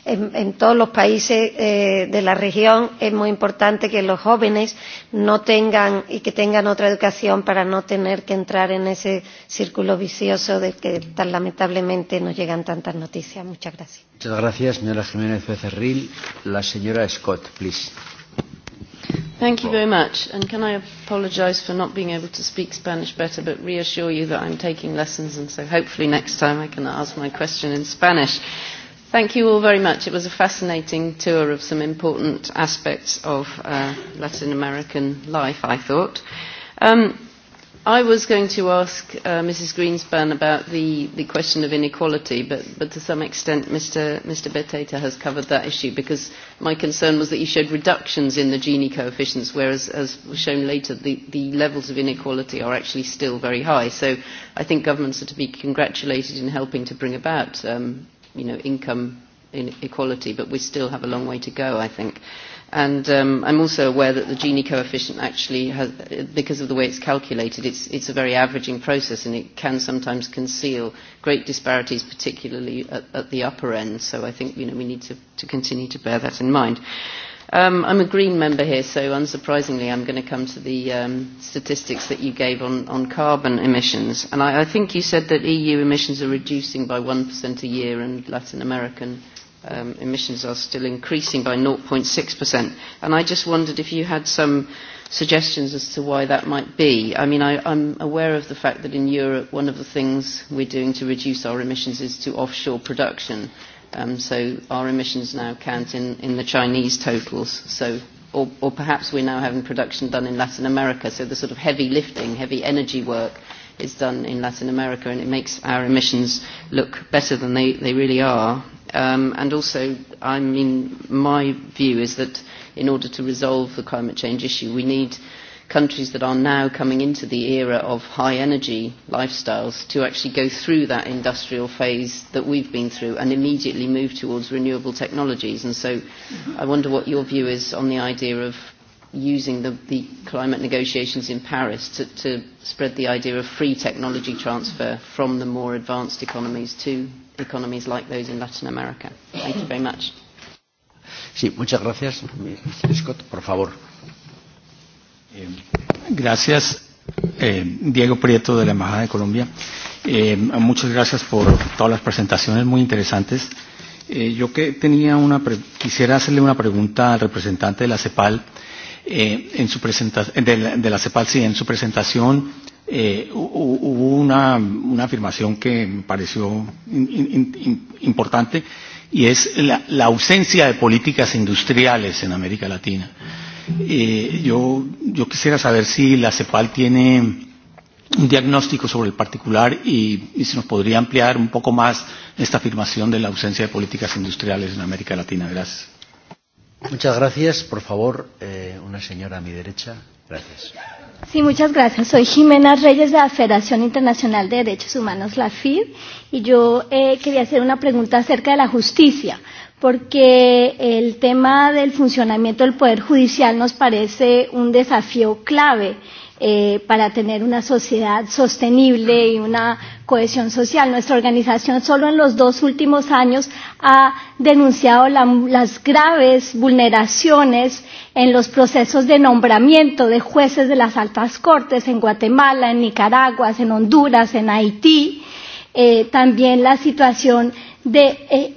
en, en todos los países eh, de la región es muy importante que los jóvenes no tengan y que tengan otra educación para no tener que entrar en ese círculo vicioso del que tan lamentablemente nos llegan tantas noticias. Muchas gracias. Muchas gracias, señora Jiménez Becerril. La señora Scott, please. Thank you very much. And can I apologize for not being able to speak Spanish better, but reassure you that I'm taking lessons, and so hopefully next time I can ask my question in Spanish. Thank you all very much. It was a fascinating tour of some important aspects of uh, Latin American life, I thought. Um, I was going to ask uh, Mrs. Greenspan about the, the question of inequality, but, but to some extent Mr. Mr. Beteta has covered that issue because my concern was that you showed reductions in the Gini coefficients, whereas, as was shown later, the, the levels of inequality are actually still very high. So I think governments are to be congratulated in helping to bring about um, you know, income inequality, but we still have a long way to go, I think. And um, I'm also aware that the Gini coefficient actually, has, because of the way it's calculated, it's, it's a very averaging process and it can sometimes conceal great disparities, particularly at, at the upper end. So I think you know, we need to, to continue to bear that in mind. Um, I'm a Green member here, so unsurprisingly, I'm going to come to the um, statistics that you gave on, on carbon emissions. And I, I think you said that EU emissions are reducing by 1% a year and Latin American um, emissions are still increasing by 0.6%. And I just wondered if you had some suggestions as to why that might be. I mean, I, I'm aware of the fact that in Europe, one of the things we're doing to reduce our emissions is to offshore production. Um, so our emissions now count in, in the Chinese totals. So, or, or perhaps we're now having production done in Latin America. So the sort of heavy lifting, heavy energy work is done in Latin America, and it makes our emissions look better than they, they really are. Um, and also, I mean, my view is that in order to resolve the climate change issue, we need countries that are now coming into the era of high energy lifestyles to actually go through that industrial phase that we've been through and immediately move towards renewable technologies. And so I wonder what your view is on the idea of using the, the climate negotiations in Paris to, to spread the idea of free technology transfer from the more advanced economies to economies like those in Latin America. Thank you very much. Sí, muchas gracias. Scott, por favor. gracias, eh, Diego Prieto de la Embajada de Colombia. Eh, muchas gracias por todas las presentaciones muy interesantes. Eh, yo que tenía una pre quisiera hacerle una pregunta al representante de la CEPAL. Eh, en su presenta de, la, de la CEPAL, sí, en su presentación eh, hubo una, una afirmación que me pareció in, in, in, importante y es la, la ausencia de políticas industriales en América Latina. Eh, yo, yo quisiera saber si la CEPAL tiene un diagnóstico sobre el particular y, y si nos podría ampliar un poco más esta afirmación de la ausencia de políticas industriales en América Latina. Gracias. Muchas gracias. Por favor, eh, una señora a mi derecha. Gracias. Sí, muchas gracias. Soy Jimena Reyes de la Federación Internacional de Derechos Humanos, la FID, y yo eh, quería hacer una pregunta acerca de la justicia, porque el tema del funcionamiento del Poder Judicial nos parece un desafío clave eh, para tener una sociedad sostenible y una cohesión social. Nuestra organización solo en los dos últimos años ha denunciado la, las graves vulneraciones en los procesos de nombramiento de jueces de las altas cortes en Guatemala, en Nicaragua, en Honduras, en Haití. Eh, también la situación de eh,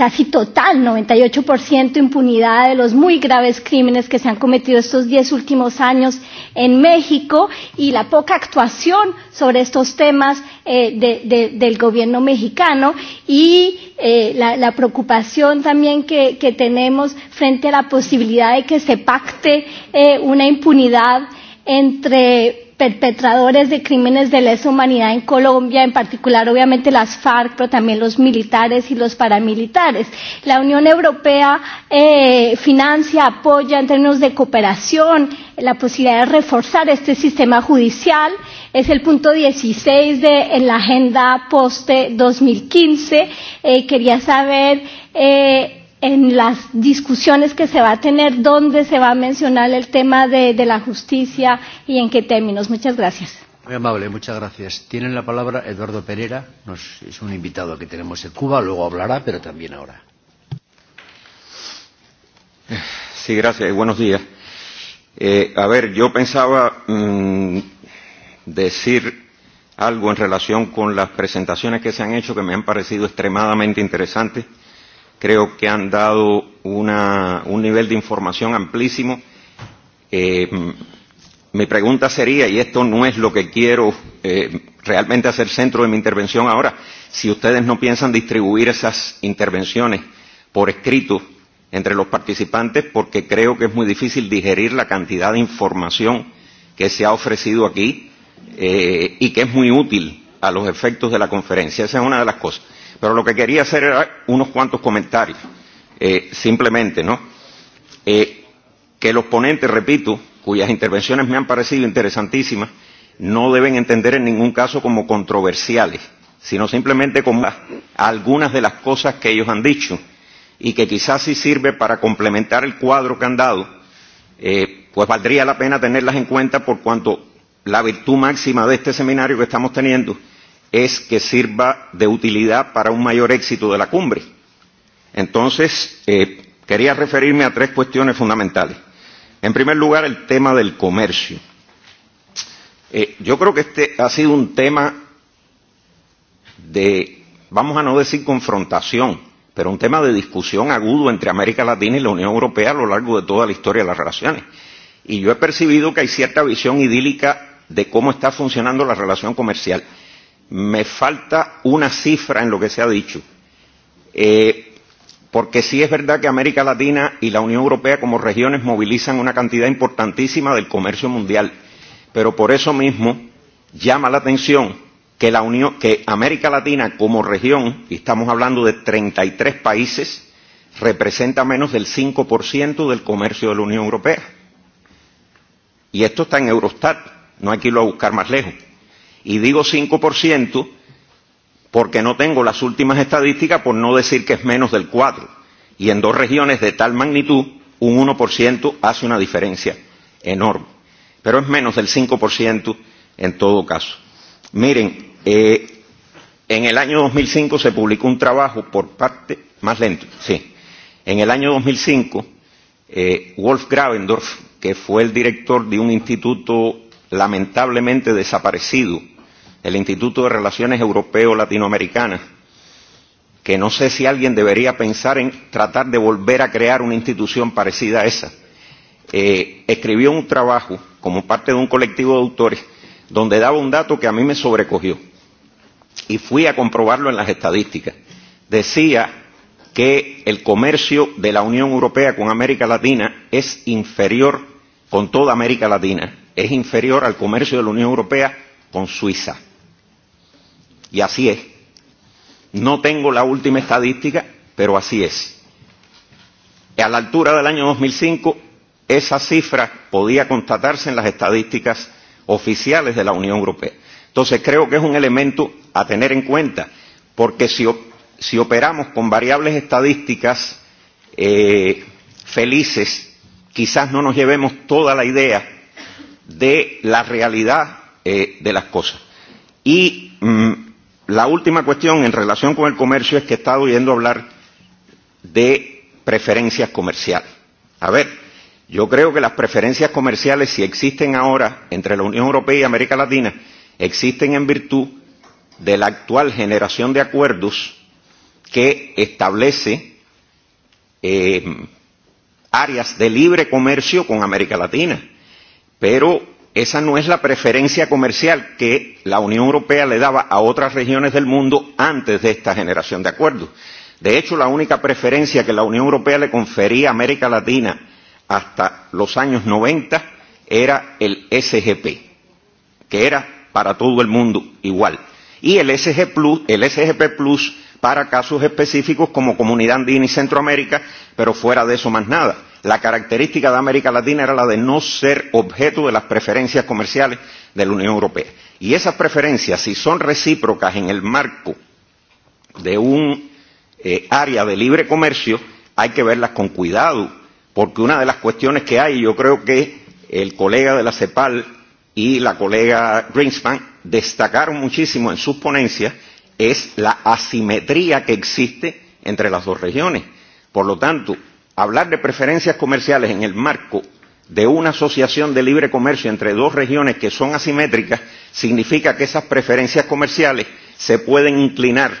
casi total, 98% impunidad de los muy graves crímenes que se han cometido estos diez últimos años en México y la poca actuación sobre estos temas eh, de, de, del gobierno mexicano y eh, la, la preocupación también que, que tenemos frente a la posibilidad de que se pacte eh, una impunidad entre perpetradores de crímenes de lesa humanidad en Colombia, en particular obviamente las FARC, pero también los militares y los paramilitares. La Unión Europea eh, financia, apoya en términos de cooperación la posibilidad de reforzar este sistema judicial. Es el punto 16 de en la agenda poste 2015. Eh, quería saber. Eh, en las discusiones que se va a tener, dónde se va a mencionar el tema de, de la justicia y en qué términos. Muchas gracias. Muy amable, muchas gracias. Tienen la palabra Eduardo Pereira, nos, es un invitado que tenemos en Cuba, luego hablará, pero también ahora. Sí, gracias. Buenos días. Eh, a ver, yo pensaba mmm, decir algo en relación con las presentaciones que se han hecho que me han parecido extremadamente interesantes creo que han dado una, un nivel de información amplísimo. Eh, mi pregunta sería, y esto no es lo que quiero eh, realmente hacer centro de mi intervención ahora, si ustedes no piensan distribuir esas intervenciones por escrito entre los participantes, porque creo que es muy difícil digerir la cantidad de información que se ha ofrecido aquí eh, y que es muy útil a los efectos de la conferencia. Esa es una de las cosas. Pero lo que quería hacer era unos cuantos comentarios, eh, simplemente, ¿no? Eh, que los ponentes, repito, cuyas intervenciones me han parecido interesantísimas, no deben entender en ningún caso como controversiales, sino simplemente como algunas de las cosas que ellos han dicho y que quizás sí sirve para complementar el cuadro que han dado, eh, pues valdría la pena tenerlas en cuenta por cuanto la virtud máxima de este seminario que estamos teniendo es que sirva de utilidad para un mayor éxito de la cumbre. Entonces, eh, quería referirme a tres cuestiones fundamentales. En primer lugar, el tema del comercio. Eh, yo creo que este ha sido un tema de, vamos a no decir confrontación, pero un tema de discusión agudo entre América Latina y la Unión Europea a lo largo de toda la historia de las relaciones. Y yo he percibido que hay cierta visión idílica de cómo está funcionando la relación comercial me falta una cifra en lo que se ha dicho. Eh, porque sí es verdad que América Latina y la Unión Europea como regiones movilizan una cantidad importantísima del comercio mundial, pero por eso mismo llama la atención que, la Unión, que América Latina como región, y estamos hablando de 33 países, representa menos del 5% del comercio de la Unión Europea. Y esto está en Eurostat, no hay que irlo a buscar más lejos. Y digo 5% porque no tengo las últimas estadísticas por no decir que es menos del 4. Y en dos regiones de tal magnitud, un 1% hace una diferencia enorme. Pero es menos del 5% en todo caso. Miren, eh, en el año 2005 se publicó un trabajo por parte, más lento, sí. En el año 2005, eh, Wolf Gravendorf, que fue el director de un instituto lamentablemente desaparecido el Instituto de Relaciones Europeo Latinoamericanas, que no sé si alguien debería pensar en tratar de volver a crear una institución parecida a esa. Eh, escribió un trabajo como parte de un colectivo de autores donde daba un dato que a mí me sobrecogió y fui a comprobarlo en las estadísticas. Decía que el comercio de la Unión Europea con América Latina es inferior con toda América Latina es inferior al comercio de la Unión Europea con Suiza. Y así es. No tengo la última estadística, pero así es. A la altura del año 2005, esa cifra podía constatarse en las estadísticas oficiales de la Unión Europea. Entonces, creo que es un elemento a tener en cuenta, porque si, si operamos con variables estadísticas eh, felices, quizás no nos llevemos toda la idea de la realidad eh, de las cosas. Y mmm, la última cuestión en relación con el comercio es que he estado oyendo hablar de preferencias comerciales. A ver, yo creo que las preferencias comerciales, si existen ahora entre la Unión Europea y América Latina, existen en virtud de la actual generación de acuerdos que establece eh, áreas de libre comercio con América Latina pero esa no es la preferencia comercial que la Unión Europea le daba a otras regiones del mundo antes de esta generación de acuerdos. De hecho, la única preferencia que la Unión Europea le confería a América Latina hasta los años 90 era el SGP, que era para todo el mundo igual. Y el, SG Plus, el SGP Plus para casos específicos como Comunidad Andina y Centroamérica, pero fuera de eso más nada La característica de América Latina era la de no ser objeto de las preferencias comerciales de la Unión Europea. Y esas preferencias, si son recíprocas en el marco de un eh, área de libre comercio, hay que verlas con cuidado, porque una de las cuestiones que hay, yo creo que el colega de la CEPAL y la colega Greenspan destacaron muchísimo en sus ponencias, es la asimetría que existe entre las dos regiones. Por lo tanto, hablar de preferencias comerciales en el marco de una asociación de libre comercio entre dos regiones que son asimétricas significa que esas preferencias comerciales se pueden inclinar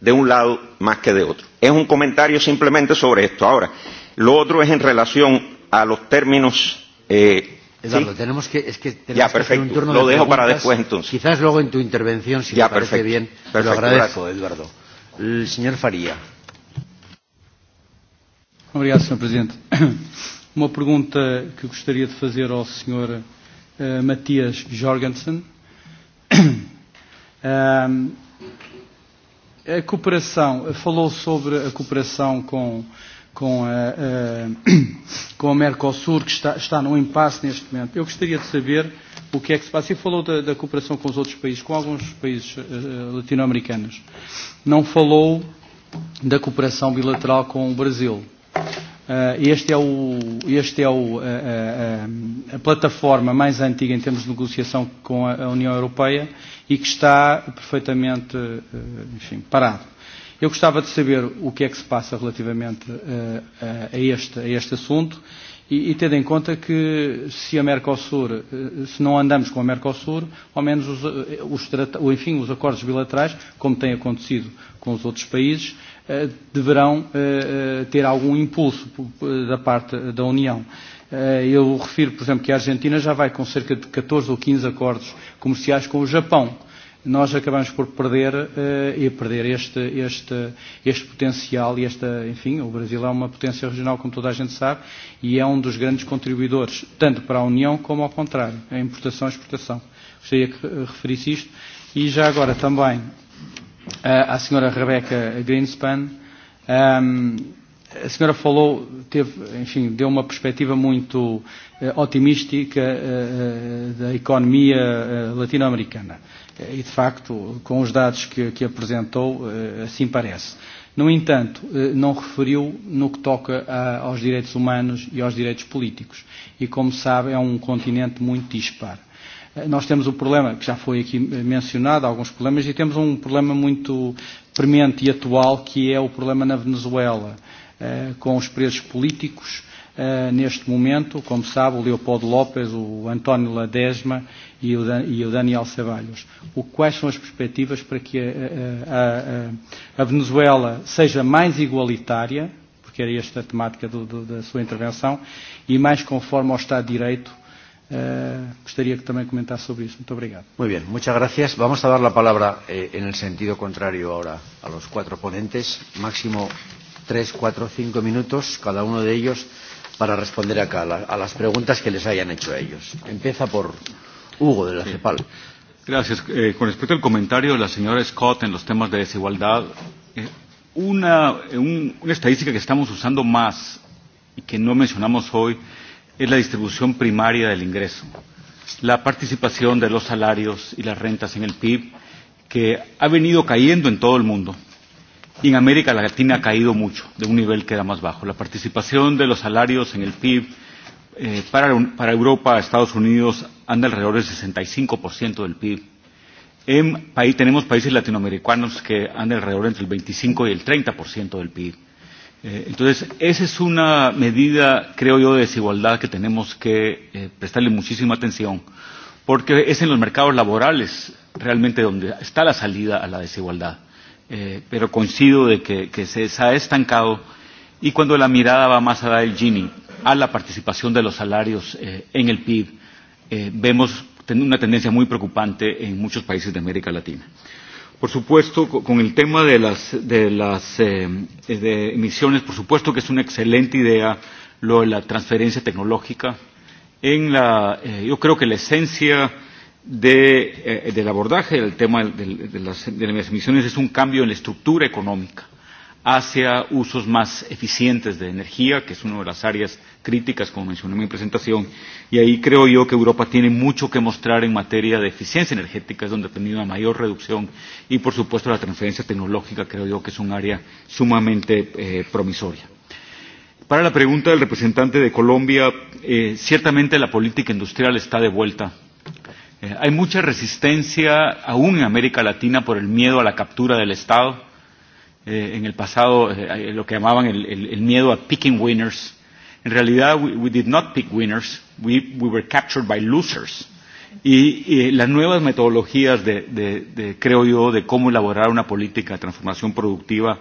de un lado más que de otro. Es un comentario simplemente sobre esto. Ahora, lo otro es en relación a los términos. Eh, Eduardo, ¿sí? tenemos que, es que tenemos ya, perfecto. Que hacer un turno lo de dejo para después entonces. Quizás luego en tu intervención, si ya, te parece perfecto. bien, perfecto, lo agradezco, Eduardo. El señor Faría. Obrigado, Sr. Presidente. Uma pergunta que gostaria de fazer ao Sr. Uh, Matias Jorgensen. a cooperação, falou sobre a cooperação com, com, a, a, com a Mercosur, que está, está num impasse neste momento. Eu gostaria de saber o que é que se passa. E falou da, da cooperação com os outros países, com alguns países uh, latino-americanos. Não falou da cooperação bilateral com o Brasil este é o, este é o, a, a, a plataforma mais antiga em termos de negociação com a, a União Europeia e que está perfeitamente enfim, parado. Eu gostava de saber o que é que se passa relativamente a, a, este, a este assunto e, e tendo em conta que se a Mercosur, se não andamos com a Mercosur, ao menos os, os, enfim, os acordos bilaterais, como tem acontecido com os outros países, deverão ter algum impulso da parte da União. Eu refiro, por exemplo, que a Argentina já vai com cerca de 14 ou 15 acordos comerciais com o Japão. Nós acabamos por perder e perder este, este, este potencial e esta, enfim, o Brasil é uma potência regional, como toda a gente sabe, e é um dos grandes contribuidores, tanto para a União como ao contrário, a importação e exportação. Gostaria que referisse isto. E já agora também, à senhora Rebeca Greenspan. Um, a senhora falou, teve, enfim, deu uma perspectiva muito uh, otimística uh, da economia uh, latino-americana. E, de facto, com os dados que, que apresentou, uh, assim parece. No entanto, não referiu no que toca aos direitos humanos e aos direitos políticos. E, como sabe, é um continente muito disparo nós temos o problema, que já foi aqui mencionado, alguns problemas, e temos um problema muito premente e atual, que é o problema na Venezuela, com os presos políticos, neste momento, como sabe, o Leopoldo López, o António Ladesma e o Daniel Ceballos. O, quais são as perspectivas para que a, a, a Venezuela seja mais igualitária, porque era esta a temática do, do, da sua intervenção, e mais conforme ao Estado de Direito Eh, que também comentasse sobre isso. Muito obrigado. Muito bem, muchas gracias. Vamos a dar la palabra eh, en el sentido contrario ahora a los cuatro ponentes. Máximo tres, cuatro, cinco minutos cada uno de ellos para responder acá a, la, a las preguntas que les hayan hecho a ellos. Empieza por Hugo de la CEPAL. Sí. Gracias. Eh, con respecto al comentario de la señora Scott en los temas de desigualdad, eh, una, un, una estadística que estamos usando más y que no mencionamos hoy es la distribución primaria del ingreso, la participación de los salarios y las rentas en el PIB, que ha venido cayendo en todo el mundo. Y en América Latina ha caído mucho, de un nivel que era más bajo. La participación de los salarios en el PIB eh, para, para Europa, Estados Unidos, anda alrededor del 65% del PIB. En ahí tenemos países latinoamericanos que andan alrededor entre el 25 y el 30% del PIB Eh, entonces, esa es una medida, creo yo, de desigualdad que tenemos que eh, prestarle muchísima atención, porque es en los mercados laborales realmente donde está la salida a la desigualdad. Eh, pero coincido de que, que se, se ha estancado y cuando la mirada va más allá del Gini, a la participación de los salarios eh, en el PIB, eh, vemos una tendencia muy preocupante en muchos países de América Latina. Por supuesto, con el tema de las, de las eh, de emisiones, por supuesto que es una excelente idea lo de la transferencia tecnológica. En la, eh, yo creo que la esencia de, eh, del abordaje del tema de, de, las, de las emisiones es un cambio en la estructura económica. Eh, hacia usos más eficientes de energía, que es una de las áreas críticas, como mencioné en mi presentación, y ahí creo yo que Europa tiene mucho que mostrar en materia de eficiencia energética, es donde ha tenido una mayor reducción, y por supuesto la transferencia tecnológica creo yo que es un área sumamente eh, promisoria. Para la pregunta del representante de Colombia, eh, ciertamente la política industrial está de vuelta hay mucha resistencia aún en América Latina por el miedo a la captura del Estado eh, en el pasado eh, lo que llamaban el, el, el miedo a picking winners. En realidad, we, we did not pick winners, we, we were captured by losers. Y, y las nuevas metodologías, de, de, de, creo yo, de cómo elaborar una política de transformación productiva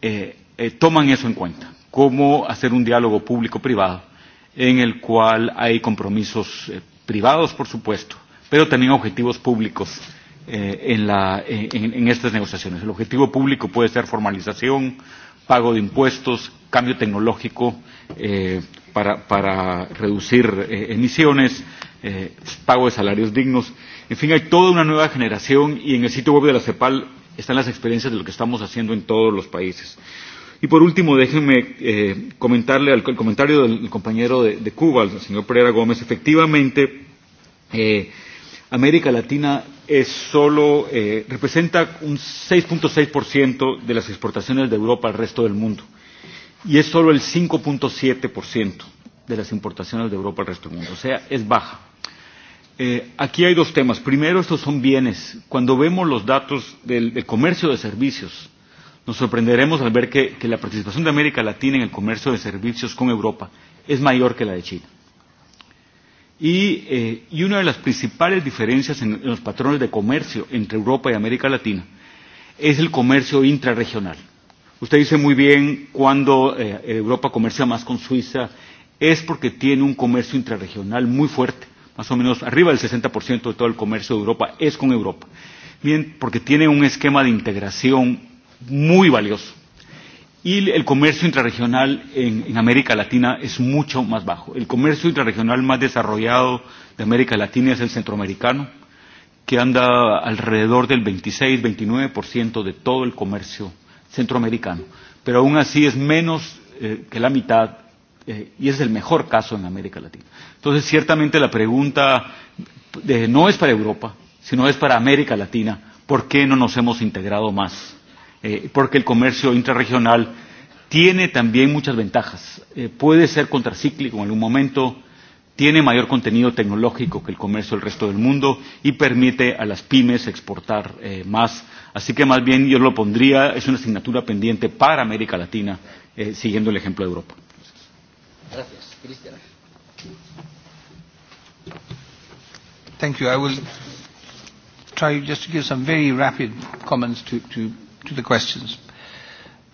eh, eh, toman eso en cuenta. Cómo hacer un diálogo público-privado en el cual hay compromisos eh, privados, por supuesto, pero también objetivos públicos eh, en, la, en, en estas negociaciones. El objetivo público puede ser formalización, pago de impuestos, cambio tecnológico eh, para, para reducir eh, emisiones, eh, pago de salarios dignos. En fin, hay toda una nueva generación y en el sitio web de la CEPAL están las experiencias de lo que estamos haciendo en todos los países. Y por último, déjenme eh, comentarle al, el comentario del compañero de, de Cuba, el señor Pereira Gómez. Efectivamente, eh, América Latina es solo, eh, representa un 6.6% de las exportaciones de Europa al resto del mundo y es solo el 5.7% de las importaciones de Europa al resto del mundo, o sea, es baja. Eh, aquí hay dos temas. Primero, estos son bienes. Cuando vemos los datos del, del comercio de servicios, nos sorprenderemos al ver que, que la participación de América Latina en el comercio de servicios con Europa es mayor que la de China y, eh, y una de las principales diferencias en, en los patrones de comercio entre Europa y América Latina es el comercio intrarregional. Usted dice muy bien cuando eh, Europa comercia más con Suiza es porque tiene un comercio intrarregional muy fuerte, más o menos arriba del 60% de todo el comercio de Europa es con Europa, bien porque tiene un esquema de integración muy valioso y el comercio intrarregional en, en América Latina es mucho más bajo. El comercio intrarregional más desarrollado de América Latina es el centroamericano, que anda alrededor del 26-29% de todo el comercio centroamericano. Pero aún así es menos eh, que la mitad eh, y es el mejor caso en América Latina. Entonces, ciertamente la pregunta de, no es para Europa, sino es para América Latina. ¿Por qué no nos hemos integrado más? eh, porque el comercio intrarregional tiene también muchas ventajas. Eh, puede ser contracíclico en algún momento, tiene mayor contenido tecnológico que el comercio del resto del mundo y permite a las pymes exportar eh, más. Así que más bien yo lo pondría, es una asignatura pendiente para América Latina, eh, siguiendo el ejemplo de Europa. Gracias. Cristian. Thank you. I will try just to give some very rapid comments to, to to the questions.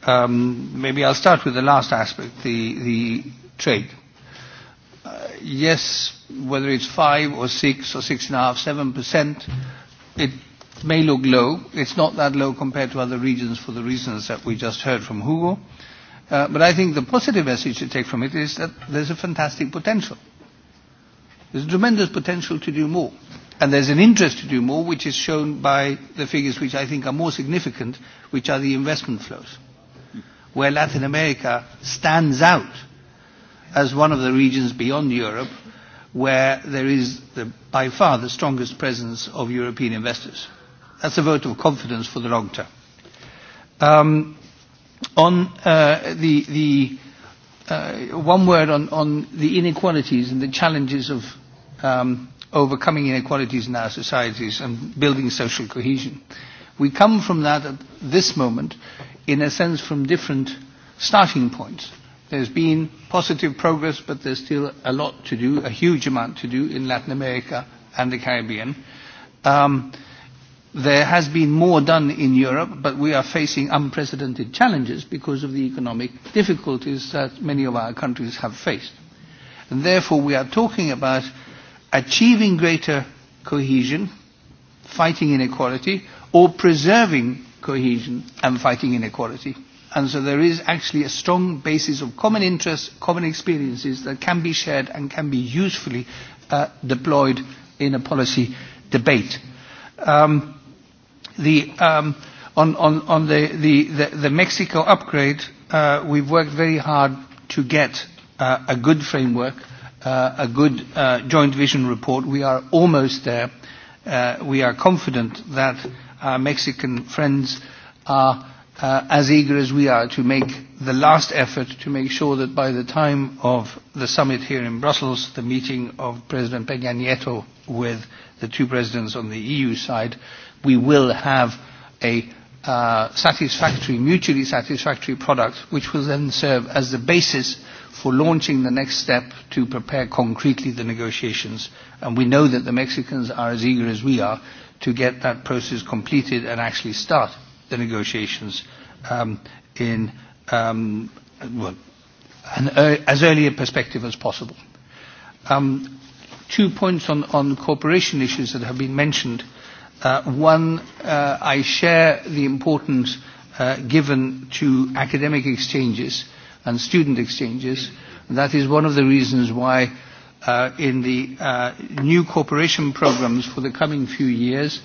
Um, maybe I'll start with the last aspect, the, the trade. Uh, yes, whether it's five or six or six and a half, seven percent, it may look low. It's not that low compared to other regions for the reasons that we just heard from Hugo. Uh, but I think the positive message to take from it is that there's a fantastic potential. There's a tremendous potential to do more. And there's an interest to do more, which is shown by the figures which I think are more significant, which are the investment flows, where Latin America stands out as one of the regions beyond Europe where there is the, by far the strongest presence of European investors. That's a vote of confidence for the long term. Um, on uh, the, the uh, one word on, on the inequalities and the challenges of um, overcoming inequalities in our societies and building social cohesion. We come from that at this moment, in a sense, from different starting points. There's been positive progress, but there's still a lot to do, a huge amount to do in Latin America and the Caribbean. Um, there has been more done in Europe, but we are facing unprecedented challenges because of the economic difficulties that many of our countries have faced. And therefore, we are talking about achieving greater cohesion, fighting inequality, or preserving cohesion and fighting inequality. And so there is actually a strong basis of common interests, common experiences that can be shared and can be usefully uh, deployed in a policy debate. Um, the, um, on on, on the, the, the, the Mexico upgrade, uh, we've worked very hard to get uh, a good framework uh, a good uh, joint vision report. We are almost there. Uh, we are confident that our Mexican friends are uh, as eager as we are to make the last effort to make sure that by the time of the summit here in Brussels, the meeting of President Peña Nieto with the two presidents on the EU side, we will have a uh, satisfactory, mutually satisfactory product, which will then serve as the basis for launching the next step to prepare concretely the negotiations. And we know that the Mexicans are as eager as we are to get that process completed and actually start the negotiations um, in um, well, an, er- as early a perspective as possible. Um, two points on, on cooperation issues that have been mentioned. Uh, one, uh, I share the importance uh, given to academic exchanges and student exchanges. That is one of the reasons why uh, in the uh, new cooperation programs for the coming few years,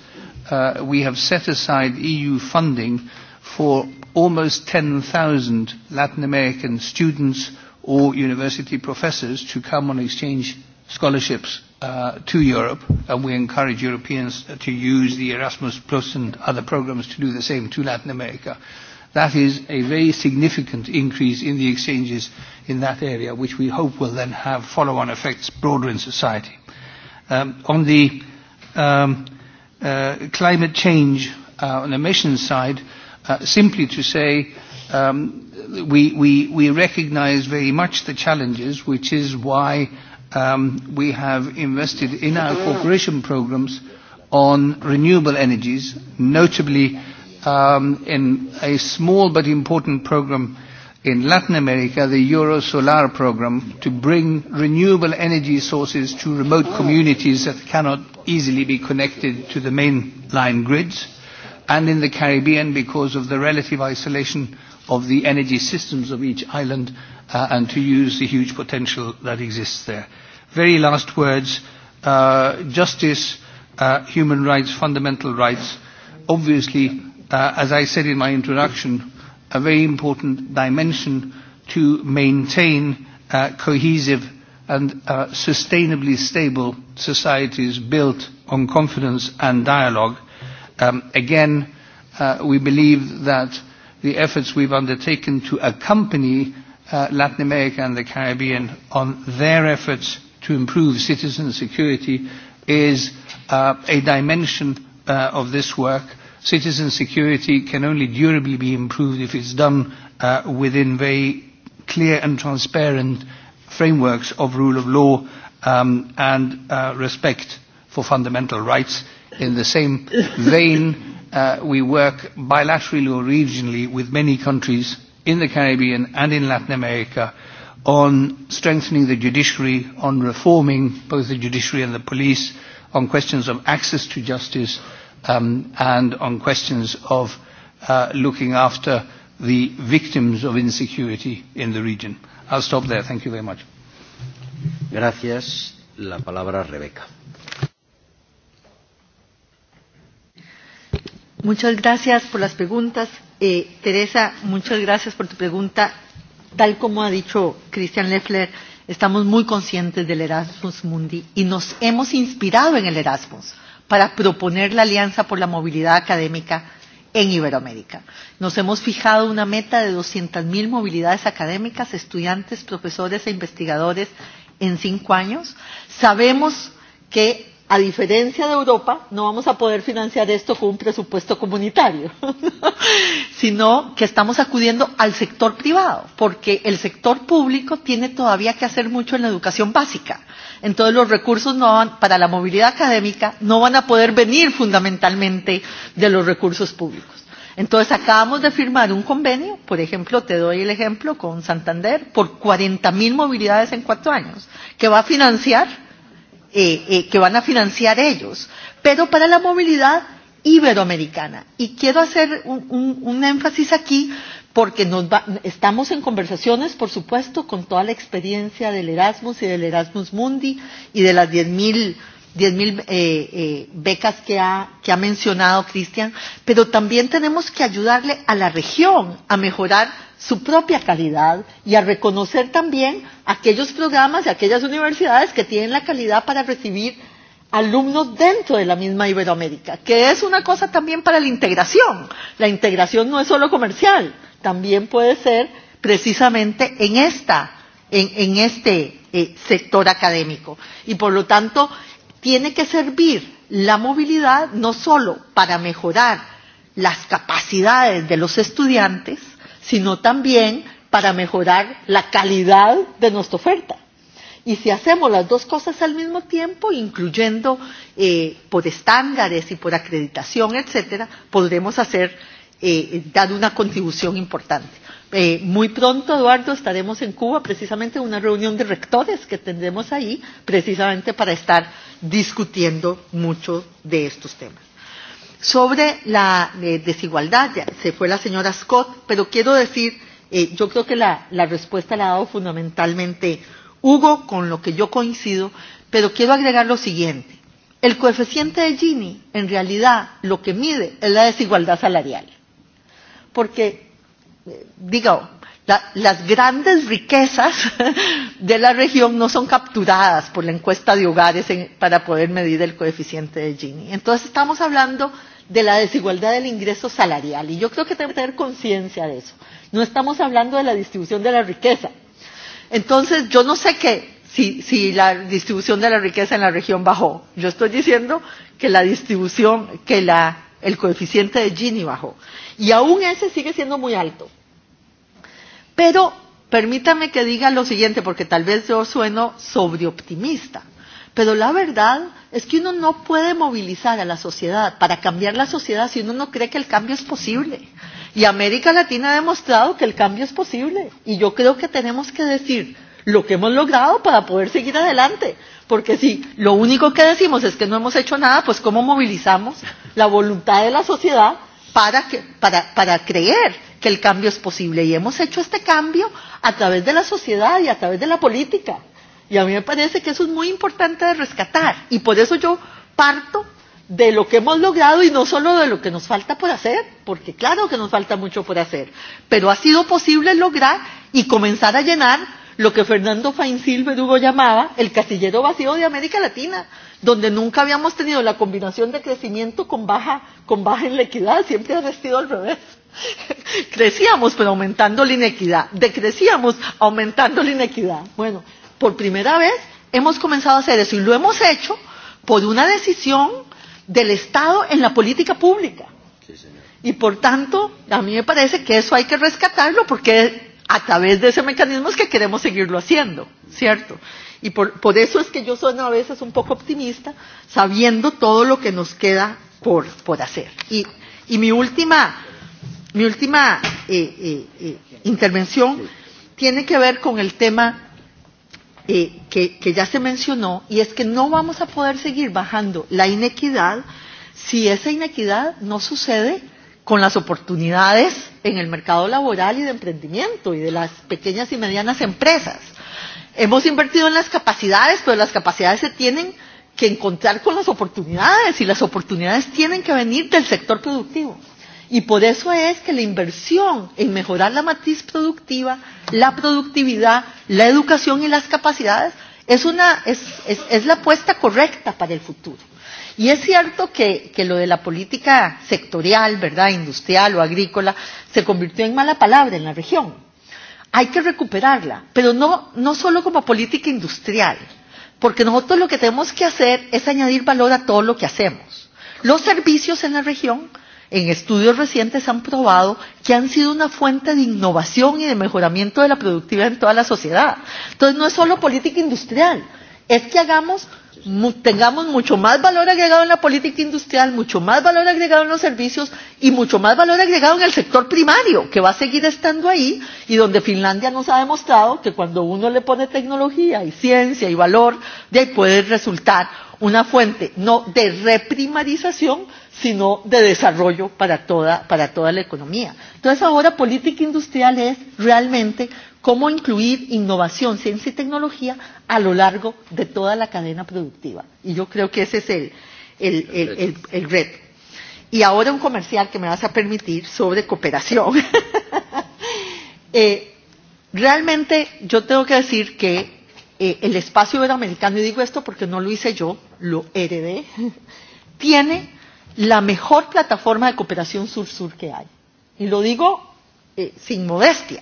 uh, we have set aside EU funding for almost 10,000 Latin American students or university professors to come on exchange scholarships uh, to Europe, and we encourage Europeans to use the Erasmus Plus and other programs to do the same to Latin America. That is a very significant increase in the exchanges in that area, which we hope will then have follow-on effects broader in society. Um, on the um, uh, climate change uh, on emissions side, uh, simply to say um, we, we, we recognize very much the challenges, which is why um, we have invested in our cooperation programs on renewable energies, notably um, in a small but important program in Latin America, the Eurosolar program, to bring renewable energy sources to remote communities that cannot easily be connected to the mainline grids, and in the Caribbean because of the relative isolation of the energy systems of each island uh, and to use the huge potential that exists there. Very last words, uh, justice, uh, human rights, fundamental rights, obviously uh, as I said in my introduction, a very important dimension to maintain uh, cohesive and uh, sustainably stable societies built on confidence and dialogue. Um, again, uh, we believe that the efforts we've undertaken to accompany uh, Latin America and the Caribbean on their efforts to improve citizen security is uh, a dimension uh, of this work Citizen security can only durably be improved if it's done uh, within very clear and transparent frameworks of rule of law um, and uh, respect for fundamental rights. In the same vein, uh, we work bilaterally or regionally with many countries in the Caribbean and in Latin America on strengthening the judiciary, on reforming both the judiciary and the police, on questions of access to justice, um, and on questions of uh, looking after the victims of insecurity in the region. I'll stop there. Thank you very much. Gracias. La palabra Rebeca. Muchas gracias por las preguntas. Eh, Teresa, muchas gracias por tu pregunta. Tal como ha dicho Christian Leffler, estamos muy conscientes del Erasmus Mundi y nos hemos inspirado en el Erasmus para proponer la Alianza por la Movilidad Académica en Iberoamérica. Nos hemos fijado una meta de 200.000 movilidades académicas, estudiantes, profesores e investigadores en cinco años. Sabemos que a diferencia de Europa, no vamos a poder financiar esto con un presupuesto comunitario, sino que estamos acudiendo al sector privado, porque el sector público tiene todavía que hacer mucho en la educación básica. Entonces los recursos no van, para la movilidad académica no van a poder venir fundamentalmente de los recursos públicos. Entonces acabamos de firmar un convenio, por ejemplo, te doy el ejemplo con Santander, por 40.000 movilidades en cuatro años, que va a financiar eh, eh, que van a financiar ellos, pero para la movilidad iberoamericana. Y quiero hacer un, un, un énfasis aquí porque nos va, estamos en conversaciones, por supuesto, con toda la experiencia del Erasmus y del Erasmus Mundi y de las 10.000 10.000 eh, eh, becas que ha, que ha mencionado Cristian, pero también tenemos que ayudarle a la región a mejorar su propia calidad y a reconocer también aquellos programas y aquellas universidades que tienen la calidad para recibir alumnos dentro de la misma Iberoamérica, que es una cosa también para la integración. La integración no es solo comercial, también puede ser precisamente en esta, en, en este eh, sector académico. Y por lo tanto, tiene que servir la movilidad no solo para mejorar las capacidades de los estudiantes, sino también para mejorar la calidad de nuestra oferta. Y si hacemos las dos cosas al mismo tiempo, incluyendo eh, por estándares y por acreditación, etcétera, podremos hacer eh, dar una contribución importante. Eh, muy pronto, Eduardo, estaremos en Cuba precisamente en una reunión de rectores que tendremos ahí precisamente para estar discutiendo mucho de estos temas. Sobre la eh, desigualdad, ya se fue la señora Scott, pero quiero decir, eh, yo creo que la, la respuesta la ha dado fundamentalmente Hugo, con lo que yo coincido, pero quiero agregar lo siguiente. El coeficiente de Gini, en realidad, lo que mide es la desigualdad salarial. Porque digo, la, las grandes riquezas de la región no son capturadas por la encuesta de hogares en, para poder medir el coeficiente de Gini. Entonces estamos hablando de la desigualdad del ingreso salarial y yo creo que tenemos que tener conciencia de eso. No estamos hablando de la distribución de la riqueza. Entonces yo no sé qué, si, si la distribución de la riqueza en la región bajó. Yo estoy diciendo que la distribución, que la, el coeficiente de Gini bajó. Y aún ese sigue siendo muy alto Pero permítame que diga lo siguiente, porque tal vez yo sueno sobreoptimista. Pero la verdad es que uno no puede movilizar a la sociedad para cambiar la sociedad si uno no cree que el cambio es posible. Y América Latina ha demostrado que el cambio es posible. Y yo creo que tenemos que decir lo que hemos logrado para poder seguir adelante. Porque si lo único que decimos es que no hemos hecho nada, pues ¿cómo movilizamos la voluntad de la sociedad para, que, para, para creer? que el cambio es posible. Y hemos hecho este cambio a través de la sociedad y a través de la política. Y a mí me parece que eso es muy importante de rescatar. Y por eso yo parto de lo que hemos logrado y no solo de lo que nos falta por hacer, porque claro que nos falta mucho por hacer, pero ha sido posible lograr y comenzar a llenar lo que Fernando Faincil Verugo llamaba el casillero vacío de América Latina, donde nunca habíamos tenido la combinación de crecimiento con baja, con baja en la equidad, siempre ha vestido al revés. Crecíamos, pero aumentando la inequidad. Decrecíamos, aumentando la inequidad. Bueno, por primera vez hemos comenzado a hacer eso y lo hemos hecho por una decisión del Estado en la política pública. Y por tanto, a mí me parece que eso hay que rescatarlo porque a través de ese mecanismo es que queremos seguirlo haciendo, ¿cierto? Y por, por eso es que yo soy a veces un poco optimista, sabiendo todo lo que nos queda por, por hacer. Y, y mi última Mi última eh, eh, eh, intervención tiene que ver con el tema eh, que, que ya se mencionó y es que no vamos a poder seguir bajando la inequidad si esa inequidad no sucede con las oportunidades en el mercado laboral y de emprendimiento y de las pequeñas y medianas empresas. Hemos invertido en las capacidades, pero las capacidades se tienen que encontrar con las oportunidades y las oportunidades tienen que venir del sector productivo. Y por eso es que la inversión en mejorar la matriz productiva, la productividad, la educación y las capacidades es, una, es, es, es la apuesta correcta para el futuro. Y es cierto que, que lo de la política sectorial, ¿verdad? Industrial o agrícola, se convirtió en mala palabra en la región. Hay que recuperarla, pero no, no solo como política industrial, porque nosotros lo que tenemos que hacer es añadir valor a todo lo que hacemos. Los servicios en la región en estudios recientes han probado que han sido una fuente de innovación y de mejoramiento de la productividad en toda la sociedad. Entonces no es solo política industrial, es que hagamos tengamos mucho más valor agregado en la política industrial, mucho más valor agregado en los servicios y mucho más valor agregado en el sector primario, que va a seguir estando ahí y donde Finlandia nos ha demostrado que cuando uno le pone tecnología y ciencia y valor, de ahí puede resultar una fuente no de reprimarización, sino de desarrollo para toda, para toda la economía. Entonces ahora política industrial es realmente cómo incluir innovación, ciencia y tecnología a lo largo de toda la cadena productiva. Y yo creo que ese es el, el, el, el, el reto. Y ahora un comercial que me vas a permitir sobre cooperación. eh, realmente yo tengo que decir que eh, el espacio iberoamericano, y digo esto porque no lo hice yo, lo heredé, tiene la mejor plataforma de cooperación sur-sur que hay. Y lo digo eh, sin modestia,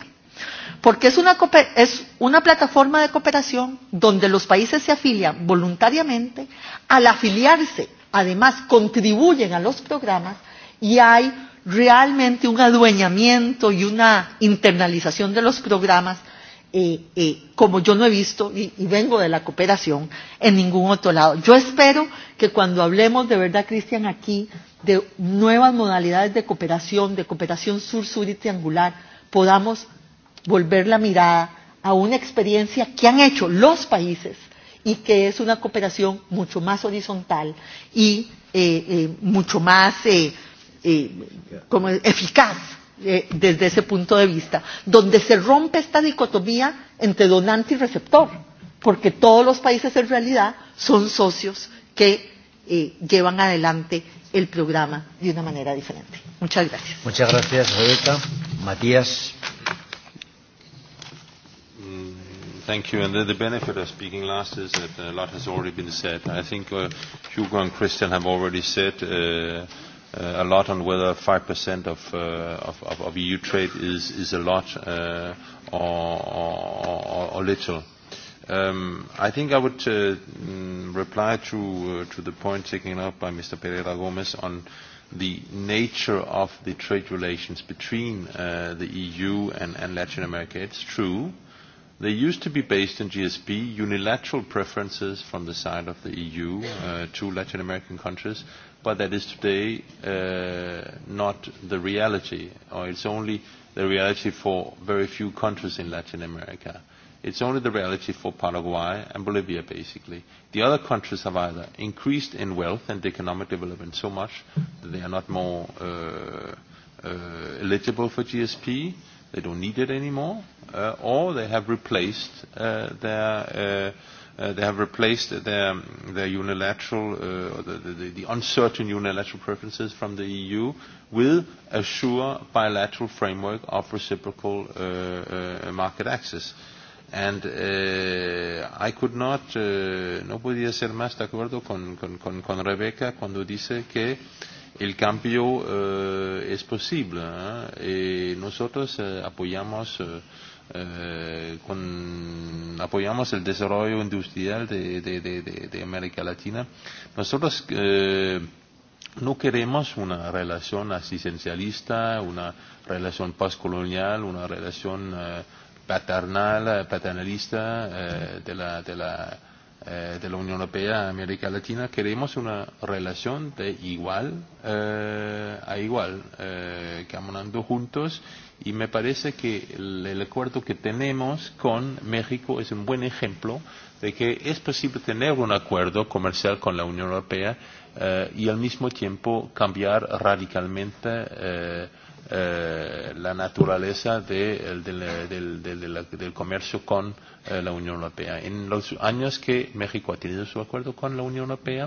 porque es una, es una plataforma de cooperación donde los países se afilian voluntariamente, al afiliarse además contribuyen a los programas y hay realmente un adueñamiento y una internalización de los programas eh, eh, como yo no he visto y, y vengo de la cooperación en ningún otro lado. Yo espero que cuando hablemos de verdad, Cristian, aquí de nuevas modalidades de cooperación, de cooperación sur-sur y triangular, podamos volver la mirada a una experiencia que han hecho los países y que es una cooperación mucho más horizontal y eh, eh, mucho más eh, eh, como eficaz eh, desde ese punto de vista, donde se rompe esta dicotomía entre donante y receptor, porque todos los países en realidad son socios que eh, llevan adelante el programa de una manera diferente. Muchas gracias. Muchas gracias, Rebeca. Matías. Thank you. And the, the benefit of speaking last is that a lot has already been said. I think uh, Hugo and Christian have already said uh, a lot on whether 5% of, uh, of, of, of EU trade is, is a lot uh, or, or, or little. Um, I think I would uh, reply to, uh, to the point taken up by Mr. Pereira Gomez on the nature of the trade relations between uh, the EU and, and Latin America. It's true. They used to be based in GSP, unilateral preferences from the side of the EU uh, to Latin American countries but that is today uh, not the reality, or it's only the reality for very few countries in Latin America. It's only the reality for Paraguay and Bolivia, basically. The other countries have either increased in wealth and economic development so much that they are not more uh, uh, eligible for GSP, they don't need it anymore, uh, or they have replaced uh, their uh, Uh, they have replaced their, their unilateral, uh, the, the, the uncertain unilateral preferences from the EU with a sure bilateral framework of reciprocal uh, uh, market access. And uh I could not, uh no podía ser más de acuerdo con, con, con, con Rebeca cuando dice que el cambio uh es posible. ¿eh? Y nosotros uh apoyamos uh con, apoyamos el desarrollo industrial de, de, de, de, de América Latina. Nosotros eh, no queremos una relación asistencialista, una relación postcolonial, una relación eh, paternal, paternalista eh, de la, de la eh, de la Unión Europea a América Latina, queremos una relación de igual eh, a igual, eh, caminando juntos y me parece que el, el acuerdo que tenemos con México es un buen ejemplo de que es posible tener un acuerdo comercial con la Unión Europea eh, y al mismo tiempo cambiar radicalmente eh, eh, la naturaleza de, de, de, de, de la, del comercio con eh, la Unión Europea. En los años que México ha tenido su acuerdo con la Unión Europea,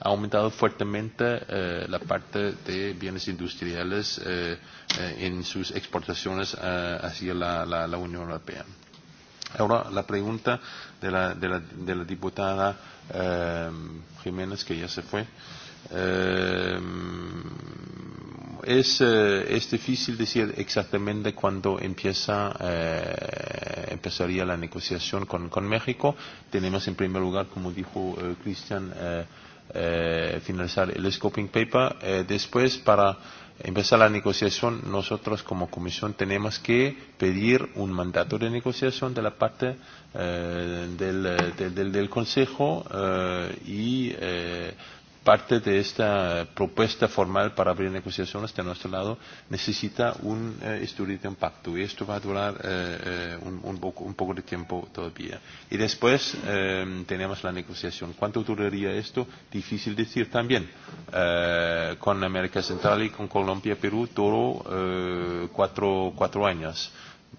ha aumentado fuertemente eh, la parte de bienes industriales eh, eh, en sus exportaciones eh, hacia la, la, la Unión Europea. Ahora la pregunta de la, de la, de la diputada eh, Jiménez, que ya se fue. Eh, es, es difícil decir exactamente cuándo empieza, eh, empezaría la negociación con, con México. Tenemos en primer lugar, como dijo eh, Cristian, eh, eh, finalizar el scoping paper. Eh, después, para empezar la negociación, nosotros como comisión tenemos que pedir un mandato de negociación de la parte eh, del, del, del, del Consejo eh, y eh, parte de esta propuesta formal para abrir negociaciones de nuestro lado necesita un eh, estudio de impacto y esto va a durar eh, un, un, poco, un poco de tiempo todavía. Y después eh, tenemos la negociación. ¿Cuánto duraría esto? Difícil decir también. Eh, con América Central y con Colombia, Perú, duró eh, cuatro, cuatro años.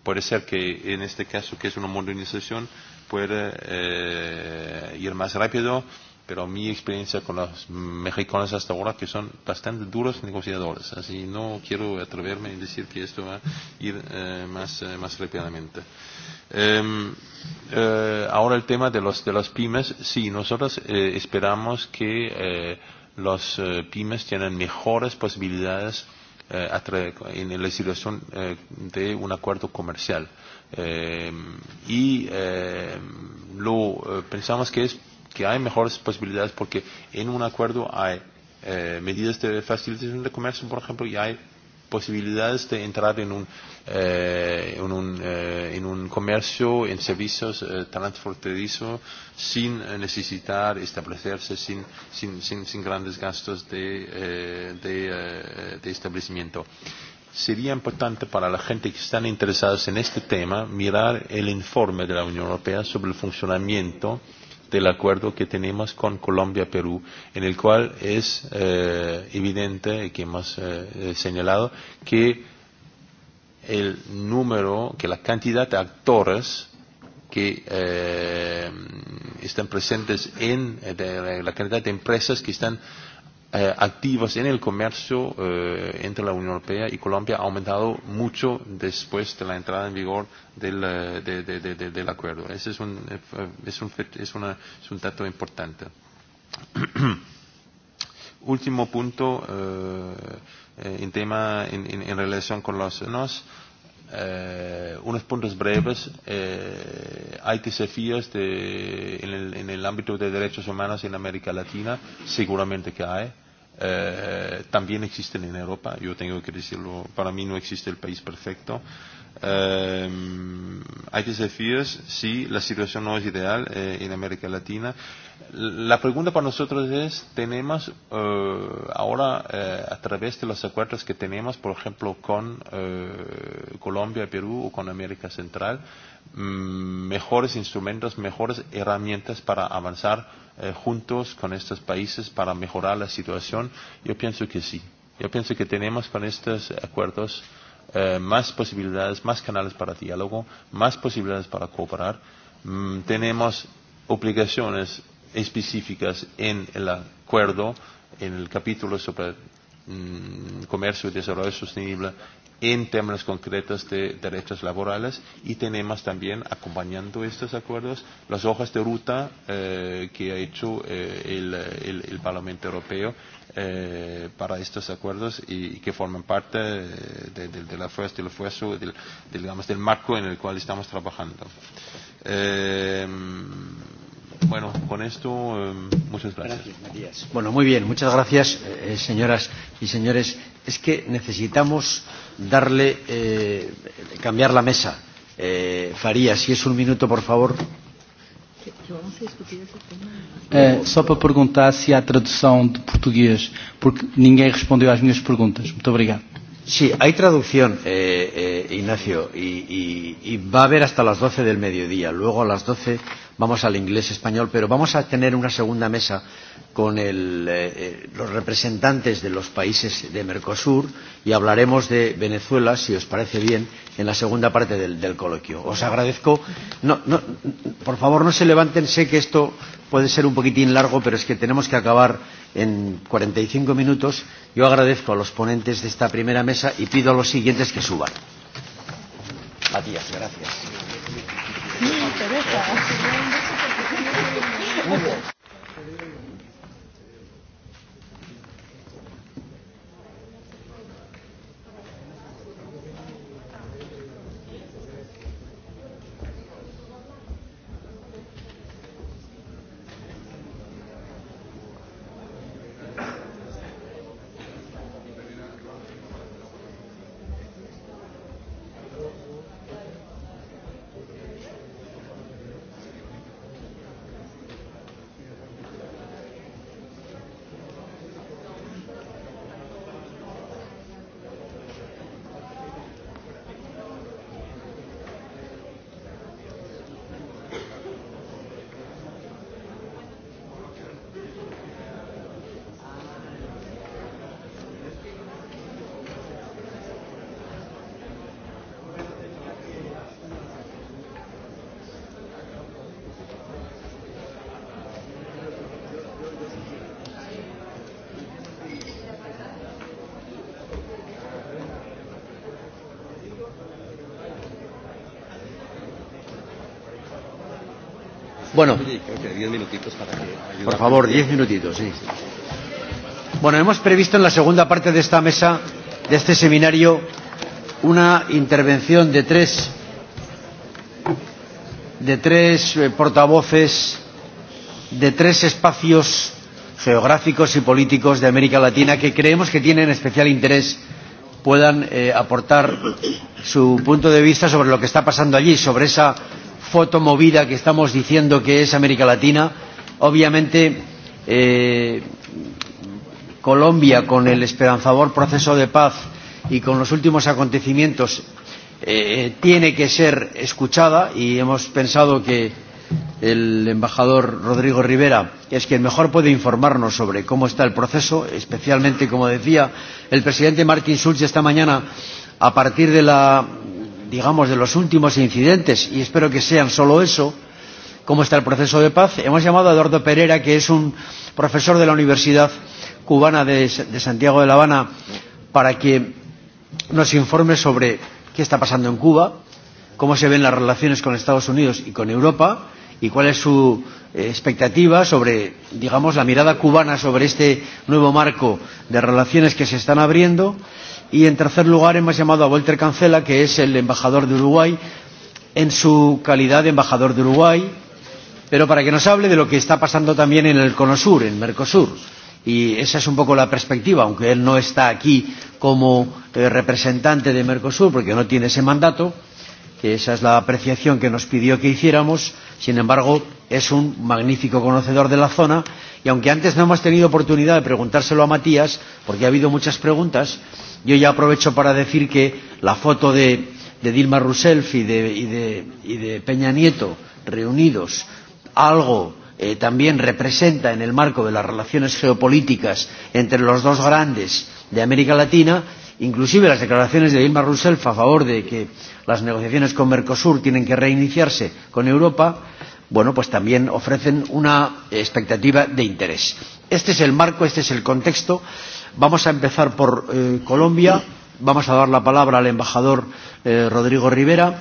Puede ser que en este caso, que es una modernización, pueda eh, ir más rápido pero mi experiencia con los mexicanos hasta ahora que son bastante duros negociadores, así no quiero atreverme a decir que esto va a ir eh, más, eh, más rápidamente. Eh, eh, ahora el tema de los, de las pymes, sí, nosotros eh, esperamos que eh, los eh, pymes tienen mejores posibilidades eh, en la situación eh, de un acuerdo comercial. Eh, y eh, lo eh, pensamos que es que hay mejores posibilidades porque en un acuerdo hay eh, medidas de facilitación de comercio, por ejemplo, y hay posibilidades de entrar en un, eh, en un, eh, en un comercio, en servicios eh, transfronterizos sin necesitar establecerse, sin, sin, sin, sin grandes gastos de, eh, de, eh, de establecimiento. Sería importante para la gente que están interesados en este tema mirar el informe de la Unión Europea sobre el funcionamiento eh, del acuerdo que tenemos con Colombia-Perú, en el cual es eh, evidente que hemos eh, señalado que el número, que la cantidad de actores que eh, están presentes en de, la cantidad de empresas que están eh, activos en el comercio eh, entre la Unión Europea y Colombia ha aumentado mucho después de la entrada en vigor del, de, de, de, de, del acuerdo. Ese es un, es un, es una, es un dato importante. Último punto eh, en tema en, en, en relación con los nos. Eh, unos puntos breves. Eh, hay desafíos de, en, el, en el ámbito de derechos humanos en América Latina, seguramente que hay eh, también existen en Europa. Yo tengo que decirlo, para mí no existe el país perfecto. Eh, hay desafíos, sí, la situación no es ideal eh, en América Latina. La pregunta para nosotros es, tenemos eh, ahora, eh, a través de los acuerdos que tenemos, por ejemplo, con eh, Colombia, Perú o con América Central, mejores instrumentos, mejores herramientas para avanzar eh, juntos con estos países para mejorar la situación? Yo pienso que sí. Yo pienso que tenemos con estos acuerdos eh, eh, más posibilidades, más canales para diálogo, más posibilidades para cooperar. Mm, tenemos obligaciones específicas en el acuerdo, en el capítulo sobre mm, comercio y desarrollo sostenible en términos concretos de derechos laborales y tenemos también acompañando estos acuerdos las hojas de ruta eh, que ha hecho eh, el, el, el Parlamento Europeo eh, para estos acuerdos y, y que forman parte de, de, del fuerza, del, esfuerzo del, del, digamos, del marco en el cual estamos trabajando. Eh, bueno, con esto, eh, muchas gracias. gracias Matías. Bueno, muy bien, muchas gracias, eh, señoras y señores. Es que necesitamos darle, eh, cambiar la mesa. Eh, Farías, si es un minuto, por favor. É, só para perguntar se há tradução de português, porque ninguém respondeu às minhas perguntas. Muito obrigado. Sí, hay traducción, eh, eh, Ignacio, y, y, y va a haber hasta las 12 del mediodía. Luego a las 12 vamos al inglés español, pero vamos a tener una segunda mesa con el, eh, los representantes de los países de Mercosur y hablaremos de Venezuela, si os parece bien, en la segunda parte del, del coloquio. Os agradezco. No, no, por favor, no se levanten. Sé que esto puede ser un poquitín largo, pero es que tenemos que acabar en 45 minutos Yo agradezco a los ponentes de esta primera mesa y pido a los siguientes que suban. Matías, gracias. Bueno, por favor, diez minutitos, sí. Bueno, hemos previsto en la segunda parte de esta mesa, de este seminario, una intervención de tres, de tres portavoces de tres espacios geográficos y políticos de América Latina que creemos que tienen especial interés puedan eh, aportar su punto de vista sobre lo que está pasando allí, sobre esa fotomovida que estamos diciendo que es América Latina, obviamente eh, Colombia, con el esperanzador proceso de paz y con los últimos acontecimientos, eh, tiene que ser escuchada y hemos pensado que el embajador Rodrigo Rivera es quien mejor puede informarnos sobre cómo está el proceso, especialmente, como decía el presidente Martin Schulz esta mañana, a partir de la digamos, de los últimos incidentes, y espero que sean solo eso, cómo está el proceso de paz, hemos llamado a Eduardo Pereira, que es un profesor de la Universidad Cubana de, de Santiago de La Habana, para que nos informe sobre qué está pasando en Cuba, cómo se ven las relaciones con Estados Unidos y con Europa, y cuál es su expectativa sobre, digamos, la mirada cubana sobre este nuevo marco de relaciones que se están abriendo. Y en tercer lugar, hemos llamado a Walter Cancela, que es el embajador de Uruguay, en su calidad de embajador de Uruguay, pero para que nos hable de lo que está pasando también en el Cono Sur, en Mercosur. Y esa es un poco la perspectiva, aunque él no está aquí como eh, representante de Mercosur, porque no tiene ese mandato, que esa es la apreciación que nos pidió que hiciéramos. Sin embargo, es un magnífico conocedor de la zona y aunque antes no hemos tenido oportunidad de preguntárselo a Matías, porque ha habido muchas preguntas, Yo ya aprovecho para decir que la foto de, de Dilma Rousseff y de, y, de, y de Peña Nieto reunidos, algo eh, también representa en el marco de las relaciones geopolíticas entre los dos grandes de América Latina, inclusive las declaraciones de Dilma Rousseff a favor de que las negociaciones con Mercosur tienen que reiniciarse con Europa, bueno, pues también ofrecen una expectativa de interés. Este es el marco, este es el contexto Vamos a empezar por eh, Colombia. Vamos a dar la palabra al embajador eh, Rodrigo Rivera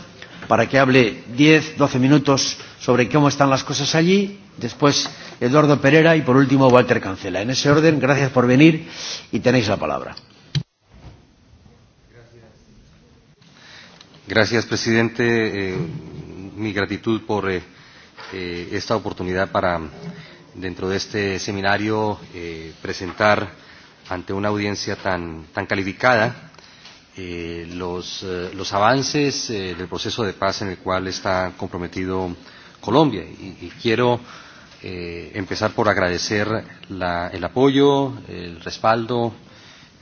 para que hable 10, 12 minutos sobre cómo están las cosas allí. Después Eduardo Pereira y por último Walter Cancela. En ese orden, gracias por venir y tenéis la palabra. Gracias, presidente. Eh, mi gratitud por eh, esta oportunidad para, dentro de este seminario, eh, presentar ante una audiencia tan, tan calificada eh, los, eh, los avances eh, del proceso de paz en el cual está comprometido Colombia. Y, y quiero eh, empezar por agradecer la, el apoyo, el respaldo,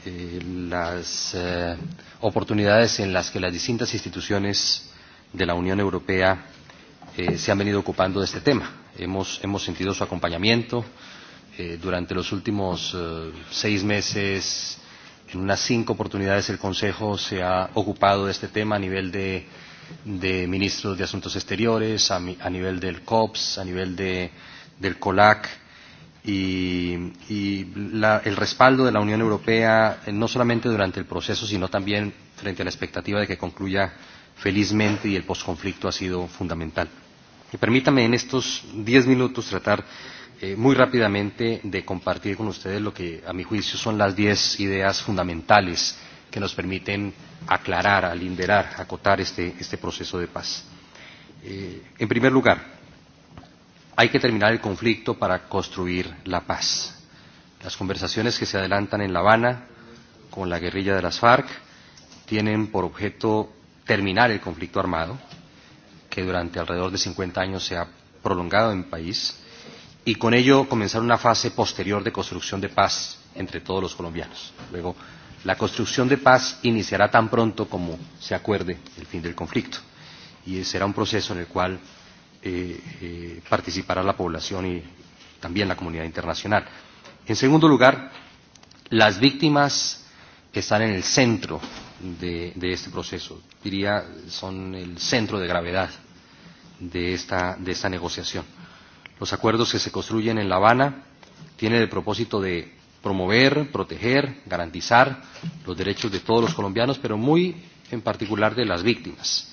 eh, las eh, oportunidades en las que las distintas instituciones de la Unión Europea eh, se han venido ocupando de este tema. Hemos, hemos sentido su acompañamiento, eh, durante los últimos eh, seis meses, en unas cinco oportunidades, el Consejo se ha ocupado de este tema a nivel de, de ministros de Asuntos Exteriores, a, mi, a nivel del COPS, a nivel de, del COLAC. Y, y la, el respaldo de la Unión Europea, eh, no solamente durante el proceso, sino también frente a la expectativa de que concluya felizmente y el posconflicto ha sido fundamental. Y permítame en estos diez minutos tratar eh, muy rápidamente de compartir con ustedes lo que a mi juicio son las diez ideas fundamentales que nos permiten aclarar, alinderar, acotar este, este proceso de paz. Eh, en primer lugar, hay que terminar el conflicto para construir la paz. Las conversaciones que se adelantan en La Habana con la guerrilla de las FARC tienen por objeto terminar el conflicto armado, que durante alrededor de 50 años se ha prolongado en el país, y con ello comenzar una fase posterior de construcción de paz entre todos los colombianos. Luego, la construcción de paz iniciará tan pronto como se acuerde el fin del conflicto y será un proceso en el cual eh, eh, participará la población y también la comunidad internacional. En segundo lugar, las víctimas están en el centro de, de este proceso, diría son el centro de gravedad de esta, de esta negociación Los acuerdos que se construyen en La Habana tienen el propósito de promover, proteger, garantizar los derechos de todos los colombianos, pero muy en particular de las víctimas.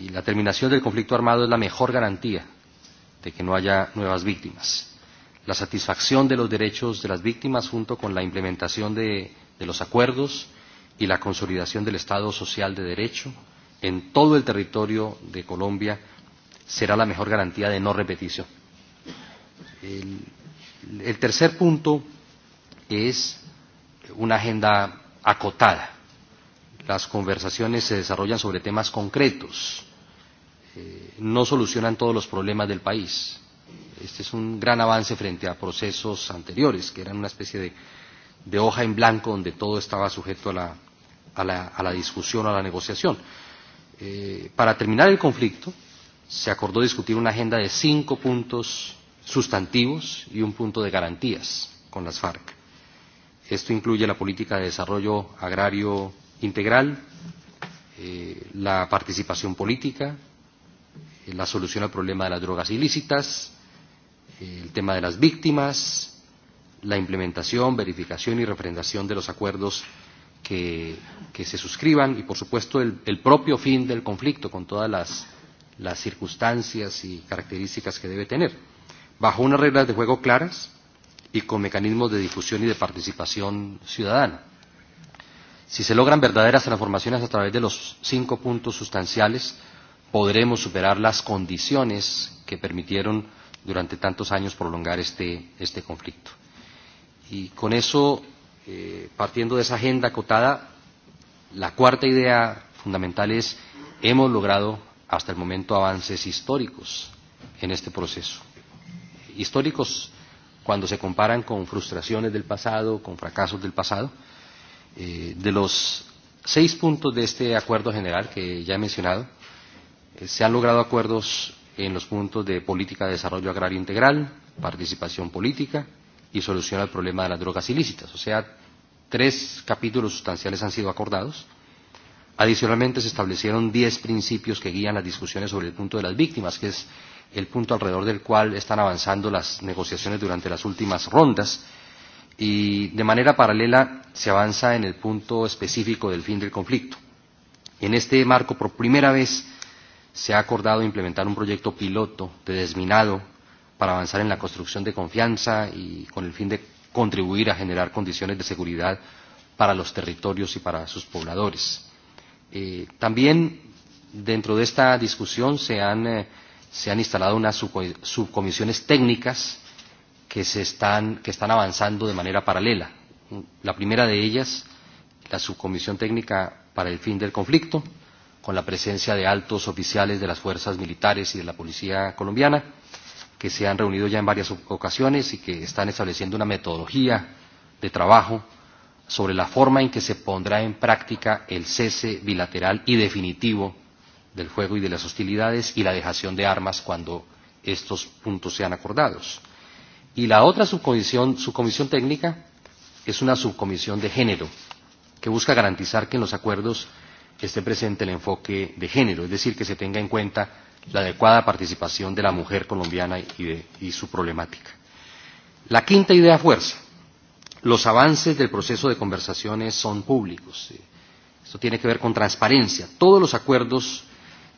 Y la terminación del conflicto armado es la mejor garantía de que no haya nuevas víctimas. La satisfacción de los derechos de las víctimas junto con la implementación de, de los acuerdos y la consolidación del Estado social de derecho en todo el territorio de Colombia será la mejor garantía de no repetición. El, el tercer punto es una agenda acotada. Las conversaciones se desarrollan sobre temas concretos. Eh, no solucionan todos los problemas del país. Este es un gran avance frente a procesos anteriores, que eran una especie de, de hoja en blanco donde todo estaba sujeto a la, a la, a la discusión, a la negociación. Eh, para terminar el conflicto, se acordó discutir una agenda de cinco puntos sustantivos y un punto de garantías con las FARC. Esto incluye la política de desarrollo agrario integral, eh, la participación política, eh, la solución al problema de las drogas ilícitas, eh, el tema de las víctimas, la implementación, verificación y refrendación de los acuerdos que, que se suscriban y, por supuesto, el, el propio fin del conflicto con todas las, las circunstancias y características que debe tener bajo unas reglas de juego claras y con mecanismos de difusión y de participación ciudadana. Si se logran verdaderas transformaciones a través de los cinco puntos sustanciales, podremos superar las condiciones que permitieron durante tantos años prolongar este, este conflicto. Y con eso, eh, partiendo de esa agenda acotada, la cuarta idea fundamental es hemos logrado hasta el momento avances históricos en este proceso históricos cuando se comparan con frustraciones del pasado, con fracasos del pasado. Eh, de los seis puntos de este acuerdo general que ya he mencionado, eh, se han logrado acuerdos en los puntos de política de desarrollo agrario integral, participación política y solución al problema de las drogas ilícitas. O sea, tres capítulos sustanciales han sido acordados. Adicionalmente, se establecieron diez principios que guían las discusiones sobre el punto de las víctimas, que es el punto alrededor del cual están avanzando las negociaciones durante las últimas rondas y de manera paralela se avanza en el punto específico del fin del conflicto. En este marco, por primera vez, se ha acordado implementar un proyecto piloto de desminado para avanzar en la construcción de confianza y con el fin de contribuir a generar condiciones de seguridad para los territorios y para sus pobladores. Eh, también dentro de esta discusión se han eh, se han instalado unas subcomisiones técnicas que, se están, que están avanzando de manera paralela. La primera de ellas, la subcomisión técnica para el fin del conflicto, con la presencia de altos oficiales de las fuerzas militares y de la policía colombiana, que se han reunido ya en varias ocasiones y que están estableciendo una metodología de trabajo sobre la forma en que se pondrá en práctica el cese bilateral y definitivo del fuego y de las hostilidades y la dejación de armas cuando estos puntos sean acordados. Y la otra subcomisión, subcomisión técnica, es una subcomisión de género que busca garantizar que en los acuerdos esté presente el enfoque de género, es decir, que se tenga en cuenta la adecuada participación de la mujer colombiana y, de, y su problemática. La quinta idea fuerza. Los avances del proceso de conversaciones son públicos. Esto tiene que ver con transparencia. Todos los acuerdos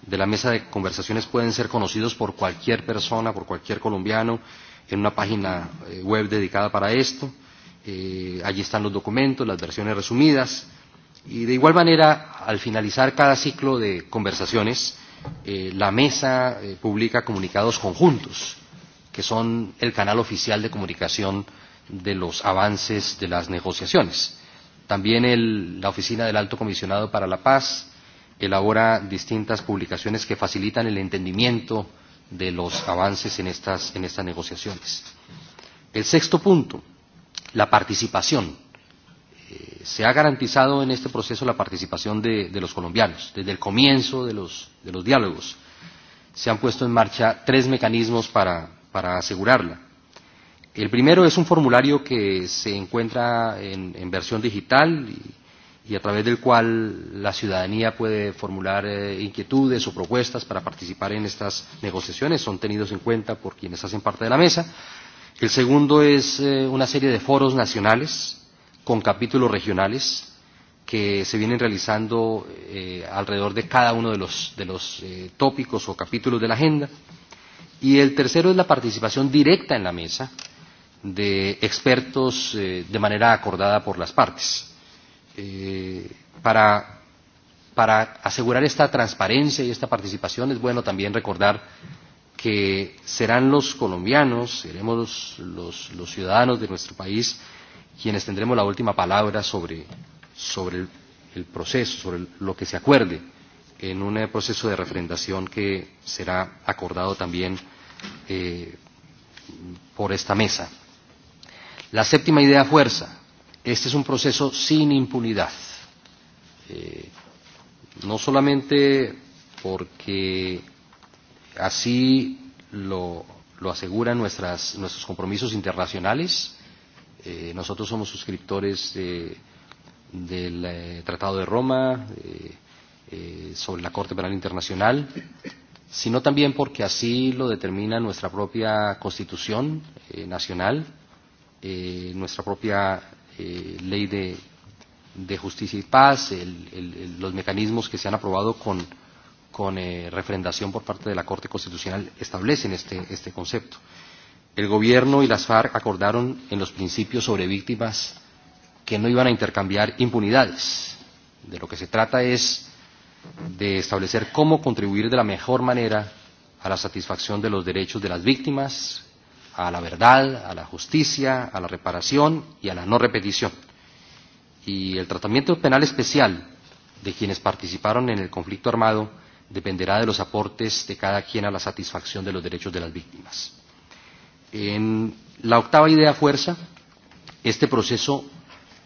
de la mesa de conversaciones pueden ser conocidos por cualquier persona, por cualquier colombiano, en una página web dedicada para esto. Eh, allí están los documentos, las versiones resumidas. Y de igual manera, al finalizar cada ciclo de conversaciones, eh, la mesa eh, publica comunicados conjuntos, que son el canal oficial de comunicación de los avances de las negociaciones. También el, la Oficina del Alto Comisionado para la Paz elabora distintas publicaciones que facilitan el entendimiento de los avances en estas, en estas negociaciones. El sexto punto, la participación. Eh, se ha garantizado en este proceso la participación de, de los colombianos desde el comienzo de los, de los diálogos. Se han puesto en marcha tres mecanismos para, para asegurarla. El primero es un formulario que se encuentra en, en versión digital y y a través del cual la ciudadanía puede formular eh, inquietudes o propuestas para participar en estas negociaciones. Son tenidos en cuenta por quienes hacen parte de la mesa. El segundo es eh, una serie de foros nacionales con capítulos regionales que se vienen realizando eh, alrededor de cada uno de los, de los eh, tópicos o capítulos de la agenda. Y el tercero es la participación directa en la mesa de expertos eh, de manera acordada por las partes eh, para, para asegurar esta transparencia y esta participación es bueno también recordar que serán los colombianos, seremos los, los, los ciudadanos de nuestro país quienes tendremos la última palabra sobre, sobre el, el proceso, sobre el, lo que se acuerde en un proceso de refrendación que será acordado también eh, por esta mesa. La séptima idea fuerza, Este es un proceso sin impunidad, eh, no solamente porque así lo, lo aseguran nuestras, nuestros compromisos internacionales, eh, nosotros somos suscriptores de, del eh, Tratado de Roma, eh, eh, sobre la Corte Penal Internacional, sino también porque así lo determina nuestra propia Constitución eh, Nacional, eh, nuestra propia eh, ley de, de justicia y paz, el, el, los mecanismos que se han aprobado con, con eh, refrendación por parte de la Corte Constitucional establecen este, este concepto. El gobierno y las FARC acordaron en los principios sobre víctimas que no iban a intercambiar impunidades. De lo que se trata es de establecer cómo contribuir de la mejor manera a la satisfacción de los derechos de las víctimas a la verdad, a la justicia, a la reparación y a la no repetición. Y el tratamiento penal especial de quienes participaron en el conflicto armado dependerá de los aportes de cada quien a la satisfacción de los derechos de las víctimas. En la octava idea fuerza, este proceso,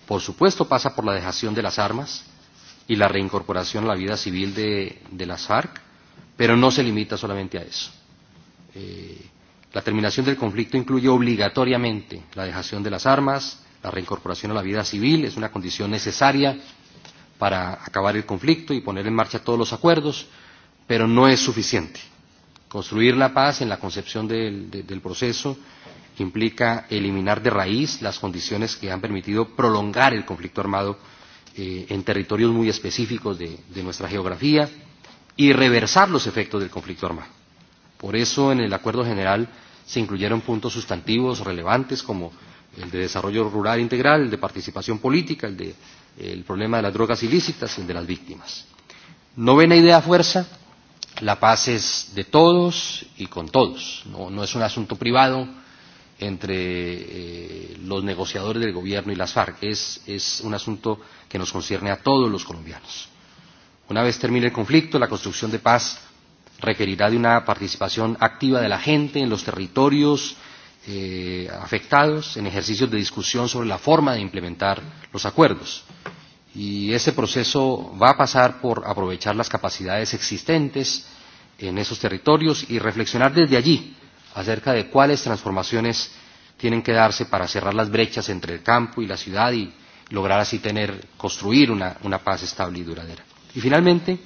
por supuesto, pasa por la dejación de las armas y la reincorporación a la vida civil de, de las FARC, pero no se limita solamente a eso. Eh, La terminación del conflicto incluye obligatoriamente la dejación de las armas, la reincorporación a la vida civil, es una condición necesaria para acabar el conflicto y poner en marcha todos los acuerdos, pero no es suficiente. Construir la paz en la concepción del, de, del proceso implica eliminar de raíz las condiciones que han permitido prolongar el conflicto armado eh, en territorios muy específicos de, de nuestra geografía y reversar los efectos del conflicto armado. Por eso, en el Acuerdo General se incluyeron puntos sustantivos relevantes como el de desarrollo rural integral, el de participación política, el de el problema de las drogas ilícitas y el de las víctimas. Novena idea fuerza, la paz es de todos y con todos. No, no es un asunto privado entre eh, los negociadores del gobierno y las FARC. Es, es un asunto que nos concierne a todos los colombianos. Una vez termine el conflicto, la construcción de paz requerirá de una participación activa de la gente en los territorios eh, afectados, en ejercicios de discusión sobre la forma de implementar los acuerdos. Y ese proceso va a pasar por aprovechar las capacidades existentes en esos territorios y reflexionar desde allí acerca de cuáles transformaciones tienen que darse para cerrar las brechas entre el campo y la ciudad y lograr así tener, construir una, una paz estable y duradera. Y finalmente,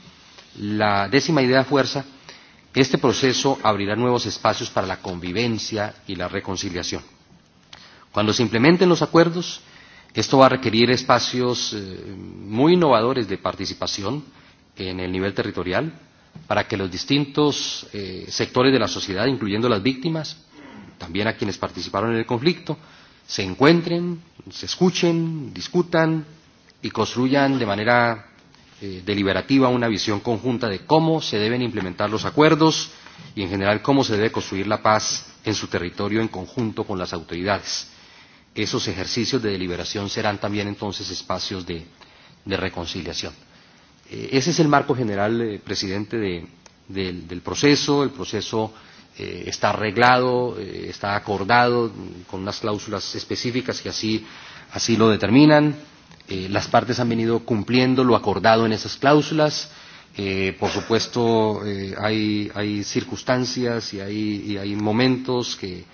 la décima idea de fuerza Este proceso abrirá nuevos espacios para la convivencia y la reconciliación. Cuando se implementen los acuerdos, esto va a requerir espacios muy innovadores de participación en el nivel territorial para que los distintos sectores de la sociedad, incluyendo las víctimas, también a quienes participaron en el conflicto, se encuentren, se escuchen, discutan y construyan de manera eh, deliberativa una visión conjunta de cómo se deben implementar los acuerdos y, en general, cómo se debe construir la paz en su territorio en conjunto con las autoridades. Esos ejercicios de deliberación serán también entonces espacios de, de reconciliación. Eh, ese es el marco general, eh, presidente, de, del, del proceso. El proceso eh, está arreglado, eh, está acordado con unas cláusulas específicas que así, así lo determinan Eh, las partes han venido cumpliendo lo acordado en esas cláusulas. Eh, por supuesto, eh, hay, hay circunstancias y hay, y hay momentos que,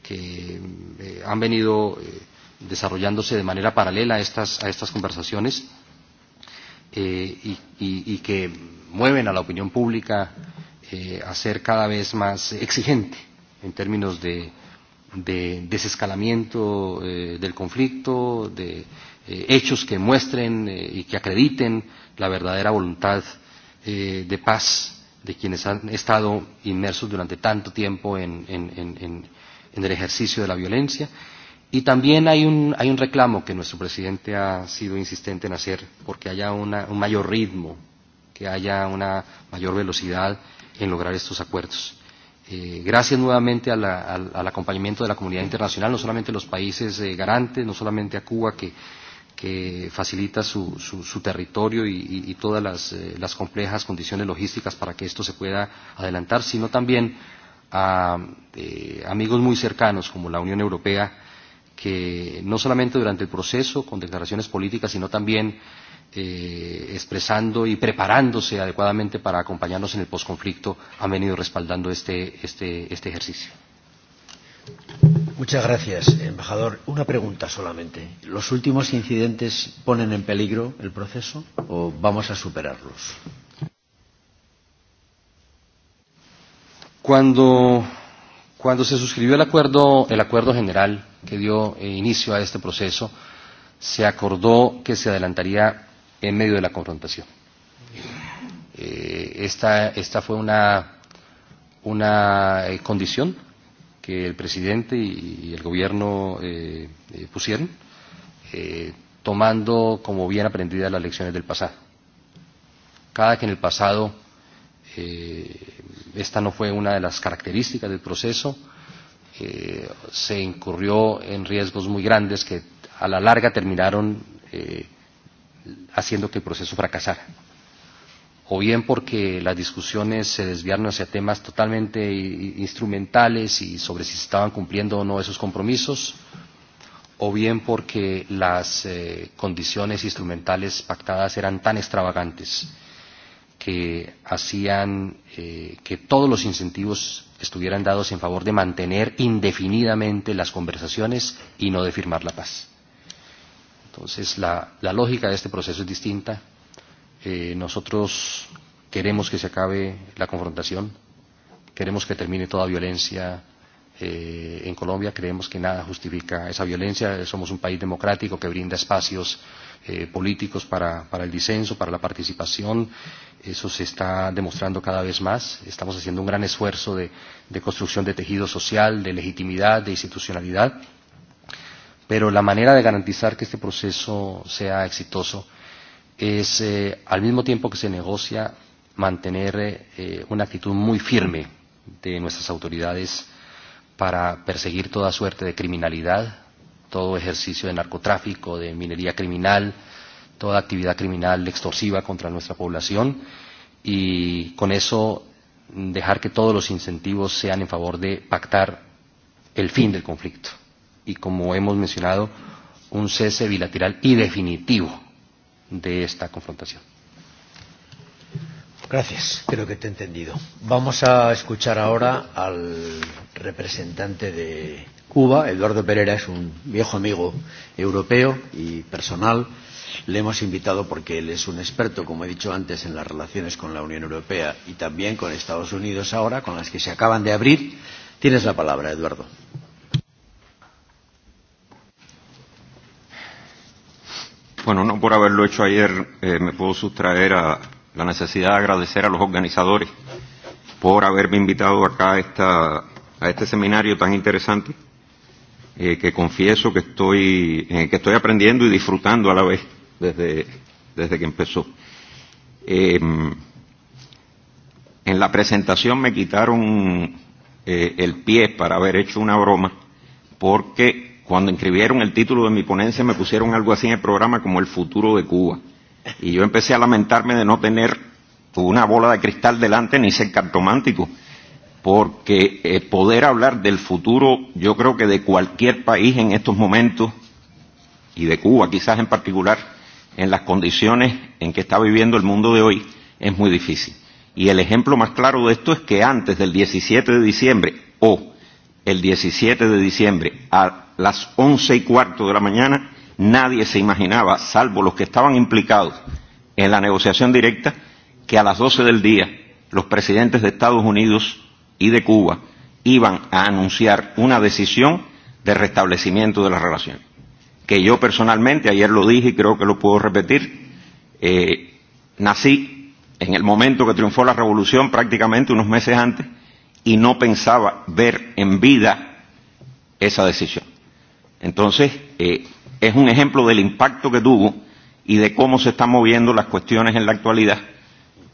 que eh, han venido eh, desarrollándose de manera paralela a estas, a estas conversaciones eh, y, y, y que mueven a la opinión pública eh, a ser cada vez más exigente en términos de, de desescalamiento eh, del conflicto, de eh, hechos que muestren eh, y que acrediten la verdadera voluntad eh, de paz de quienes han estado inmersos durante tanto tiempo en, en, en, en, en el ejercicio de la violencia. Y también hay un, hay un reclamo que nuestro presidente ha sido insistente en hacer porque haya una, un mayor ritmo, que haya una mayor velocidad en lograr estos acuerdos. Eh, gracias nuevamente a la, al, al acompañamiento de la comunidad internacional, no solamente a los países eh, garantes, no solamente a Cuba, que que facilita su, su, su territorio y, y, y todas las, eh, las complejas condiciones logísticas para que esto se pueda adelantar, sino también a eh, amigos muy cercanos como la Unión Europea, que no solamente durante el proceso con declaraciones políticas, sino también eh, expresando y preparándose adecuadamente para acompañarnos en el posconflicto, han venido respaldando este, este, este ejercicio. Muchas gracias, embajador. Una pregunta solamente. ¿Los últimos incidentes ponen en peligro el proceso o vamos a superarlos? Cuando, cuando se suscribió el acuerdo, el acuerdo general que dio inicio a este proceso, se acordó que se adelantaría en medio de la confrontación. Eh, esta, esta fue una, una condición que el presidente y el gobierno eh, pusieron, eh, tomando como bien aprendidas las lecciones del pasado. Cada que en el pasado eh, esta no fue una de las características del proceso, eh, se incurrió en riesgos muy grandes que a la larga terminaron eh, haciendo que el proceso fracasara o bien porque las discusiones se desviaron hacia temas totalmente instrumentales y sobre si se estaban cumpliendo o no esos compromisos, o bien porque las eh, condiciones instrumentales pactadas eran tan extravagantes que hacían eh, que todos los incentivos estuvieran dados en favor de mantener indefinidamente las conversaciones y no de firmar la paz. Entonces, la, la lógica de este proceso es distinta Eh, nosotros queremos que se acabe la confrontación, queremos que termine toda violencia eh, en Colombia, creemos que nada justifica esa violencia, somos un país democrático que brinda espacios eh, políticos para, para el disenso, para la participación, eso se está demostrando cada vez más, estamos haciendo un gran esfuerzo de, de construcción de tejido social, de legitimidad, de institucionalidad, pero la manera de garantizar que este proceso sea exitoso es, eh, al mismo tiempo que se negocia, mantener eh, una actitud muy firme de nuestras autoridades para perseguir toda suerte de criminalidad, todo ejercicio de narcotráfico, de minería criminal, toda actividad criminal extorsiva contra nuestra población y con eso dejar que todos los incentivos sean en favor de pactar el fin del conflicto y, como hemos mencionado, un cese bilateral y definitivo de esta confrontación. Gracias, creo que te he entendido. Vamos a escuchar ahora al representante de Cuba. Eduardo Pereira es un viejo amigo europeo y personal. Le hemos invitado porque él es un experto, como he dicho antes, en las relaciones con la Unión Europea y también con Estados Unidos ahora, con las que se acaban de abrir. Tienes la palabra, Eduardo. Bueno, no por haberlo hecho ayer eh, me puedo sustraer a la necesidad de agradecer a los organizadores por haberme invitado acá a, esta, a este seminario tan interesante, eh, que confieso que estoy, eh, que estoy aprendiendo y disfrutando a la vez desde, desde que empezó. Eh, en la presentación me quitaron eh, el pie para haber hecho una broma, porque Cuando escribieron el título de mi ponencia me pusieron algo así en el programa como el futuro de Cuba. Y yo empecé a lamentarme de no tener una bola de cristal delante ni ser cartomántico, porque eh, poder hablar del futuro, yo creo que de cualquier país en estos momentos, y de Cuba quizás en particular, en las condiciones en que está viviendo el mundo de hoy, es muy difícil. Y el ejemplo más claro de esto es que antes del 17 de diciembre o el 17 de diciembre a las once y cuarto de la mañana, nadie se imaginaba, salvo los que estaban implicados en la negociación directa, que a las doce del día los presidentes de Estados Unidos y de Cuba iban a anunciar una decisión de restablecimiento de las relaciones. Que yo personalmente, ayer lo dije y creo que lo puedo repetir, eh, nací en el momento que triunfó la revolución, prácticamente unos meses antes, y no pensaba ver en vida esa decisión. Entonces, eh, es un ejemplo del impacto que tuvo y de cómo se están moviendo las cuestiones en la actualidad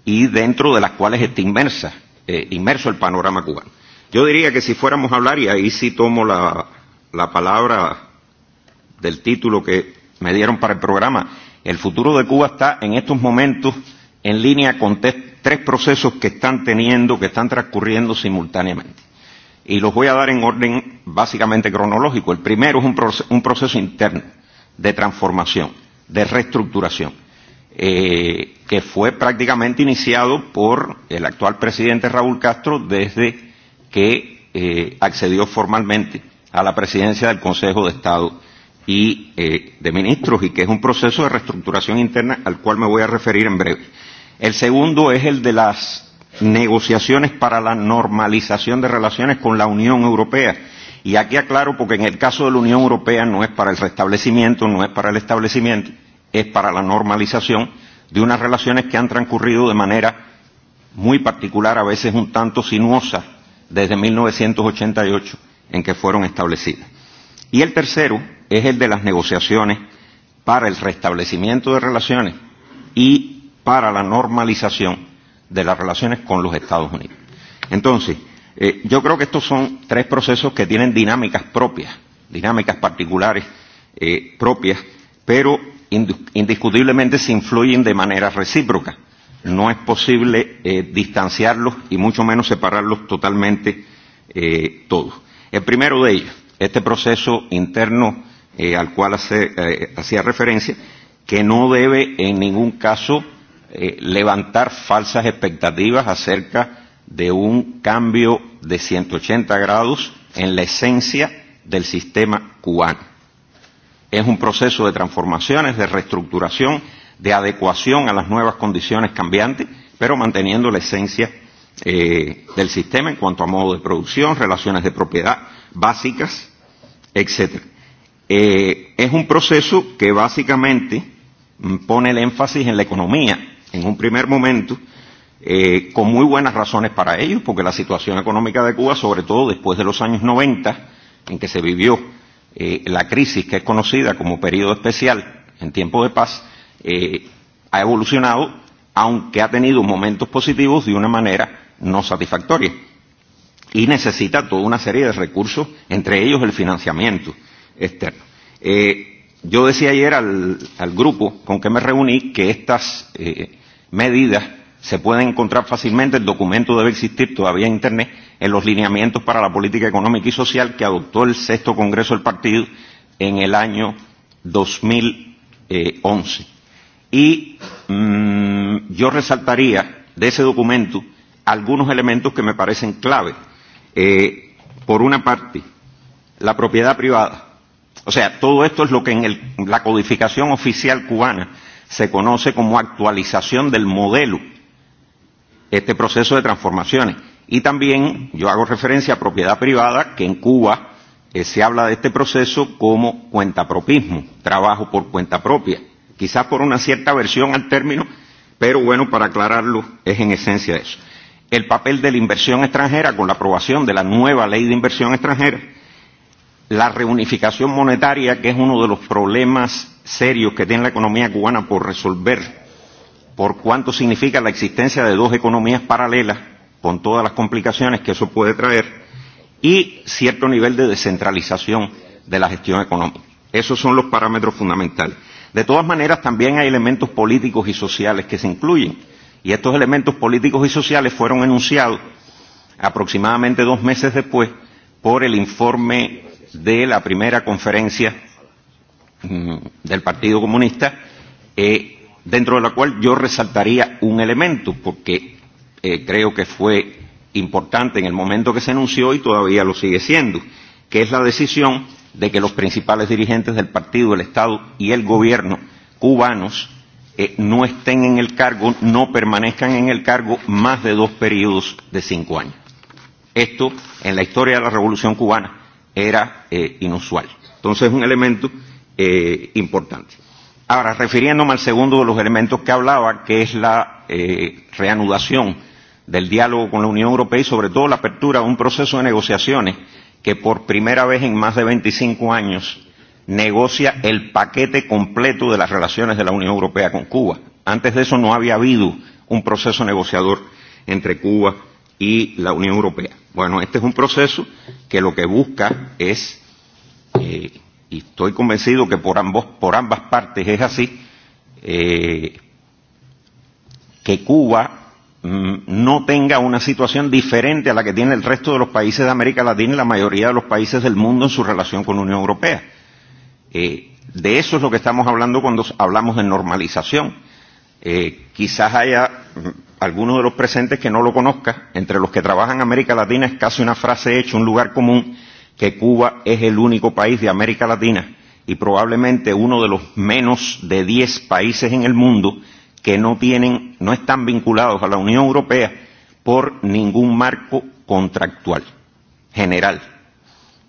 y dentro de las cuales está inmersa, eh, inmerso el panorama cubano. Yo diría que si fuéramos a hablar, y ahí sí tomo la, la palabra del título que me dieron para el programa, el futuro de Cuba está en estos momentos en línea con tres procesos que están teniendo, que están transcurriendo simultáneamente y los voy a dar en orden básicamente cronológico. El primero es un, proceso, un proceso interno de transformación, de reestructuración, eh, que fue prácticamente iniciado por el actual presidente Raúl Castro desde que eh, accedió formalmente a la presidencia del Consejo de Estado y eh, de Ministros, y que es un proceso de reestructuración interna al cual me voy a referir en breve. El segundo es el de las negociaciones para la normalización de relaciones con la Unión Europea. Y aquí aclaro porque en el caso de la Unión Europea no es para el restablecimiento, no es para el establecimiento, es para la normalización de unas relaciones que han transcurrido de manera muy particular, a veces un tanto sinuosa, desde 1988 en que fueron establecidas. Y el tercero es el de las negociaciones para el restablecimiento de relaciones y para la normalización de las relaciones con los Estados Unidos. Entonces, eh, yo creo que estos son tres procesos que tienen dinámicas propias, dinámicas particulares eh, propias, pero indiscutiblemente se influyen de manera recíproca. No es posible eh, distanciarlos y mucho menos separarlos totalmente eh, todos. El primero de ellos, este proceso interno eh, al cual hace, eh, hacía referencia, que no debe en ningún caso eh, levantar falsas expectativas acerca de un cambio de 180 grados en la esencia del sistema cubano. Es un proceso de transformaciones, de reestructuración, de adecuación a las nuevas condiciones cambiantes, pero manteniendo la esencia eh, del sistema en cuanto a modo de producción, relaciones de propiedad básicas, etc. Eh, es un proceso que básicamente pone el énfasis en la economía en un primer momento eh, con muy buenas razones para ello, porque la situación económica de Cuba, sobre todo después de los años 90, en que se vivió eh, la crisis que es conocida como periodo especial en tiempo de paz, eh, ha evolucionado, aunque ha tenido momentos positivos de una manera no satisfactoria. Y necesita toda una serie de recursos, entre ellos el financiamiento externo. Eh, Yo decía ayer al, al grupo con que me reuní que estas eh, medidas se pueden encontrar fácilmente, el documento debe existir todavía en Internet, en los lineamientos para la política económica y social que adoptó el sexto Congreso del Partido en el año 2011. Y mmm, yo resaltaría de ese documento algunos elementos que me parecen clave. Eh, por una parte, la propiedad privada O sea, todo esto es lo que en el, la codificación oficial cubana se conoce como actualización del modelo, este proceso de transformaciones. Y también yo hago referencia a propiedad privada, que en Cuba eh, se habla de este proceso como cuentapropismo, trabajo por cuenta propia, quizás por una cierta versión al término, pero bueno, para aclararlo, es en esencia eso. El papel de la inversión extranjera con la aprobación de la nueva ley de inversión extranjera, la reunificación monetaria, que es uno de los problemas serios que tiene la economía cubana por resolver, por cuánto significa la existencia de dos economías paralelas, con todas las complicaciones que eso puede traer, y cierto nivel de descentralización de la gestión económica. Esos son los parámetros fundamentales. De todas maneras, también hay elementos políticos y sociales que se incluyen, y estos elementos políticos y sociales fueron enunciados aproximadamente dos meses después por el informe de la primera conferencia del Partido Comunista, eh, dentro de la cual yo resaltaría un elemento, porque eh, creo que fue importante en el momento que se anunció y todavía lo sigue siendo, que es la decisión de que los principales dirigentes del partido, el Estado y el gobierno cubanos eh, no estén en el cargo, no permanezcan en el cargo más de dos periodos de cinco años. Esto en la historia de la Revolución cubana era eh, inusual. Entonces es un elemento eh, importante. Ahora, refiriéndome al segundo de los elementos que hablaba, que es la eh, reanudación del diálogo con la Unión Europea y sobre todo la apertura de un proceso de negociaciones que por primera vez en más de 25 años negocia el paquete completo de las relaciones de la Unión Europea con Cuba. Antes de eso no había habido un proceso negociador entre Cuba y y la Unión Europea. Bueno, este es un proceso que lo que busca es, eh, y estoy convencido que por, ambos, por ambas partes es así, eh, que Cuba no tenga una situación diferente a la que tiene el resto de los países de América Latina y la mayoría de los países del mundo en su relación con la Unión Europea. Eh, de eso es lo que estamos hablando cuando hablamos de normalización. Eh, quizás haya alguno de los presentes que no lo conozca, entre los que trabajan en América Latina es casi una frase hecha, un lugar común, que Cuba es el único país de América Latina y probablemente uno de los menos de 10 países en el mundo que no tienen, no están vinculados a la Unión Europea por ningún marco contractual general.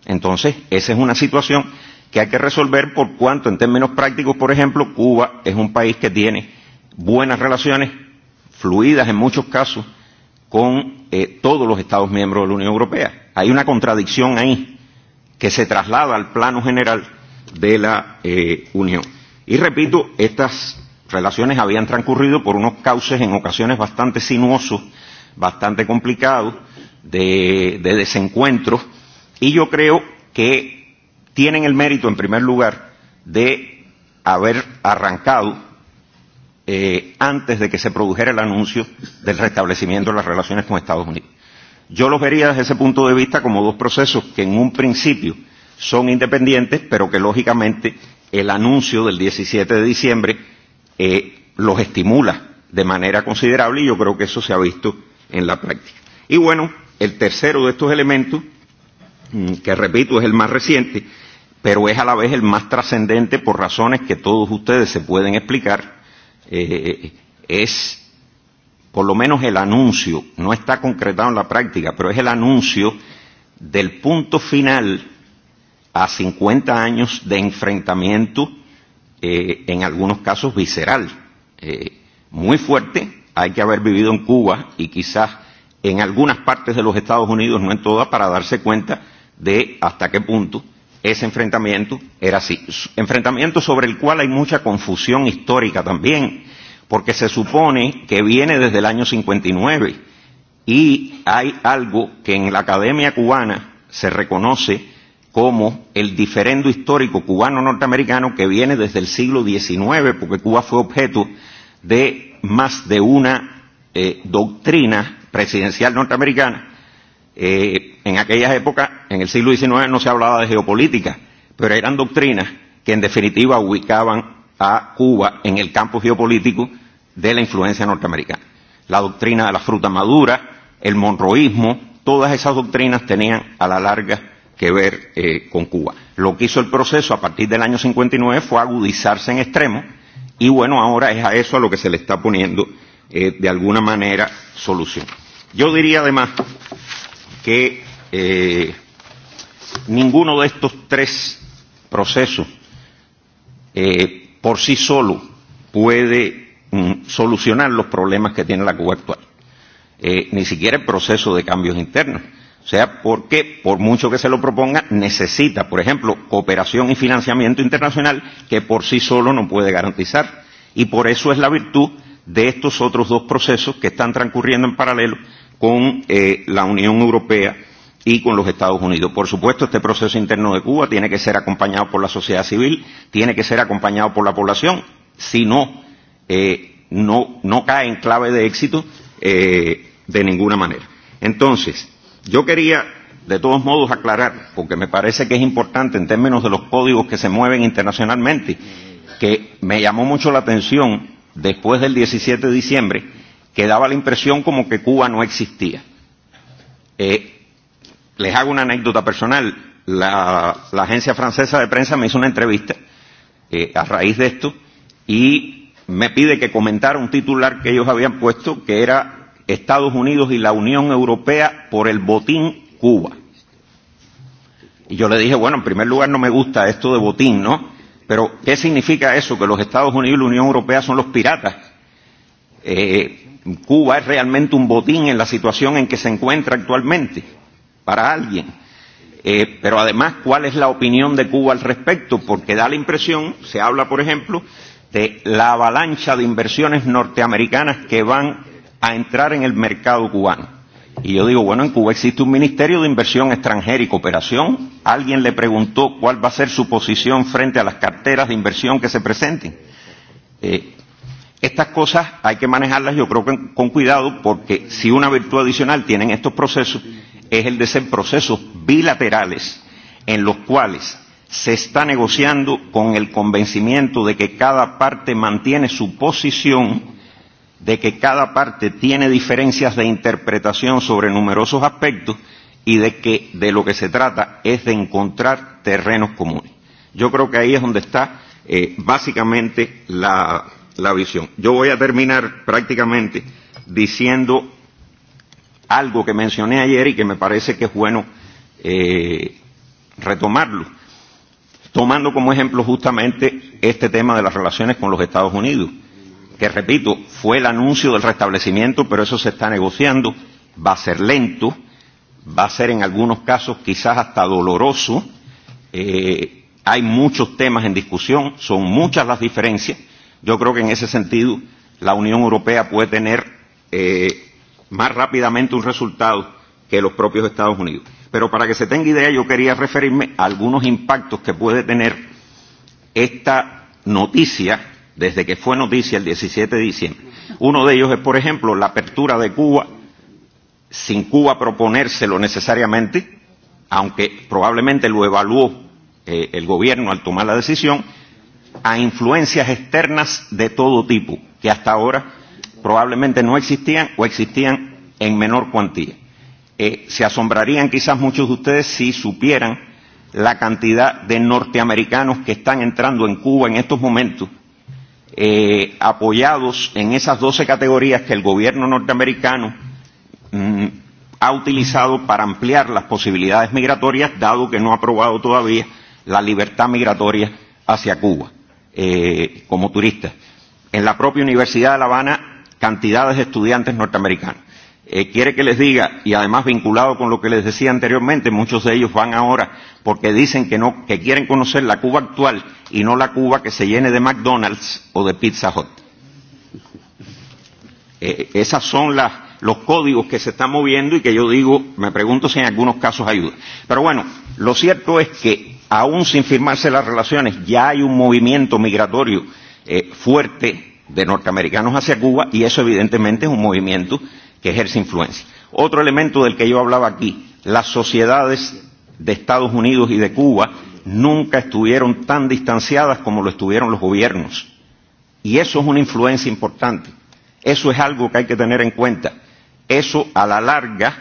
Entonces, esa es una situación que hay que resolver por cuanto, en términos prácticos, por ejemplo, Cuba es un país que tiene buenas relaciones fluidas en muchos casos con eh, todos los Estados miembros de la Unión Europea. Hay una contradicción ahí que se traslada al plano general de la eh, Unión. Y repito, estas relaciones habían transcurrido por unos cauces en ocasiones bastante sinuosos, bastante complicados, de, de desencuentros, y yo creo que tienen el mérito, en primer lugar, de haber arrancado eh, antes de que se produjera el anuncio del restablecimiento de las relaciones con Estados Unidos. Yo los vería desde ese punto de vista como dos procesos que en un principio son independientes, pero que lógicamente el anuncio del 17 de diciembre eh, los estimula de manera considerable y yo creo que eso se ha visto en la práctica. Y bueno, el tercero de estos elementos, que repito es el más reciente, pero es a la vez el más trascendente por razones que todos ustedes se pueden explicar, eh, es por lo menos el anuncio, no está concretado en la práctica, pero es el anuncio del punto final a 50 años de enfrentamiento, eh, en algunos casos visceral, eh, muy fuerte. Hay que haber vivido en Cuba y quizás en algunas partes de los Estados Unidos, no en todas, para darse cuenta de hasta qué punto ese enfrentamiento era así. Enfrentamiento sobre el cual hay mucha confusión histórica también, porque se supone que viene desde el año 59 y hay algo que en la Academia Cubana se reconoce como el diferendo histórico cubano-norteamericano que viene desde el siglo XIX, porque Cuba fue objeto de más de una eh, doctrina presidencial norteamericana Eh, en aquellas épocas, en el siglo XIX, no se hablaba de geopolítica, pero eran doctrinas que en definitiva ubicaban a Cuba en el campo geopolítico de la influencia norteamericana. La doctrina de la fruta madura, el monroísmo, todas esas doctrinas tenían a la larga que ver eh, con Cuba. Lo que hizo el proceso a partir del año 59 fue agudizarse en extremo y bueno, ahora es a eso a lo que se le está poniendo eh, de alguna manera solución. Yo diría además que eh, ninguno de estos tres procesos eh, por sí solo puede mm, solucionar los problemas que tiene la Cuba actual, eh, ni siquiera el proceso de cambios internos. O sea, porque por mucho que se lo proponga, necesita, por ejemplo, cooperación y financiamiento internacional que por sí solo no puede garantizar. Y por eso es la virtud de estos otros dos procesos que están transcurriendo en paralelo, con eh, la Unión Europea y con los Estados Unidos. Por supuesto, este proceso interno de Cuba tiene que ser acompañado por la sociedad civil, tiene que ser acompañado por la población, si no, eh, no, no cae en clave de éxito eh, de ninguna manera. Entonces, yo quería, de todos modos, aclarar, porque me parece que es importante en términos de los códigos que se mueven internacionalmente, que me llamó mucho la atención después del 17 de diciembre, que daba la impresión como que Cuba no existía. Eh, les hago una anécdota personal. La, la agencia francesa de prensa me hizo una entrevista eh, a raíz de esto y me pide que comentara un titular que ellos habían puesto que era Estados Unidos y la Unión Europea por el botín Cuba. Y yo le dije, bueno, en primer lugar no me gusta esto de botín, ¿no? Pero ¿qué significa eso? Que los Estados Unidos y la Unión Europea son los piratas. Eh, Cuba es realmente un botín en la situación en que se encuentra actualmente para alguien. Eh, pero además, ¿cuál es la opinión de Cuba al respecto? Porque da la impresión, se habla, por ejemplo, de la avalancha de inversiones norteamericanas que van a entrar en el mercado cubano. Y yo digo, bueno, en Cuba existe un Ministerio de Inversión Extranjera y Cooperación. Alguien le preguntó cuál va a ser su posición frente a las carteras de inversión que se presenten. Eh, Estas cosas hay que manejarlas, yo creo, que con cuidado, porque si una virtud adicional tienen estos procesos es el de ser procesos bilaterales en los cuales se está negociando con el convencimiento de que cada parte mantiene su posición, de que cada parte tiene diferencias de interpretación sobre numerosos aspectos y de que de lo que se trata es de encontrar terrenos comunes. Yo creo que ahí es donde está eh, básicamente la, la visión. Yo voy a terminar prácticamente diciendo algo que mencioné ayer y que me parece que es bueno eh, retomarlo, tomando como ejemplo justamente este tema de las relaciones con los Estados Unidos, que repito, fue el anuncio del restablecimiento, pero eso se está negociando, va a ser lento, va a ser en algunos casos quizás hasta doloroso, eh, hay muchos temas en discusión, son muchas las diferencias, Yo creo que en ese sentido la Unión Europea puede tener eh, más rápidamente un resultado que los propios Estados Unidos. Pero para que se tenga idea, yo quería referirme a algunos impactos que puede tener esta noticia desde que fue noticia el 17 de diciembre. Uno de ellos es, por ejemplo, la apertura de Cuba, sin Cuba proponérselo necesariamente, aunque probablemente lo evaluó eh, el gobierno al tomar la decisión, a influencias externas de todo tipo, que hasta ahora probablemente no existían o existían en menor cuantía. Eh, se asombrarían quizás muchos de ustedes si supieran la cantidad de norteamericanos que están entrando en Cuba en estos momentos, eh, apoyados en esas 12 categorías que el gobierno norteamericano mm, ha utilizado para ampliar las posibilidades migratorias, dado que no ha aprobado todavía la libertad migratoria hacia Cuba eh, como turistas. En la propia Universidad de La Habana, cantidades de estudiantes norteamericanos. Eh, quiere que les diga, y además vinculado con lo que les decía anteriormente, muchos de ellos van ahora porque dicen que, no, que quieren conocer la Cuba actual y no la Cuba que se llene de McDonald's o de Pizza Hut. Eh, esas son las, los códigos que se están moviendo y que yo digo, me pregunto si en algunos casos ayuda. Pero bueno, lo cierto es que aún sin firmarse las relaciones ya hay un movimiento migratorio eh, fuerte de norteamericanos hacia Cuba y eso evidentemente es un movimiento que ejerce influencia. Otro elemento del que yo hablaba aquí, las sociedades de Estados Unidos y de Cuba nunca estuvieron tan distanciadas como lo estuvieron los gobiernos. Y eso es una influencia importante. Eso es algo que hay que tener en cuenta eso a la larga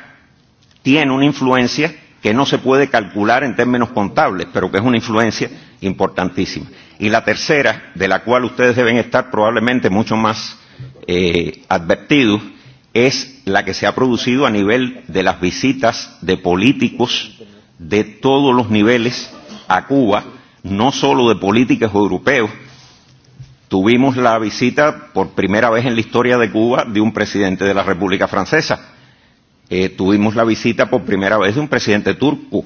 tiene una influencia que no se puede calcular en términos contables, pero que es una influencia importantísima. Y la tercera, de la cual ustedes deben estar probablemente mucho más eh, advertidos, es la que se ha producido a nivel de las visitas de políticos de todos los niveles a Cuba, no solo de políticos europeos, tuvimos la visita por primera vez en la historia de Cuba de un presidente de la República Francesa. Eh, tuvimos la visita por primera vez de un presidente turco.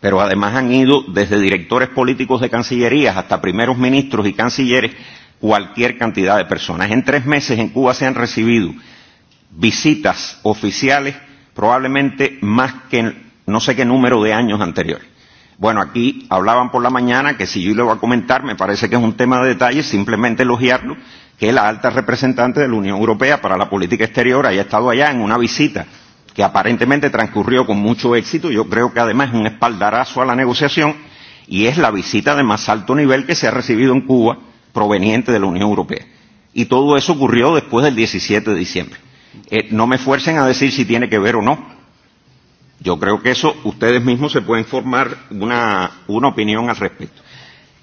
Pero además han ido desde directores políticos de cancillerías hasta primeros ministros y cancilleres cualquier cantidad de personas. En tres meses en Cuba se han recibido visitas oficiales probablemente más que en no sé qué número de años anteriores. Bueno, aquí hablaban por la mañana que si yo le voy a comentar, me parece que es un tema de detalle, simplemente elogiarlo, que la alta representante de la Unión Europea para la política exterior haya estado allá en una visita que aparentemente transcurrió con mucho éxito. Yo creo que además es un espaldarazo a la negociación y es la visita de más alto nivel que se ha recibido en Cuba proveniente de la Unión Europea. Y todo eso ocurrió después del 17 de diciembre. Eh, no me fuercen a decir si tiene que ver o no Yo creo que eso ustedes mismos se pueden formar una, una opinión al respecto.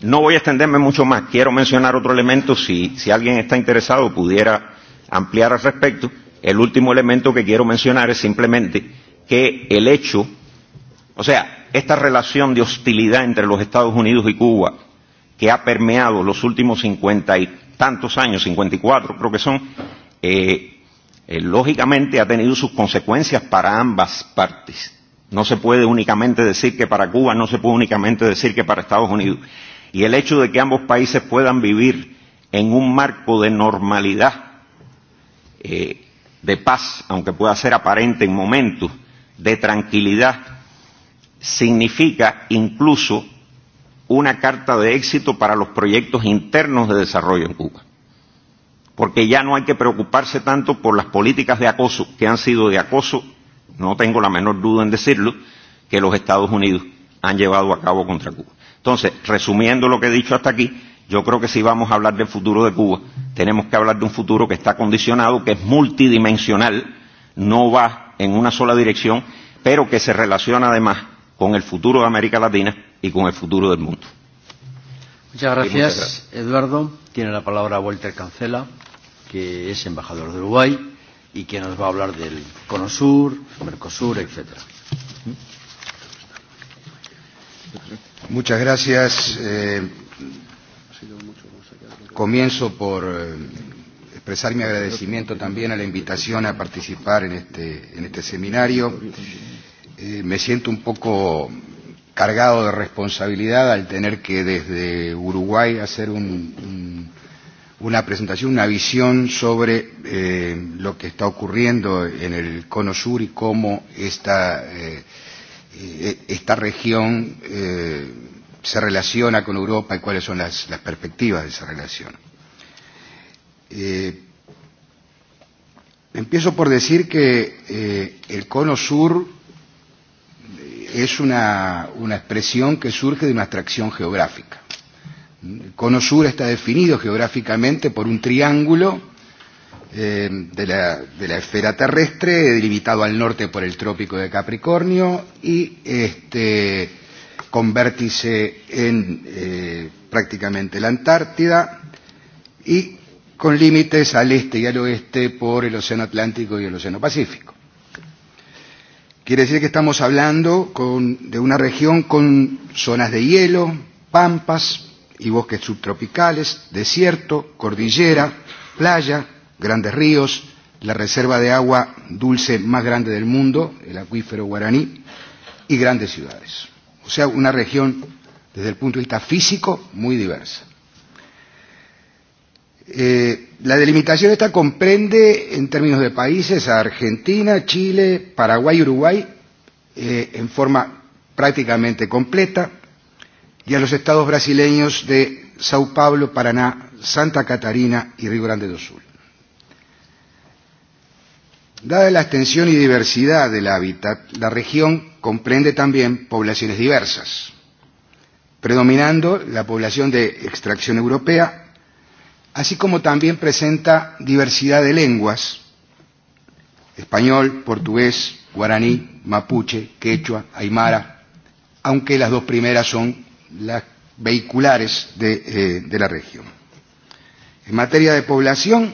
No voy a extenderme mucho más. Quiero mencionar otro elemento, si, si alguien está interesado pudiera ampliar al respecto. El último elemento que quiero mencionar es simplemente que el hecho, o sea, esta relación de hostilidad entre los Estados Unidos y Cuba que ha permeado los últimos cincuenta y tantos años, cincuenta y cuatro creo que son, eh, eh, lógicamente ha tenido sus consecuencias para ambas partes. No se puede únicamente decir que para Cuba, no se puede únicamente decir que para Estados Unidos. Y el hecho de que ambos países puedan vivir en un marco de normalidad, eh, de paz, aunque pueda ser aparente en momentos, de tranquilidad, significa incluso una carta de éxito para los proyectos internos de desarrollo en Cuba porque ya no hay que preocuparse tanto por las políticas de acoso, que han sido de acoso, no tengo la menor duda en decirlo, que los Estados Unidos han llevado a cabo contra Cuba. Entonces, resumiendo lo que he dicho hasta aquí, yo creo que si vamos a hablar del futuro de Cuba, tenemos que hablar de un futuro que está condicionado, que es multidimensional, no va en una sola dirección, pero que se relaciona además con el futuro de América Latina y con el futuro del mundo. Muchas gracias, muchas gracias. Eduardo. Tiene la palabra Walter Cancela que es embajador de Uruguay y que nos va a hablar del conosur, Mercosur, etc. Muchas gracias. Eh, comienzo por eh, expresar mi agradecimiento también a la invitación a participar en este, en este seminario. Eh, me siento un poco cargado de responsabilidad al tener que desde Uruguay hacer un, un una presentación, una visión sobre eh, lo que está ocurriendo en el cono sur y cómo esta, eh, esta región eh, se relaciona con Europa y cuáles son las, las perspectivas de esa relación. Eh, empiezo por decir que eh, el cono sur es una, una expresión que surge de una abstracción geográfica cono sur está definido geográficamente por un triángulo eh, de, la, de la esfera terrestre, delimitado al norte por el trópico de Capricornio y este, con vértice en eh, prácticamente la Antártida y con límites al este y al oeste por el Océano Atlántico y el Océano Pacífico. Quiere decir que estamos hablando con, de una región con zonas de hielo, pampas, y bosques subtropicales, desierto, cordillera, playa, grandes ríos, la reserva de agua dulce más grande del mundo, el acuífero guaraní, y grandes ciudades. O sea, una región desde el punto de vista físico muy diversa. Eh, la delimitación esta comprende en términos de países a Argentina, Chile, Paraguay y Uruguay eh, en forma prácticamente completa, y a los estados brasileños de Sao Paulo, Paraná, Santa Catarina y Río Grande do Sul. Dada la extensión y diversidad del hábitat, la región comprende también poblaciones diversas, predominando la población de extracción europea, así como también presenta diversidad de lenguas, español, portugués, guaraní, mapuche, quechua, aymara, aunque las dos primeras son las vehiculares de, eh, de la región. En materia de población,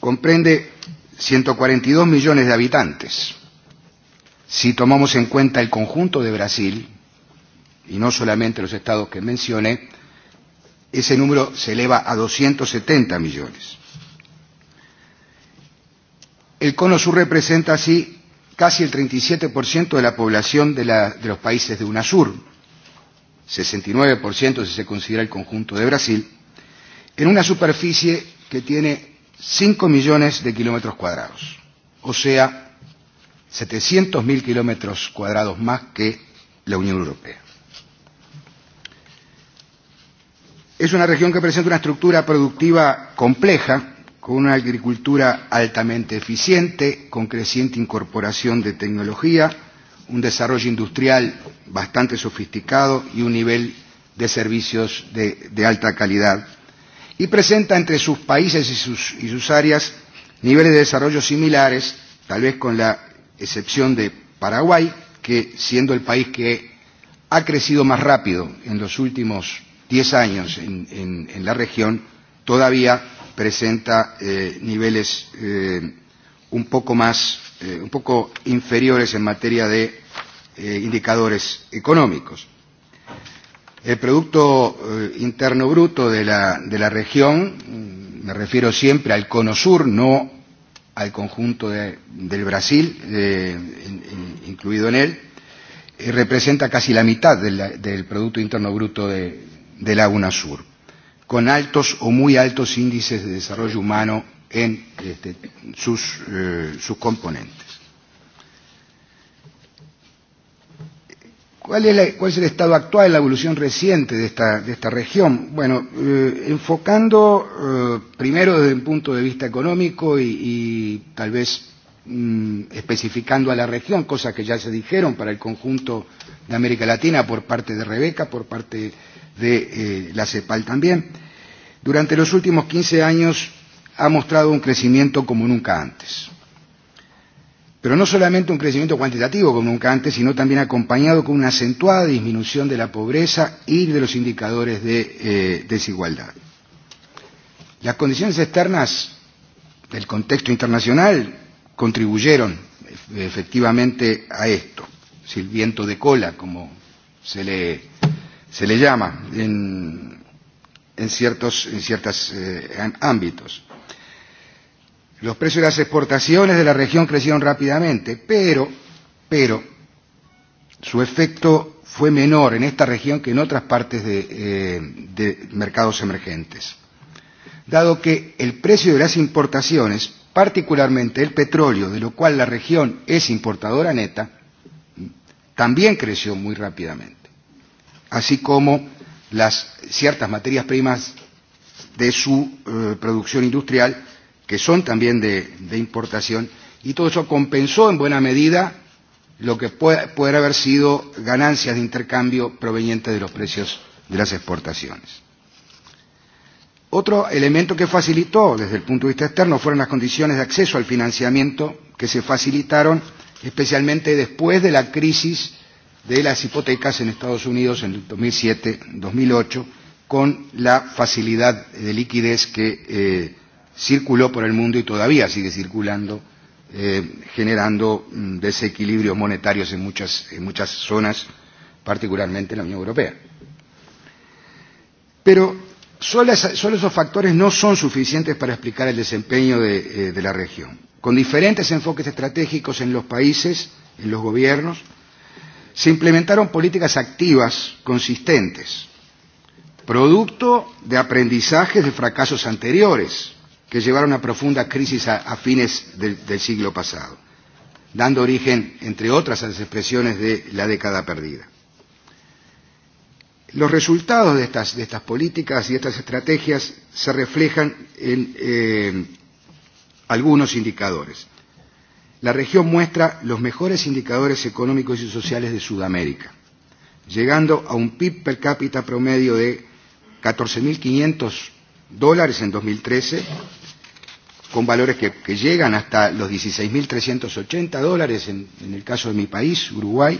comprende 142 millones de habitantes. Si tomamos en cuenta el conjunto de Brasil, y no solamente los estados que mencioné, ese número se eleva a 270 millones. El cono sur representa así casi el 37% de la población de, la, de los países de UNASUR, 69% si se considera el conjunto de Brasil, en una superficie que tiene 5 millones de kilómetros cuadrados, o sea, 700.000 kilómetros cuadrados más que la Unión Europea. Es una región que presenta una estructura productiva compleja, con una agricultura altamente eficiente, con creciente incorporación de tecnología, un desarrollo industrial bastante sofisticado y un nivel de servicios de, de alta calidad. Y presenta entre sus países y sus, y sus áreas niveles de desarrollo similares, tal vez con la excepción de Paraguay, que siendo el país que ha crecido más rápido en los últimos 10 años en, en, en la región, todavía presenta eh, niveles eh, un poco más eh, un poco inferiores en materia de eh, indicadores económicos. El Producto eh, Interno Bruto de la, de la región, me refiero siempre al cono sur, no al conjunto de, del Brasil, eh, incluido en él, eh, representa casi la mitad de la, del Producto Interno Bruto de, de la UNASUR, con altos o muy altos índices de desarrollo humano en este, sus, eh, sus componentes. ¿Cuál es, la, ¿Cuál es el estado actual, la evolución reciente de esta, de esta región? Bueno, eh, enfocando eh, primero desde un punto de vista económico y, y tal vez mm, especificando a la región, cosas que ya se dijeron para el conjunto de América Latina por parte de Rebeca, por parte de eh, la CEPAL también. Durante los últimos 15 años ha mostrado un crecimiento como nunca antes. Pero no solamente un crecimiento cuantitativo como nunca antes, sino también acompañado con una acentuada disminución de la pobreza y de los indicadores de eh, desigualdad. Las condiciones externas del contexto internacional contribuyeron efectivamente a esto, es el viento de cola, como se le, se le llama en, en ciertos en ciertos eh, ámbitos. Los precios de las exportaciones de la región crecieron rápidamente, pero, pero su efecto fue menor en esta región que en otras partes de, eh, de mercados emergentes, dado que el precio de las importaciones, particularmente el petróleo, de lo cual la región es importadora neta, también creció muy rápidamente, así como las ciertas materias primas de su eh, producción industrial que son también de, de importación, y todo eso compensó en buena medida lo que puede, puede haber sido ganancias de intercambio provenientes de los precios de las exportaciones. Otro elemento que facilitó desde el punto de vista externo fueron las condiciones de acceso al financiamiento que se facilitaron especialmente después de la crisis de las hipotecas en Estados Unidos en el 2007-2008 con la facilidad de liquidez que eh, circuló por el mundo y todavía sigue circulando, eh, generando desequilibrios monetarios en muchas, en muchas zonas, particularmente en la Unión Europea. Pero solo, solo esos factores no son suficientes para explicar el desempeño de, eh, de la región. Con diferentes enfoques estratégicos en los países, en los gobiernos, se implementaron políticas activas consistentes, producto de aprendizajes de fracasos anteriores, que llevaron a profunda crisis a, a fines del, del siglo pasado, dando origen, entre otras, a las expresiones de la década perdida. Los resultados de estas, de estas políticas y estas estrategias se reflejan en eh, algunos indicadores. La región muestra los mejores indicadores económicos y sociales de Sudamérica, llegando a un PIB per cápita promedio de 14.500 dólares en 2013 con valores que, que llegan hasta los 16.380 dólares en, en el caso de mi país, Uruguay,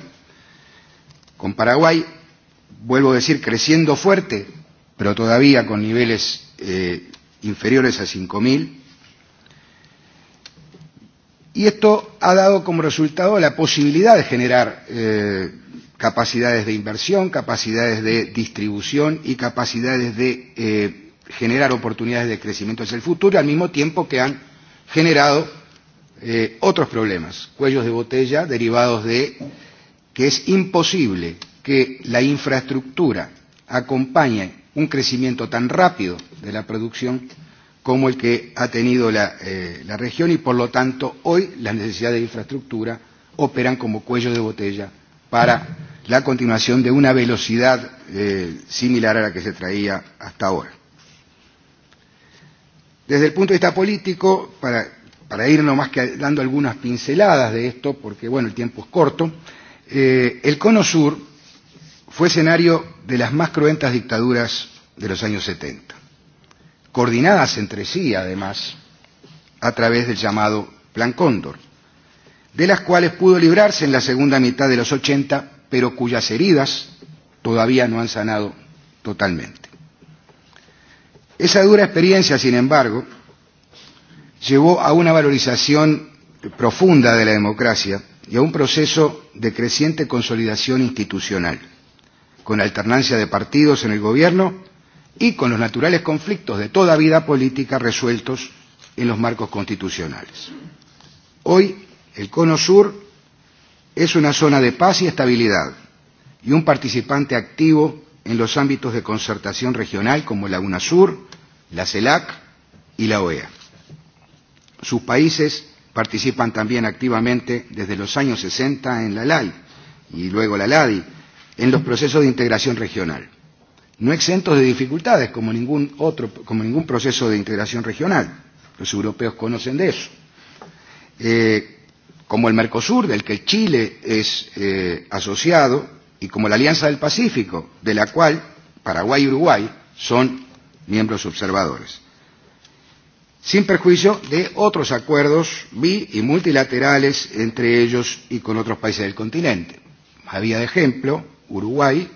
con Paraguay, vuelvo a decir, creciendo fuerte, pero todavía con niveles eh, inferiores a 5.000. Y esto ha dado como resultado la posibilidad de generar eh, capacidades de inversión, capacidades de distribución y capacidades de eh, generar oportunidades de crecimiento hacia el futuro, al mismo tiempo que han generado eh, otros problemas, cuellos de botella derivados de que es imposible que la infraestructura acompañe un crecimiento tan rápido de la producción como el que ha tenido la, eh, la región y por lo tanto hoy las necesidades de infraestructura operan como cuellos de botella para la continuación de una velocidad eh, similar a la que se traía hasta ahora. Desde el punto de vista político, para, para ir nomás que dando algunas pinceladas de esto, porque bueno, el tiempo es corto, eh, el Cono Sur fue escenario de las más cruentas dictaduras de los años 70, coordinadas entre sí, además, a través del llamado Plan Cóndor, de las cuales pudo librarse en la segunda mitad de los 80, pero cuyas heridas todavía no han sanado totalmente. Esa dura experiencia, sin embargo, llevó a una valorización profunda de la democracia y a un proceso de creciente consolidación institucional, con alternancia de partidos en el gobierno y con los naturales conflictos de toda vida política resueltos en los marcos constitucionales. Hoy, el Cono Sur es una zona de paz y estabilidad y un participante activo en los ámbitos de concertación regional como la UNASUR, la CELAC y la OEA. Sus países participan también activamente desde los años 60 en la LAI y luego la LADI en los procesos de integración regional, no exentos de dificultades como ningún, otro, como ningún proceso de integración regional. Los europeos conocen de eso. Eh, como el Mercosur, del que Chile es eh, asociado, y como la Alianza del Pacífico, de la cual Paraguay y Uruguay son miembros observadores. Sin perjuicio de otros acuerdos bi y multilaterales entre ellos y con otros países del continente. Había de ejemplo, Uruguay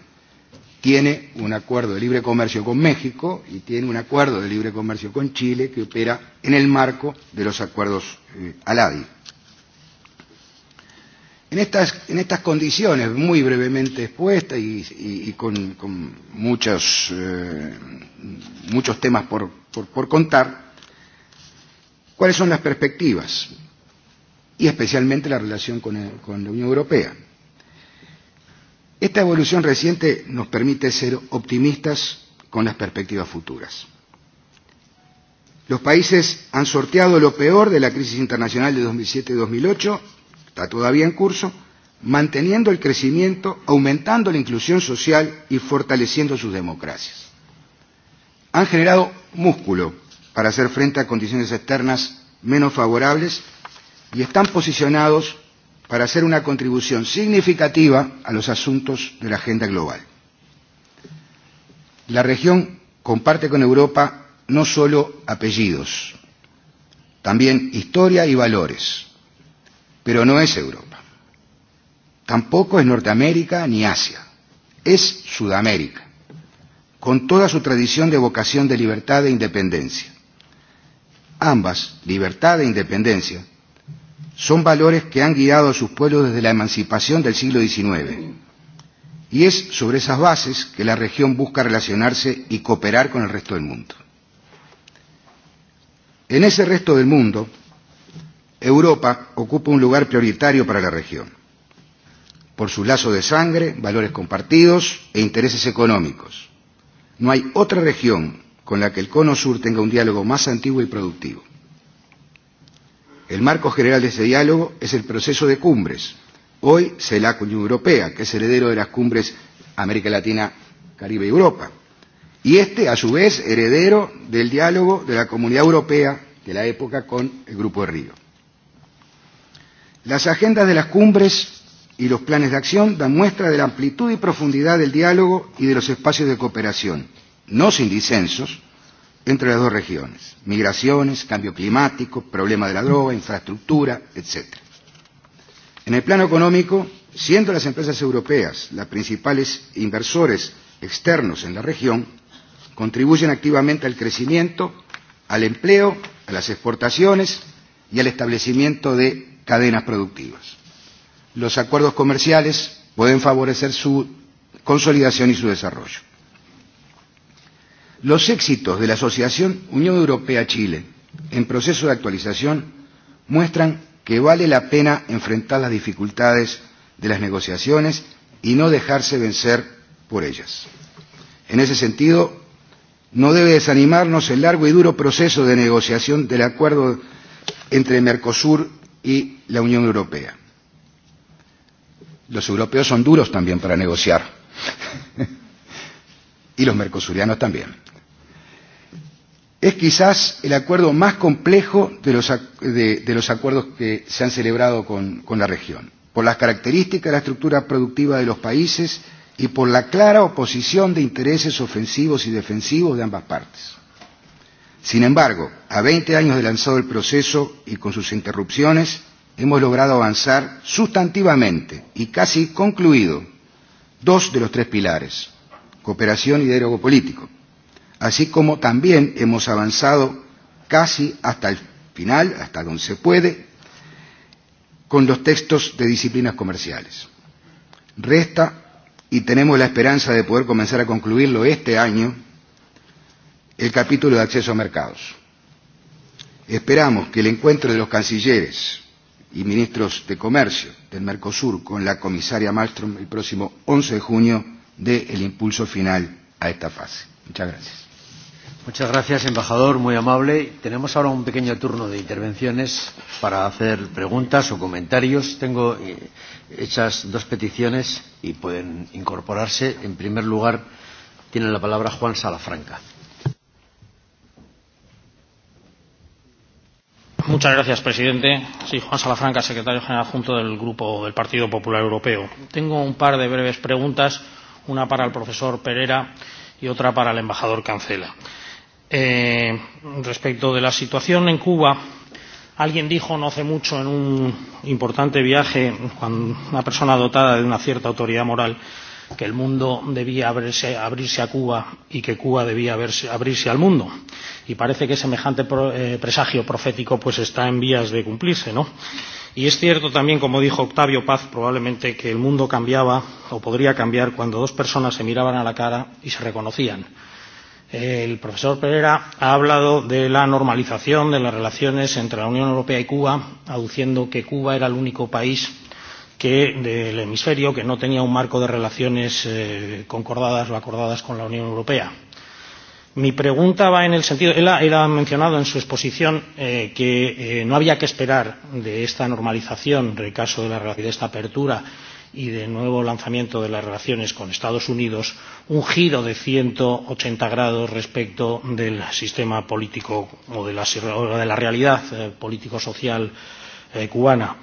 tiene un acuerdo de libre comercio con México y tiene un acuerdo de libre comercio con Chile que opera en el marco de los acuerdos eh, ALADI. En estas, en estas condiciones, muy brevemente expuesta y, y, y con, con muchos, eh, muchos temas por, por, por contar, ¿cuáles son las perspectivas? Y especialmente la relación con, el, con la Unión Europea. Esta evolución reciente nos permite ser optimistas con las perspectivas futuras. Los países han sorteado lo peor de la crisis internacional de 2007-2008 está todavía en curso, manteniendo el crecimiento, aumentando la inclusión social y fortaleciendo sus democracias. Han generado músculo para hacer frente a condiciones externas menos favorables y están posicionados para hacer una contribución significativa a los asuntos de la agenda global. La región comparte con Europa no solo apellidos, también historia y valores pero no es Europa. Tampoco es Norteamérica ni Asia, es Sudamérica, con toda su tradición de vocación de libertad e independencia. Ambas, libertad e independencia, son valores que han guiado a sus pueblos desde la emancipación del siglo XIX. Y es sobre esas bases que la región busca relacionarse y cooperar con el resto del mundo. En ese resto del mundo, Europa ocupa un lugar prioritario para la región, por su lazo de sangre, valores compartidos e intereses económicos. No hay otra región con la que el Cono Sur tenga un diálogo más antiguo y productivo. El marco general de ese diálogo es el proceso de cumbres, hoy CELAC Unión Europea, que es heredero de las cumbres América Latina, Caribe y Europa. Y este, a su vez, heredero del diálogo de la Comunidad Europea de la época con el Grupo de Río. Las agendas de las cumbres y los planes de acción dan muestra de la amplitud y profundidad del diálogo y de los espacios de cooperación, no sin disensos, entre las dos regiones, migraciones, cambio climático, problema de la droga, infraestructura, etc. En el plano económico, siendo las empresas europeas las principales inversores externos en la región, contribuyen activamente al crecimiento, al empleo, a las exportaciones y al establecimiento de cadenas productivas. Los acuerdos comerciales pueden favorecer su consolidación y su desarrollo. Los éxitos de la Asociación Unión Europea-Chile en proceso de actualización muestran que vale la pena enfrentar las dificultades de las negociaciones y no dejarse vencer por ellas. En ese sentido, no debe desanimarnos el largo y duro proceso de negociación del acuerdo entre Mercosur y la Unión Europea. Los europeos son duros también para negociar. y los mercosurianos también. Es quizás el acuerdo más complejo de los, de, de los acuerdos que se han celebrado con, con la región, por las características de la estructura productiva de los países y por la clara oposición de intereses ofensivos y defensivos de ambas partes. Sin embargo, a 20 años de lanzado el proceso y con sus interrupciones, hemos logrado avanzar sustantivamente y casi concluido dos de los tres pilares, cooperación y diálogo político, así como también hemos avanzado casi hasta el final, hasta donde se puede, con los textos de disciplinas comerciales. Resta y tenemos la esperanza de poder comenzar a concluirlo este año el capítulo de acceso a mercados. Esperamos que el encuentro de los cancilleres y ministros de Comercio del Mercosur con la comisaria Malmström el próximo 11 de junio dé el impulso final a esta fase. Muchas gracias. Muchas gracias, embajador, muy amable. Tenemos ahora un pequeño turno de intervenciones para hacer preguntas o comentarios. Tengo hechas dos peticiones y pueden incorporarse. En primer lugar, tiene la palabra Juan Salafranca. Muchas gracias, presidente. Soy Juan Salafranca, secretario general adjunto del Grupo del Partido Popular Europeo. Tengo un par de breves preguntas, una para el profesor Pereira y otra para el embajador Cancela. Eh, respecto de la situación en Cuba, alguien dijo no hace mucho en un importante viaje, cuando una persona dotada de una cierta autoridad moral, que el mundo debía abrirse, abrirse a Cuba y que Cuba debía verse, abrirse al mundo. Y parece que semejante pro, eh, presagio profético pues está en vías de cumplirse, ¿no? Y es cierto también, como dijo Octavio Paz, probablemente que el mundo cambiaba o podría cambiar cuando dos personas se miraban a la cara y se reconocían. El profesor Pereira ha hablado de la normalización de las relaciones entre la Unión Europea y Cuba, aduciendo que Cuba era el único país que del hemisferio que no tenía un marco de relaciones eh, concordadas o acordadas con la Unión Europea. Mi pregunta va en el sentido, él ha, él ha mencionado en su exposición eh, que eh, no había que esperar de esta normalización, en el caso de, la, de esta apertura y de nuevo lanzamiento de las relaciones con Estados Unidos, un giro de 180 grados respecto del sistema político o de la, o de la realidad eh, político-social eh, cubana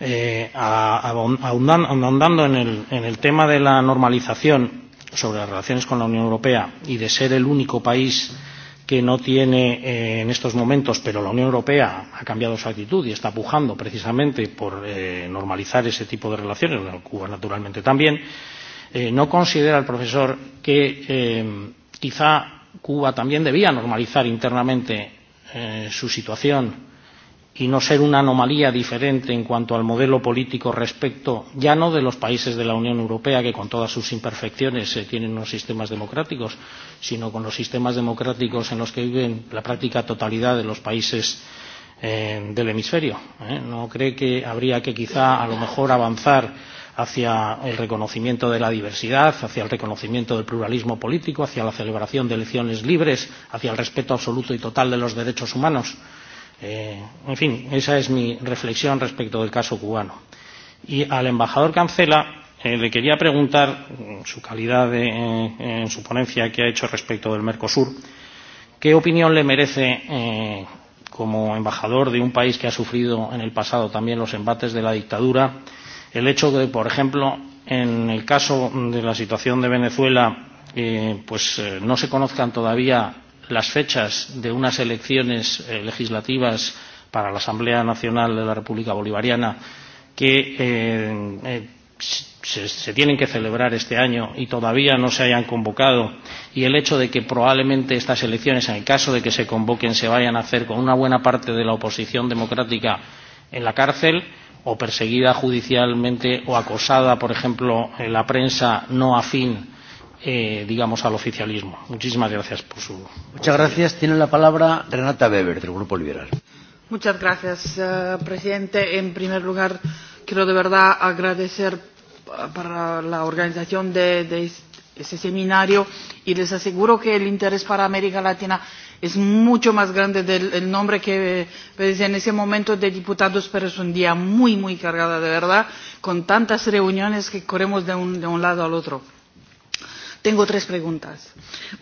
eh, ahondando en el, en el tema de la normalización sobre las relaciones con la Unión Europea y de ser el único país que no tiene eh, en estos momentos, pero la Unión Europea ha cambiado su actitud y está pujando precisamente por eh, normalizar ese tipo de relaciones, Cuba naturalmente también, eh, no considera el profesor que eh, quizá Cuba también debía normalizar internamente eh, su situación y no ser una anomalía diferente en cuanto al modelo político respecto ya no de los países de la Unión Europea, que con todas sus imperfecciones eh, tienen unos sistemas democráticos, sino con los sistemas democráticos en los que viven la práctica totalidad de los países eh, del hemisferio. ¿eh? ¿No cree que habría que quizá a lo mejor avanzar hacia el reconocimiento de la diversidad, hacia el reconocimiento del pluralismo político, hacia la celebración de elecciones libres, hacia el respeto absoluto y total de los derechos humanos? Eh, en fin, esa es mi reflexión respecto del caso cubano. Y al embajador Cancela eh, le quería preguntar, en su calidad de, eh, en su ponencia que ha hecho respecto del Mercosur, ¿qué opinión le merece eh, como embajador de un país que ha sufrido en el pasado también los embates de la dictadura el hecho de, por ejemplo, en el caso de la situación de Venezuela, eh, pues eh, no se conozcan todavía las fechas de unas elecciones eh, legislativas para la Asamblea Nacional de la República Bolivariana que eh, eh, se, se tienen que celebrar este año y todavía no se hayan convocado y el hecho de que probablemente estas elecciones, en el caso de que se convoquen, se vayan a hacer con una buena parte de la oposición democrática en la cárcel o perseguida judicialmente o acosada, por ejemplo, en la prensa no afín eh, digamos, al oficialismo. Muchísimas gracias por su. Muchas gracias. Tiene la palabra Renata Weber, del Grupo Liberal. Muchas gracias, presidente. En primer lugar, quiero de verdad agradecer para la organización de, de ese seminario y les aseguro que el interés para América Latina es mucho más grande del el nombre que eh, en ese momento de diputados, pero es un día muy, muy cargado, de verdad, con tantas reuniones que corremos de un, de un lado al otro Tengo tres preguntas.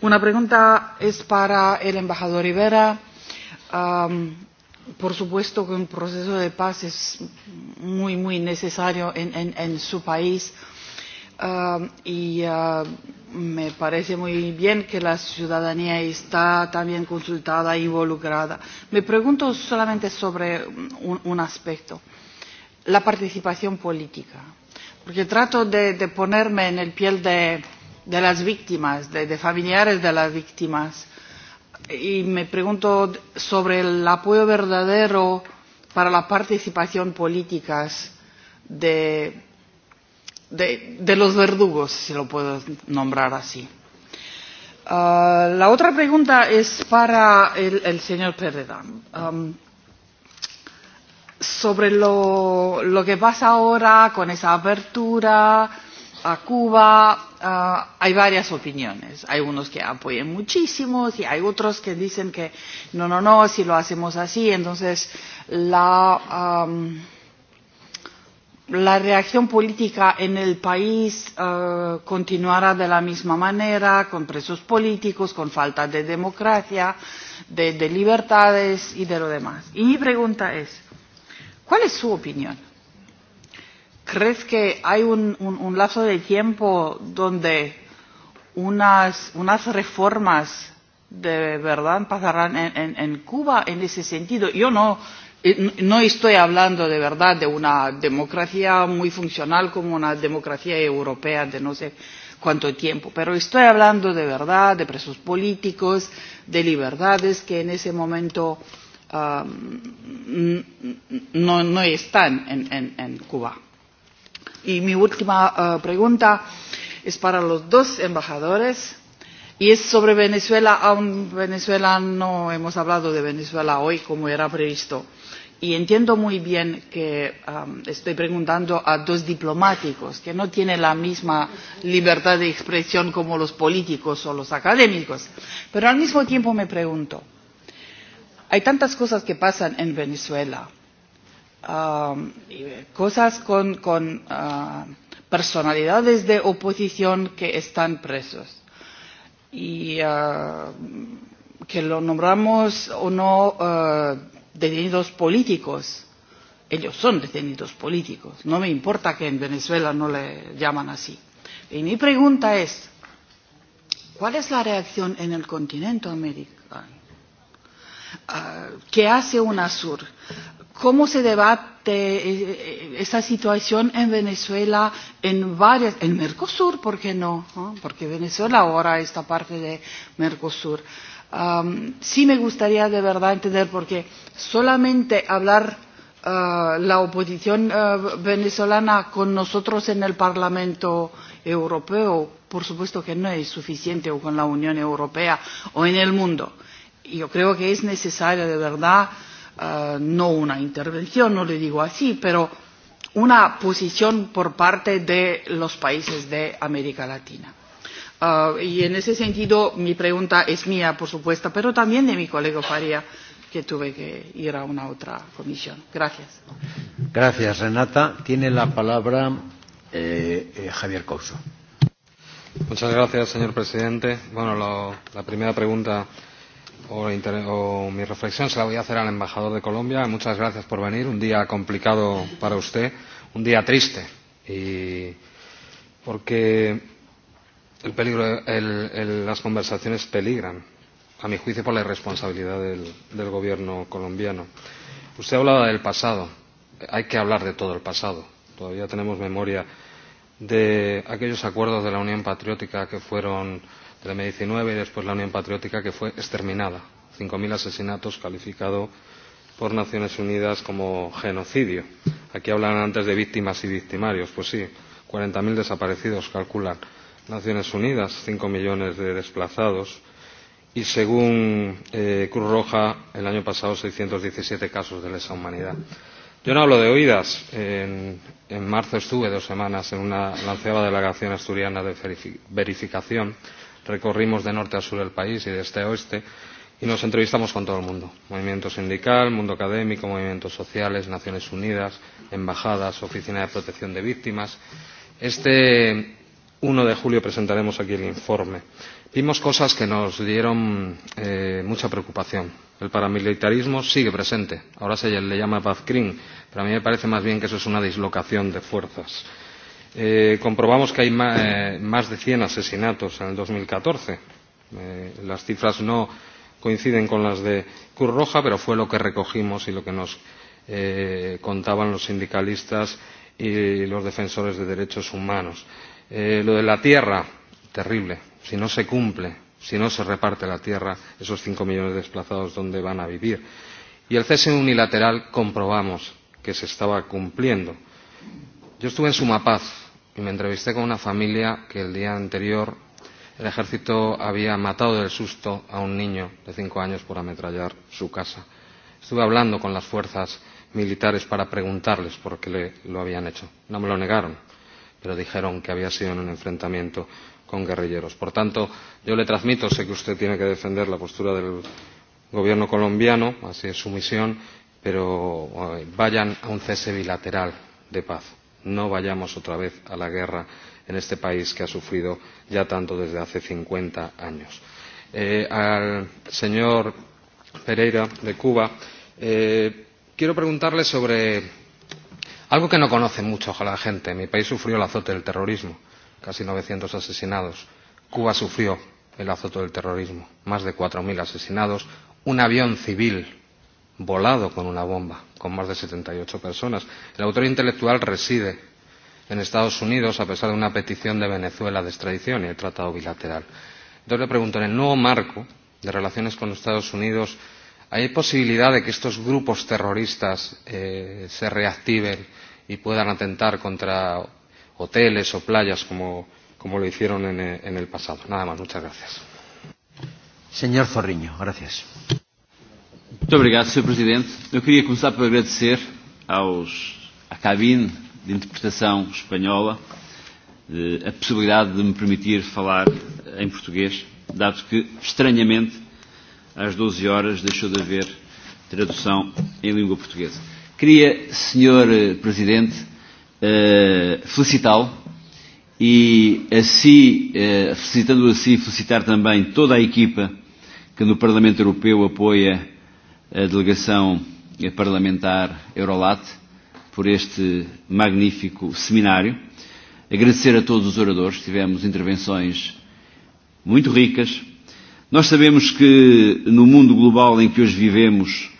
Una pregunta es para el embajador Rivera. Um, por supuesto que un proceso de paz es muy, muy necesario en, en, en su país uh, y uh, me parece muy bien que la ciudadanía está también consultada e involucrada. Me pregunto solamente sobre un, un aspecto, la participación política, porque trato de, de ponerme en el piel de de las víctimas, de, de familiares de las víctimas. Y me pregunto sobre el apoyo verdadero para la participación política de, de, de los verdugos, si lo puedo nombrar así. Uh, la otra pregunta es para el, el señor Pereda. Um, sobre lo, lo que pasa ahora con esa apertura, uh, a Cuba uh, hay varias opiniones. Hay unos que apoyan muchísimo y hay otros que dicen que no, no, no, si lo hacemos así. Entonces, la, um, la reacción política en el país uh, continuará de la misma manera, con presos políticos, con falta de democracia, de, de libertades y de lo demás. Y mi pregunta es, ¿cuál es su opinión? ¿Crees que hay un, un, un lapso de tiempo donde unas, unas reformas de verdad pasarán en, en, en Cuba en ese sentido? Yo no, no estoy hablando de verdad de una democracia muy funcional como una democracia europea de no sé cuánto tiempo, pero estoy hablando de verdad de presos políticos, de libertades que en ese momento um, no, no están en, en, en Cuba. Y mi última uh, pregunta es para los dos embajadores y es sobre Venezuela. Aún Venezuela no hemos hablado de Venezuela hoy como era previsto. Y entiendo muy bien que um, estoy preguntando a dos diplomáticos que no tienen la misma libertad de expresión como los políticos o los académicos. Pero al mismo tiempo me pregunto, hay tantas cosas que pasan en Venezuela cosas con, con uh, personalidades de oposición que están presos. Y uh, que lo nombramos o no uh, detenidos políticos. Ellos son detenidos políticos. No me importa que en Venezuela no le llaman así. Y mi pregunta es, ¿cuál es la reacción en el continente americano? ¿Qué hace UNASUR? cómo se debate esa situación en Venezuela, en varias, en Mercosur, ¿por qué no? Porque Venezuela ahora está parte de Mercosur. Um, sí me gustaría de verdad entender, porque solamente hablar uh, la oposición uh, venezolana con nosotros en el Parlamento Europeo, por supuesto que no es suficiente, o con la Unión Europea, o en el mundo. Yo creo que es necesario de verdad uh, no una intervención, no le digo así, pero una posición por parte de los países de América Latina. Uh, y en ese sentido mi pregunta es mía, por supuesto, pero también de mi colega Faria, que tuve que ir a una otra comisión. Gracias. Gracias, Renata. Tiene la palabra eh, eh, Javier Couso. Muchas gracias, señor presidente. Bueno, lo, la primera pregunta o, o mi reflexión se la voy a hacer al embajador de Colombia. Muchas gracias por venir. Un día complicado para usted, un día triste. Y porque el peligro, el, el, las conversaciones peligran, a mi juicio, por la irresponsabilidad del, del gobierno colombiano. Usted hablaba del pasado. Hay que hablar de todo el pasado. Todavía tenemos memoria de aquellos acuerdos de la Unión Patriótica que fueron del m diecinueve y después la unión patriótica que fue exterminada cinco mil asesinatos calificado por las naciones unidas como genocidio. aquí hablan antes de víctimas y victimarios pues sí cuarenta desaparecidos calculan las naciones unidas cinco millones de desplazados y según eh, Cruz Roja el año pasado 617 casos de lesa humanidad. Yo no hablo de oídas. En, en marzo estuve dos semanas en una lanceada delegación asturiana de verificación recorrimos de norte a sur el país y de este a oeste y nos entrevistamos con todo el mundo movimiento sindical, mundo académico, movimientos sociales, Naciones Unidas, embajadas, Oficina de Protección de Víctimas. Este 1 de julio presentaremos aquí el informe. Vimos cosas que nos dieron eh, mucha preocupación. El paramilitarismo sigue presente. Ahora se le llama Paz Green, pero a mí me parece más bien que eso es una dislocación de fuerzas. Eh, eh, comprobamos que hay eh, más de 100 asesinatos en el 2014. Eh, las cifras no coinciden con las de Cruz Roja, pero fue lo que recogimos y lo que nos eh, contaban los sindicalistas y los defensores de derechos humanos. Eh, lo de la tierra, terrible. Si no se cumple, si no se reparte la tierra, esos cinco millones de desplazados, ¿dónde van a vivir? Y el cese unilateral comprobamos que se estaba cumpliendo. Yo estuve en Sumapaz y me entrevisté con una familia que el día anterior el ejército había matado del susto a un niño de cinco años por ametrallar su casa. Estuve hablando con las fuerzas militares para preguntarles por qué le, lo habían hecho. No me lo negaron, pero dijeron que había sido en un enfrentamiento con guerrilleros. Por tanto, yo le transmito, sé que usted tiene que defender la postura del gobierno colombiano, así es su misión, pero vayan a un cese bilateral de paz no vayamos otra vez a la guerra en este país que ha sufrido ya tanto desde hace cincuenta años. al señor Pereira de Cuba quiero preguntarle sobre algo que no conoce mucho ojalá la gente. Mi país sufrió el azote del terrorismo, casi novecientos asesinados. Cuba sufrió el azote del terrorismo, más de cuatro mil asesinados. Un avión civil volado con una bomba, con más de 78 personas. El autor intelectual reside en Estados Unidos a pesar de una petición de Venezuela de extradición y el tratado bilateral. Entonces le pregunto, en el nuevo marco de relaciones con Estados Unidos, ¿hay posibilidad de que estos grupos terroristas eh, se reactiven y puedan atentar contra hoteles o playas como, como lo hicieron en, en el pasado? Nada más, muchas gracias. Señor Zorriño, gracias. Muito obrigado, Sr. Presidente. Eu queria começar por agradecer aos, à cabine de interpretação espanhola a possibilidade de me permitir falar em português, dado que, estranhamente, às 12 horas deixou de haver tradução em língua portuguesa. Queria, Sr. Presidente, felicitá-lo e, assim, felicitando a si, felicitar também toda a equipa que no Parlamento Europeu apoia a delegação parlamentar Eurolat por este magnífico seminário. Agradecer a todos os oradores, tivemos intervenções muito ricas. Nós sabemos que no mundo global em que hoje vivemos,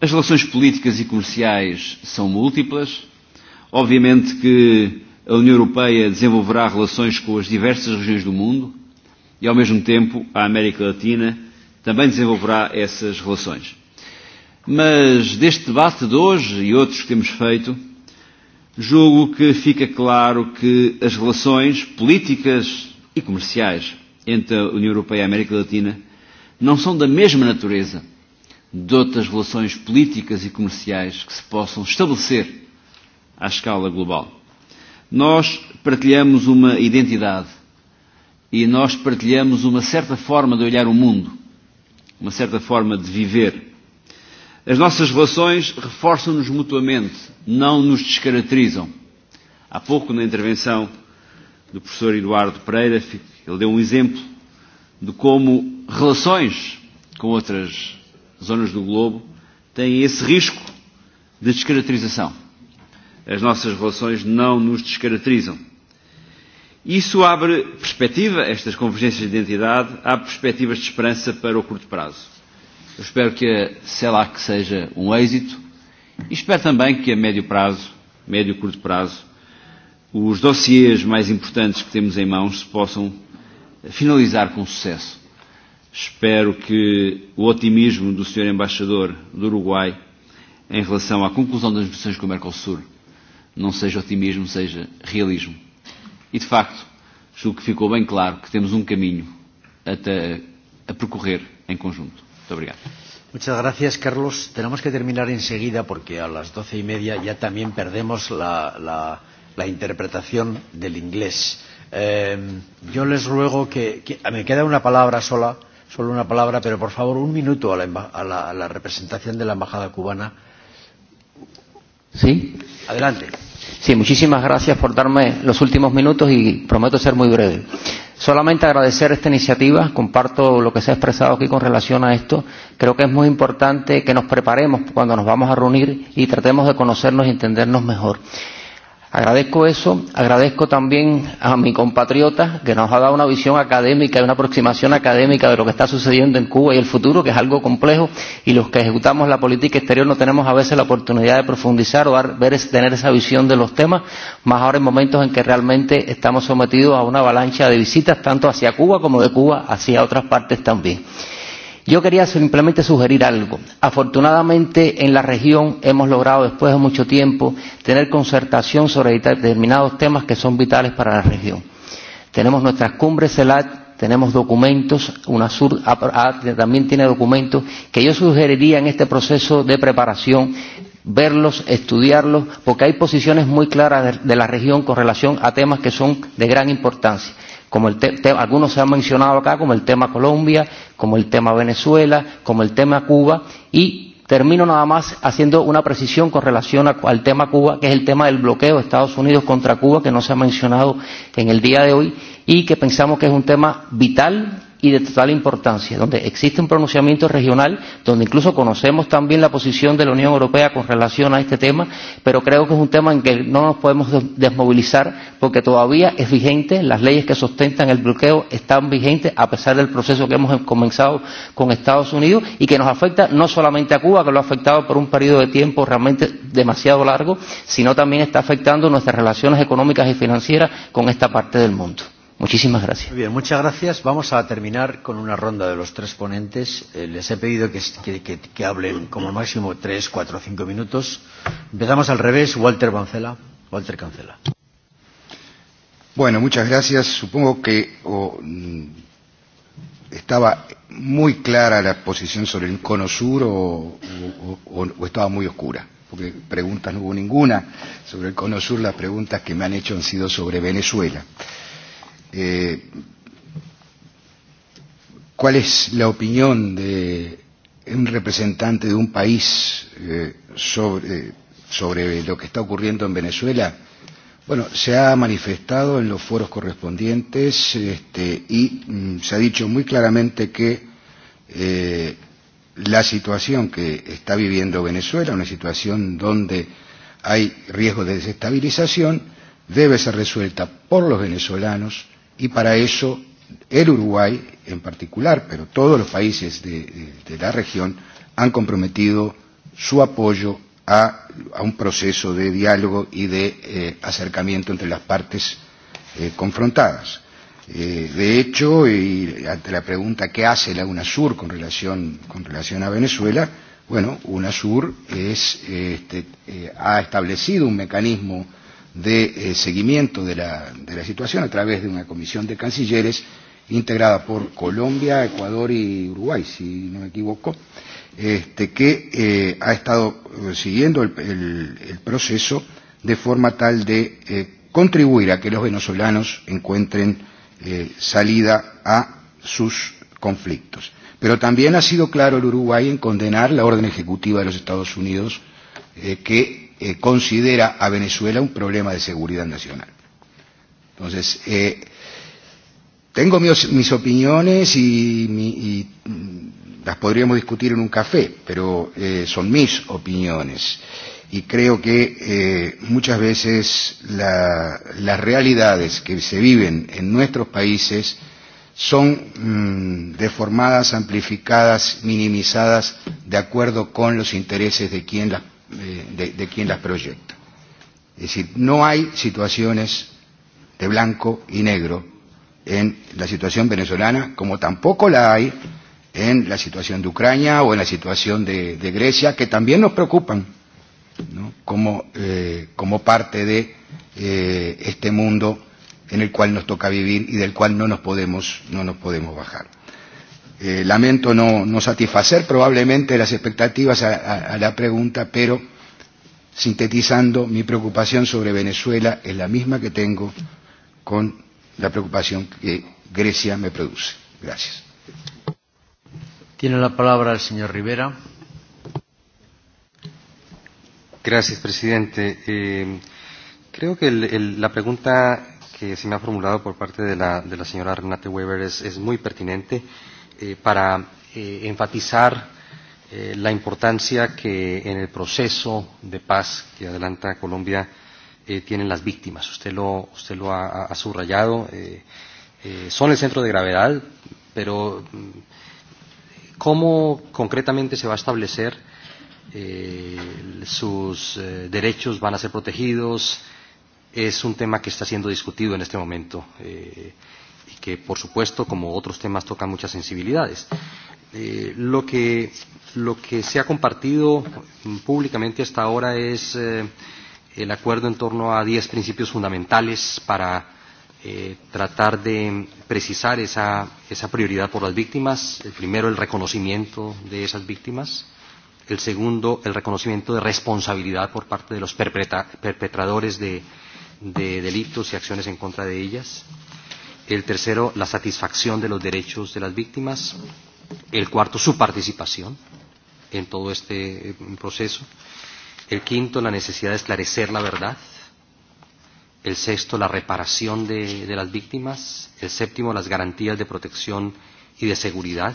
as relações políticas e comerciais são múltiplas. Obviamente que a União Europeia desenvolverá relações com as diversas regiões do mundo e, ao mesmo tempo, a América Latina também desenvolverá essas relações. Mas deste debate de hoje e outros que temos feito, julgo que fica claro que as relações políticas e comerciais entre a União Europeia e a América Latina não são da mesma natureza de outras relações políticas e comerciais que se possam estabelecer à escala global. Nós partilhamos uma identidade e nós partilhamos uma certa forma de olhar o mundo, uma certa forma de viver. As nossas relações reforçam-nos mutuamente, não nos descaracterizam. Há pouco, na intervenção do professor Eduardo Pereira, ele deu um exemplo de como relações com outras zonas do globo têm esse risco de descaracterização. As nossas relações não nos descaracterizam. Isso abre perspectiva, estas convergências de identidade, abre perspectivas de esperança para o curto prazo. Eu espero que a CELAC seja um êxito e espero também que a médio prazo, médio e curto prazo, os dossiês mais importantes que temos em mãos se possam finalizar com sucesso. Espero que o otimismo do Sr. Embaixador do Uruguai em relação à conclusão das negociações com o Mercosul não seja otimismo, seja realismo. E, de facto, julgo que ficou bem claro que temos um caminho a, a percorrer em conjunto obrigado. Muchas gracias, Carlos. Tenemos que terminar enseguida porque a las doce y media ya también perdemos la, la, la interpretación del inglés. Eh, yo les ruego que, que me queda una palabra sola, solo una palabra, pero por favor un minuto a la, a la, a la representación de la embajada cubana. Sí. Adelante. Sí, muchísimas gracias por darme los últimos minutos y prometo ser muy breve. Solamente agradecer esta iniciativa, comparto lo que se ha expresado aquí con relación a esto. Creo que es muy importante que nos preparemos cuando nos vamos a reunir y tratemos de conocernos y entendernos mejor. Agradezco eso, agradezco también a mi compatriota que nos ha dado una visión académica y una aproximación académica de lo que está sucediendo en Cuba y el futuro, que es algo complejo, y los que ejecutamos la política exterior no tenemos a veces la oportunidad de profundizar o dar, ver, tener esa visión de los temas, más ahora en momentos en que realmente estamos sometidos a una avalancha de visitas tanto hacia Cuba como de Cuba hacia otras partes también. Yo quería simplemente sugerir algo. Afortunadamente, en la región hemos logrado, después de mucho tiempo, tener concertación sobre determinados temas que son vitales para la región. Tenemos nuestras cumbres CELAT, tenemos documentos, UNASUR también tiene documentos que yo sugeriría en este proceso de preparación verlos, estudiarlos, porque hay posiciones muy claras de la región con relación a temas que son de gran importancia como el te algunos se han mencionado acá, como el tema Colombia, como el tema Venezuela, como el tema Cuba, y termino nada más haciendo una precisión con relación a, al tema Cuba, que es el tema del bloqueo de Estados Unidos contra Cuba, que no se ha mencionado en el día de hoy, y que pensamos que es un tema vital y de total importancia, donde existe un pronunciamiento regional, donde incluso conocemos también la posición de la Unión Europea con relación a este tema, pero creo que es un tema en que no nos podemos desmovilizar porque todavía es vigente, las leyes que sustentan el bloqueo están vigentes a pesar del proceso que hemos comenzado con Estados Unidos y que nos afecta no solamente a Cuba, que lo ha afectado por un periodo de tiempo realmente demasiado largo, sino también está afectando nuestras relaciones económicas y financieras con esta parte del mundo. Muchísimas gracias. Muy bien, muchas gracias. Vamos a terminar con una ronda de los tres ponentes. Eh, les he pedido que, que, que, que hablen como máximo tres, cuatro o cinco minutos. Empezamos al revés. Walter Cancela. Walter Cancela. Bueno, muchas gracias. Supongo que oh, estaba muy clara la posición sobre el cono sur o, o, o, o estaba muy oscura porque preguntas no hubo ninguna sobre el cono sur, las preguntas que me han hecho han sido sobre Venezuela eh, cuál es la opinión de un representante de un país eh, sobre, sobre lo que está ocurriendo en Venezuela. Bueno, se ha manifestado en los foros correspondientes este, y mm, se ha dicho muy claramente que eh, la situación que está viviendo Venezuela, una situación donde hay riesgo de desestabilización, debe ser resuelta por los venezolanos, y para eso el Uruguay en particular, pero todos los países de, de, de la región han comprometido su apoyo a, a un proceso de diálogo y de eh, acercamiento entre las partes eh, confrontadas. Eh, de hecho, y ante la pregunta qué hace la UNASUR con relación, con relación a Venezuela, bueno, UNASUR es, este, eh, ha establecido un mecanismo eh, de eh, seguimiento de la, de la situación a través de una comisión de cancilleres integrada por Colombia, Ecuador y Uruguay, si no me equivoco, este, que eh, ha estado siguiendo el, el, el proceso de forma tal de eh, contribuir a que los venezolanos encuentren eh, salida a sus conflictos. Pero también ha sido claro el Uruguay en condenar la orden ejecutiva de los Estados Unidos eh, que eh, considera a Venezuela un problema de seguridad nacional. Entonces, eh, tengo mis, mis opiniones y, mi, y las podríamos discutir en un café, pero eh, son mis opiniones. Y creo que eh, muchas veces la, las realidades que se viven en nuestros países son mm, deformadas, amplificadas, minimizadas de acuerdo con los intereses de quien las de, de quien las proyecta. Es decir, no hay situaciones de blanco y negro en la situación venezolana, como tampoco la hay en la situación de Ucrania o en la situación de, de Grecia, que también nos preocupan ¿no? como, eh, como parte de eh, este mundo en el cual nos toca vivir y del cual no nos podemos, no nos podemos bajar eh, lamento no, no satisfacer probablemente las expectativas a, a, a la pregunta, pero sintetizando, mi preocupación sobre Venezuela es la misma que tengo con la preocupación que Grecia me produce. Gracias. Tiene la palabra el señor Rivera. Gracias, presidente. Eh, creo que el, el, la pregunta que se me ha formulado por parte de la, de la señora Renate Weber es, es muy pertinente. Eh, eh, para eh, enfatizar eh, la importancia que en el proceso de paz que adelanta Colombia eh, tienen las víctimas. Usted lo, usted lo ha, ha subrayado. Eh, eh, son el centro de gravedad, pero ¿cómo concretamente se va a establecer eh, sus eh, derechos? ¿Van a ser protegidos? Es un tema que está siendo discutido en este momento. Eh, que, por supuesto, como otros temas, tocan muchas sensibilidades. Eh, lo, que, lo que se ha compartido públicamente hasta ahora es eh, el acuerdo en torno a diez principios fundamentales para eh, tratar de precisar esa, esa prioridad por las víctimas. El primero, el reconocimiento de esas víctimas. El segundo, el reconocimiento de responsabilidad por parte de los perpetradores de, de delitos y acciones en contra de ellas. El tercero, la satisfacción de los derechos de las víctimas. El cuarto, su participación en todo este proceso. El quinto, la necesidad de esclarecer la verdad. El sexto, la reparación de, de las víctimas. El séptimo, las garantías de protección y de seguridad.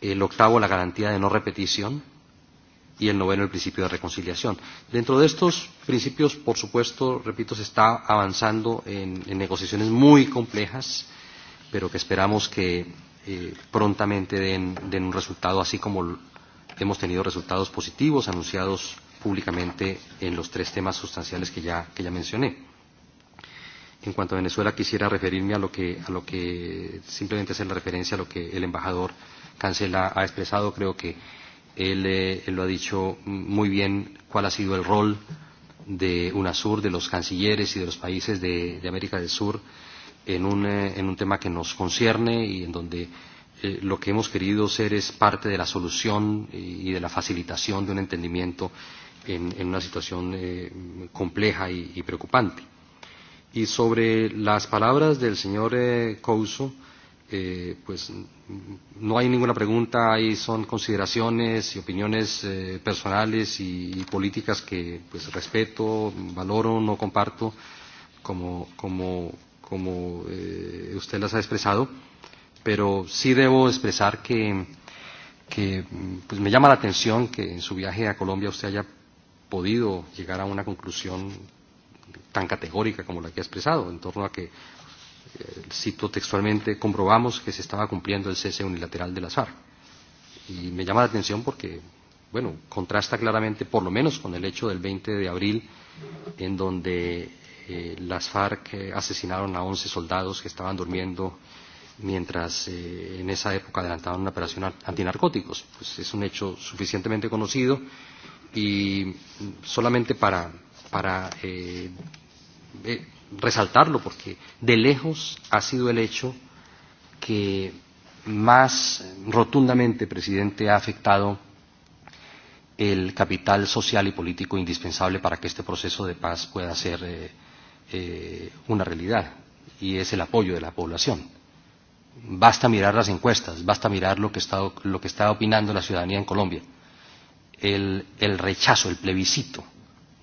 El octavo, la garantía de no repetición y el noveno, el principio de reconciliación. Dentro de estos principios, por supuesto, repito, se está avanzando en, en negociaciones muy complejas, pero que esperamos que eh, prontamente den, den un resultado, así como hemos tenido resultados positivos anunciados públicamente en los tres temas sustanciales que ya, que ya mencioné. En cuanto a Venezuela, quisiera referirme a lo que, a lo que simplemente hacer la referencia a lo que el embajador Cancela ha expresado. Creo que Él, eh, él lo ha dicho muy bien cuál ha sido el rol de UNASUR, de los cancilleres y de los países de, de América del Sur en un, eh, en un tema que nos concierne y en donde eh, lo que hemos querido ser es parte de la solución y de la facilitación de un entendimiento en, en una situación eh, compleja y, y preocupante. Y sobre las palabras del señor eh, Couso, eh, eh, pues no hay ninguna pregunta, ahí son consideraciones y opiniones eh, personales y, y políticas que pues respeto, valoro, no comparto, como, como, como eh, usted las ha expresado, pero sí debo expresar que, que pues me llama la atención que en su viaje a Colombia usted haya podido llegar a una conclusión tan categórica como la que ha expresado en torno a que cito textualmente, comprobamos que se estaba cumpliendo el cese unilateral de las FARC. Y me llama la atención porque, bueno, contrasta claramente, por lo menos con el hecho del 20 de abril, en donde eh, las FARC asesinaron a 11 soldados que estaban durmiendo mientras eh, en esa época adelantaban una operación antinarcóticos. Pues es un hecho suficientemente conocido y solamente para, para eh, eh, resaltarlo porque de lejos ha sido el hecho que más rotundamente, presidente, ha afectado el capital social y político indispensable para que este proceso de paz pueda ser eh, eh, una realidad, y es el apoyo de la población. Basta mirar las encuestas, basta mirar lo que está, lo que está opinando la ciudadanía en Colombia. El, el rechazo, el plebiscito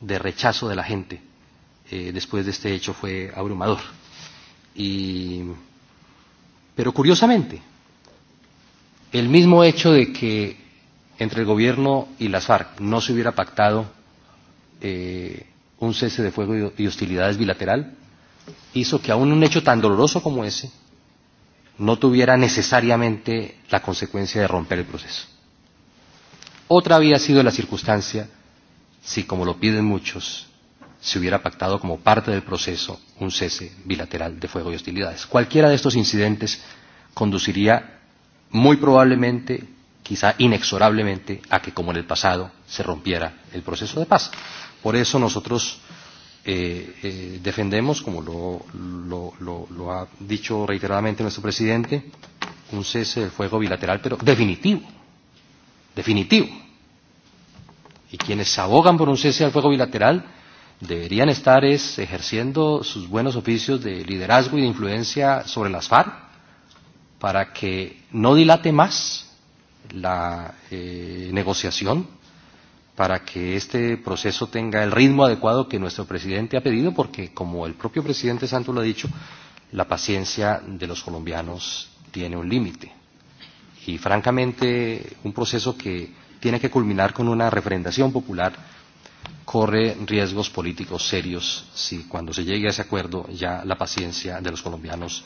de rechazo de la gente eh, después de este hecho fue abrumador. Y, pero curiosamente, el mismo hecho de que entre el gobierno y las FARC no se hubiera pactado eh, un cese de fuego y hostilidades bilateral, hizo que aún un hecho tan doloroso como ese no tuviera necesariamente la consecuencia de romper el proceso. Otra había sido la circunstancia si, como lo piden muchos, se hubiera pactado como parte del proceso un cese bilateral de fuego y hostilidades. Cualquiera de estos incidentes conduciría muy probablemente, quizá inexorablemente, a que, como en el pasado, se rompiera el proceso de paz. Por eso nosotros eh, eh, defendemos, como lo, lo, lo, lo ha dicho reiteradamente nuestro presidente, un cese del fuego bilateral, pero definitivo. Definitivo. Y quienes abogan por un cese al fuego bilateral deberían estar es ejerciendo sus buenos oficios de liderazgo y de influencia sobre las FARC para que no dilate más la eh, negociación, para que este proceso tenga el ritmo adecuado que nuestro presidente ha pedido, porque como el propio presidente Santos lo ha dicho, la paciencia de los colombianos tiene un límite. Y francamente, un proceso que tiene que culminar con una referendación popular corre riesgos políticos serios si cuando se llegue a ese acuerdo ya la paciencia de los colombianos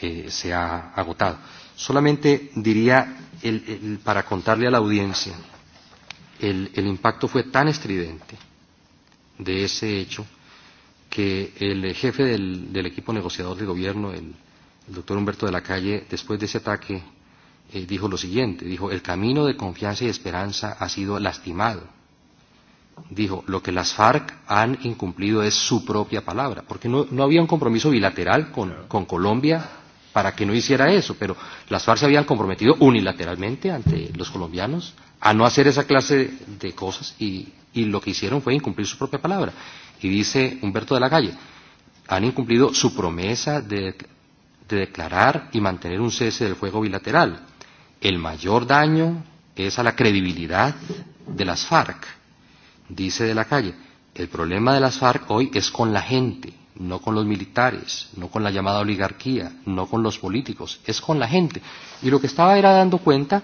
eh, se ha agotado. Solamente diría, el, el, para contarle a la audiencia, el, el impacto fue tan estridente de ese hecho que el jefe del, del equipo negociador de gobierno, el, el doctor Humberto de la Calle, después de ese ataque, eh, dijo lo siguiente, dijo, el camino de confianza y esperanza ha sido lastimado dijo, lo que las FARC han incumplido es su propia palabra, porque no, no había un compromiso bilateral con, con Colombia para que no hiciera eso, pero las FARC se habían comprometido unilateralmente ante los colombianos a no hacer esa clase de cosas y, y lo que hicieron fue incumplir su propia palabra. Y dice Humberto de la Calle, han incumplido su promesa de, de declarar y mantener un cese del fuego bilateral. El mayor daño es a la credibilidad de las FARC Dice de la calle, el problema de las FARC hoy es con la gente, no con los militares, no con la llamada oligarquía, no con los políticos, es con la gente. Y lo que estaba era dando cuenta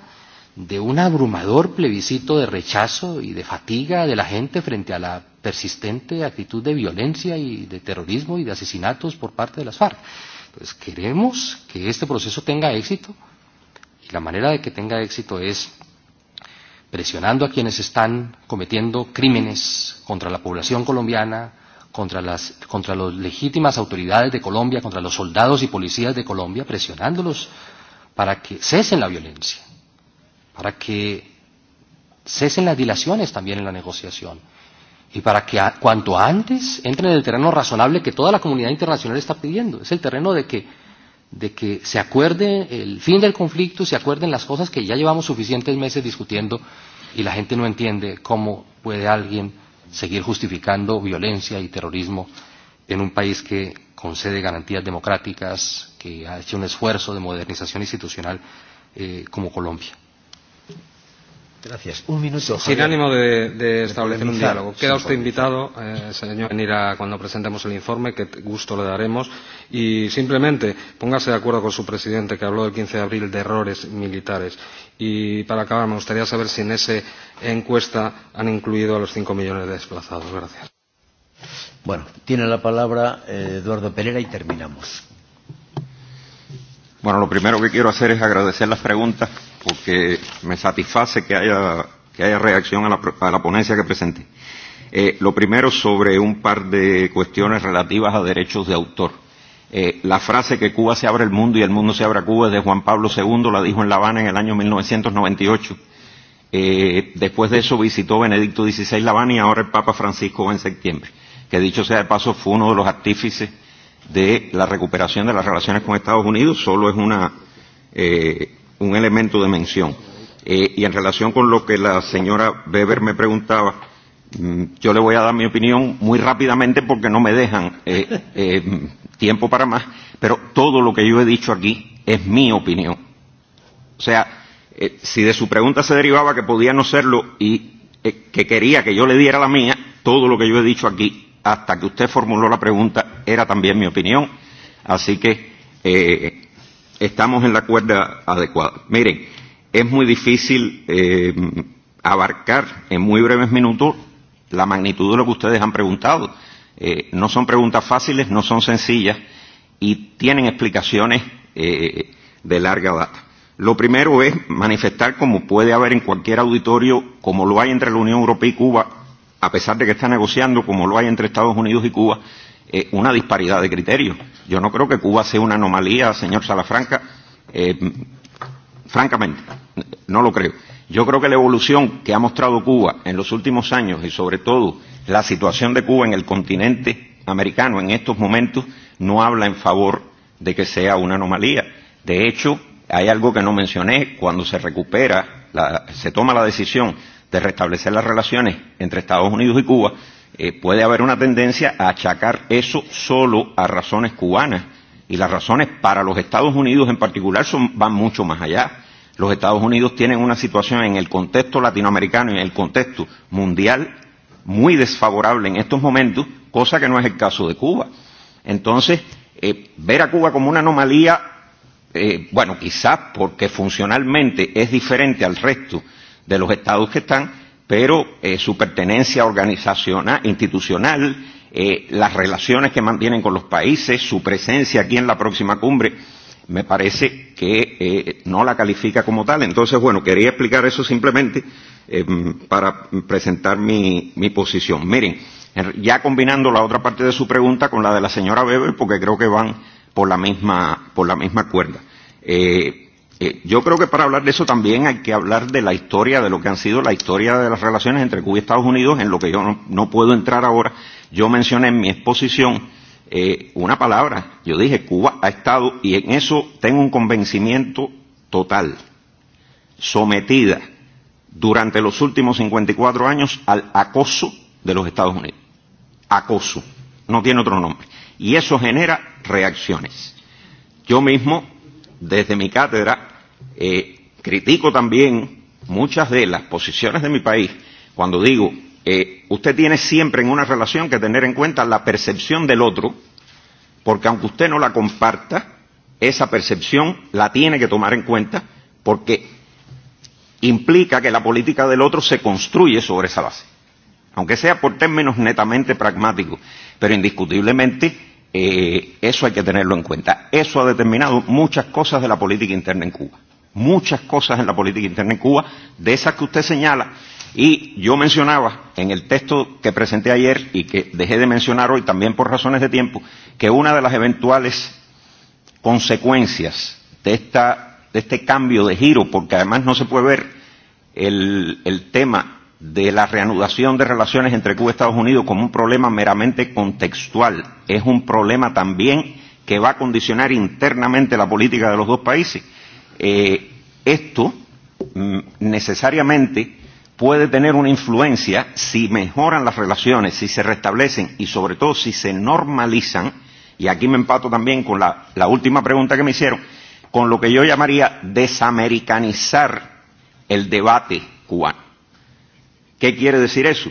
de un abrumador plebiscito de rechazo y de fatiga de la gente frente a la persistente actitud de violencia y de terrorismo y de asesinatos por parte de las FARC. Entonces, queremos que este proceso tenga éxito y la manera de que tenga éxito es presionando a quienes están cometiendo crímenes contra la población colombiana, contra las, contra las legítimas autoridades de Colombia, contra los soldados y policías de Colombia, presionándolos para que cesen la violencia, para que cesen las dilaciones también en la negociación y para que a, cuanto antes entren en el terreno razonable que toda la comunidad internacional está pidiendo. Es el terreno de que de que se acuerde el fin del conflicto, se acuerden las cosas que ya llevamos suficientes meses discutiendo y la gente no entiende cómo puede alguien seguir justificando violencia y terrorismo en un país que concede garantías democráticas, que ha hecho un esfuerzo de modernización institucional eh, como Colombia. Gracias. Un minuto. Sin ánimo de, de establecer un diálogo. Queda usted invitado, eh, señor, a venir a cuando presentemos el informe, que gusto le daremos. Y simplemente póngase de acuerdo con su presidente, que habló el 15 de abril de errores militares. Y para acabar, me gustaría saber si en esa encuesta han incluido a los 5 millones de desplazados. Gracias. Bueno, tiene la palabra eh, Eduardo Pereira y terminamos. Bueno, lo primero que quiero hacer es agradecer las preguntas porque me satisface que haya, que haya reacción a la, a la ponencia que presenté. Eh, lo primero sobre un par de cuestiones relativas a derechos de autor. Eh, la frase que Cuba se abre el mundo y el mundo se abre a Cuba es de Juan Pablo II, la dijo en La Habana en el año 1998. Eh, después de eso visitó Benedicto XVI La Habana y ahora el Papa Francisco va en septiembre, que dicho sea de paso fue uno de los artífices de la recuperación de las relaciones con Estados Unidos solo es una, eh, un elemento de mención. Eh, y en relación con lo que la señora Weber me preguntaba, yo le voy a dar mi opinión muy rápidamente porque no me dejan eh, eh, tiempo para más, pero todo lo que yo he dicho aquí es mi opinión. O sea, eh, si de su pregunta se derivaba que podía no serlo y eh, que quería que yo le diera la mía, todo lo que yo he dicho aquí hasta que usted formuló la pregunta era también mi opinión, así que eh, estamos en la cuerda adecuada. Miren, es muy difícil eh, abarcar en muy breves minutos la magnitud de lo que ustedes han preguntado. Eh, no son preguntas fáciles, no son sencillas y tienen explicaciones eh, de larga data. Lo primero es manifestar, como puede haber en cualquier auditorio, como lo hay entre la Unión Europea y Cuba, a pesar de que está negociando, como lo hay entre Estados Unidos y Cuba, eh, una disparidad de criterios. Yo no creo que Cuba sea una anomalía, señor Salafranca, eh, francamente, no lo creo. Yo creo que la evolución que ha mostrado Cuba en los últimos años y sobre todo la situación de Cuba en el continente americano en estos momentos no habla en favor de que sea una anomalía. De hecho, hay algo que no mencioné, cuando se recupera, la, se toma la decisión de restablecer las relaciones entre Estados Unidos y Cuba, eh, puede haber una tendencia a achacar eso solo a razones cubanas. Y las razones para los Estados Unidos en particular son, van mucho más allá. Los Estados Unidos tienen una situación en el contexto latinoamericano y en el contexto mundial muy desfavorable en estos momentos, cosa que no es el caso de Cuba. Entonces, eh, ver a Cuba como una anomalía, eh, bueno, quizás porque funcionalmente es diferente al resto de los estados que están, pero eh, su pertenencia organizacional, institucional, eh, las relaciones que mantienen con los países, su presencia aquí en la próxima cumbre, me parece que eh, no la califica como tal. Entonces, bueno, quería explicar eso simplemente eh, para presentar mi, mi posición. Miren, ya combinando la otra parte de su pregunta con la de la señora Weber, porque creo que van por la misma, por la misma cuerda. Eh, Eh, yo creo que para hablar de eso también hay que hablar de la historia, de lo que han sido la historia de las relaciones entre Cuba y Estados Unidos, en lo que yo no, no puedo entrar ahora. Yo mencioné en mi exposición eh, una palabra, yo dije Cuba ha estado, y en eso tengo un convencimiento total, sometida durante los últimos 54 años al acoso de los Estados Unidos. Acoso, no tiene otro nombre. Y eso genera reacciones. Yo mismo, desde mi cátedra, Eh, critico también muchas de las posiciones de mi país cuando digo, eh, usted tiene siempre en una relación que tener en cuenta la percepción del otro, porque aunque usted no la comparta, esa percepción la tiene que tomar en cuenta porque implica que la política del otro se construye sobre esa base, aunque sea por términos netamente pragmáticos, pero indiscutiblemente eh, eso hay que tenerlo en cuenta. Eso ha determinado muchas cosas de la política interna en Cuba muchas cosas en la política interna en Cuba, de esas que usted señala. Y yo mencionaba en el texto que presenté ayer y que dejé de mencionar hoy también por razones de tiempo, que una de las eventuales consecuencias de, esta, de este cambio de giro, porque además no se puede ver el, el tema de la reanudación de relaciones entre Cuba y Estados Unidos como un problema meramente contextual, es un problema también que va a condicionar internamente la política de los dos países eh, esto necesariamente puede tener una influencia si mejoran las relaciones, si se restablecen y sobre todo si se normalizan, y aquí me empato también con la, la última pregunta que me hicieron, con lo que yo llamaría desamericanizar el debate cubano. ¿Qué quiere decir eso?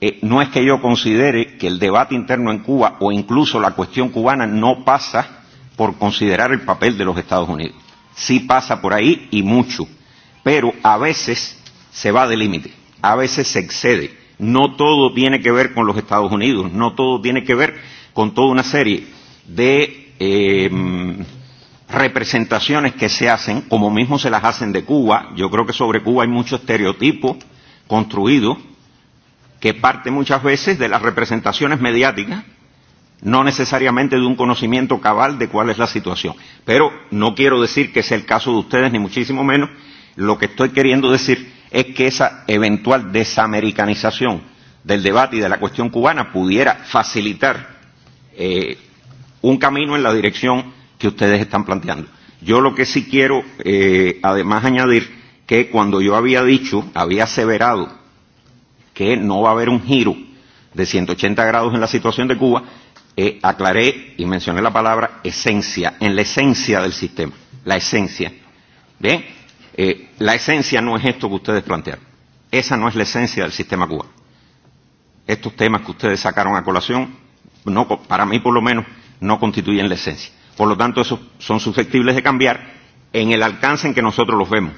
Eh, no es que yo considere que el debate interno en Cuba o incluso la cuestión cubana no pasa por considerar el papel de los Estados Unidos sí pasa por ahí y mucho, pero a veces se va de límite, a veces se excede. No todo tiene que ver con los Estados Unidos, no todo tiene que ver con toda una serie de eh, representaciones que se hacen, como mismo se las hacen de Cuba. Yo creo que sobre Cuba hay mucho estereotipo construido que parte muchas veces de las representaciones mediáticas no necesariamente de un conocimiento cabal de cuál es la situación. Pero no quiero decir que sea el caso de ustedes, ni muchísimo menos. Lo que estoy queriendo decir es que esa eventual desamericanización del debate y de la cuestión cubana pudiera facilitar eh, un camino en la dirección que ustedes están planteando. Yo lo que sí quiero, eh, además, añadir que cuando yo había dicho, había aseverado que no va a haber un giro de 180 grados en la situación de Cuba, eh, aclaré y mencioné la palabra esencia, en la esencia del sistema, la esencia. ¿Bien? Eh, la esencia no es esto que ustedes plantearon. Esa no es la esencia del sistema cubano. Estos temas que ustedes sacaron a colación, no, para mí por lo menos, no constituyen la esencia. Por lo tanto, esos son susceptibles de cambiar en el alcance en que nosotros los vemos,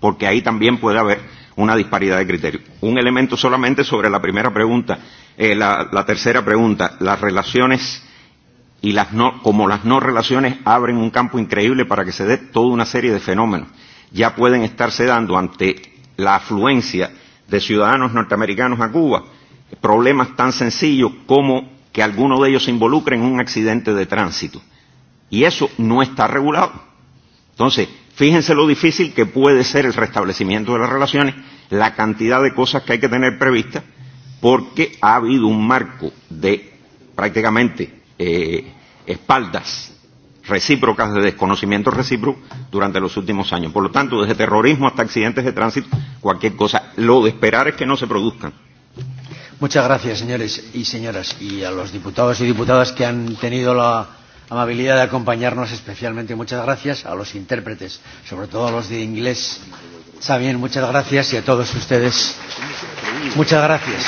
porque ahí también puede haber una disparidad de criterios. Un elemento solamente sobre la primera pregunta, eh, la, la tercera pregunta, las relaciones y las no, como las no relaciones abren un campo increíble para que se dé toda una serie de fenómenos. Ya pueden estarse dando ante la afluencia de ciudadanos norteamericanos a Cuba problemas tan sencillos como que alguno de ellos se involucre en un accidente de tránsito. Y eso no está regulado. Entonces, Fíjense lo difícil que puede ser el restablecimiento de las relaciones, la cantidad de cosas que hay que tener previstas, porque ha habido un marco de prácticamente eh, espaldas recíprocas de desconocimiento recíproco durante los últimos años. Por lo tanto, desde terrorismo hasta accidentes de tránsito, cualquier cosa. Lo de esperar es que no se produzcan. Muchas gracias, señores y señoras, y a los diputados y diputadas que han tenido la amabilidad de acompañarnos especialmente muchas gracias a los intérpretes, sobre todo a los de inglés. Sabien, muchas gracias y a todos ustedes. Muchas gracias.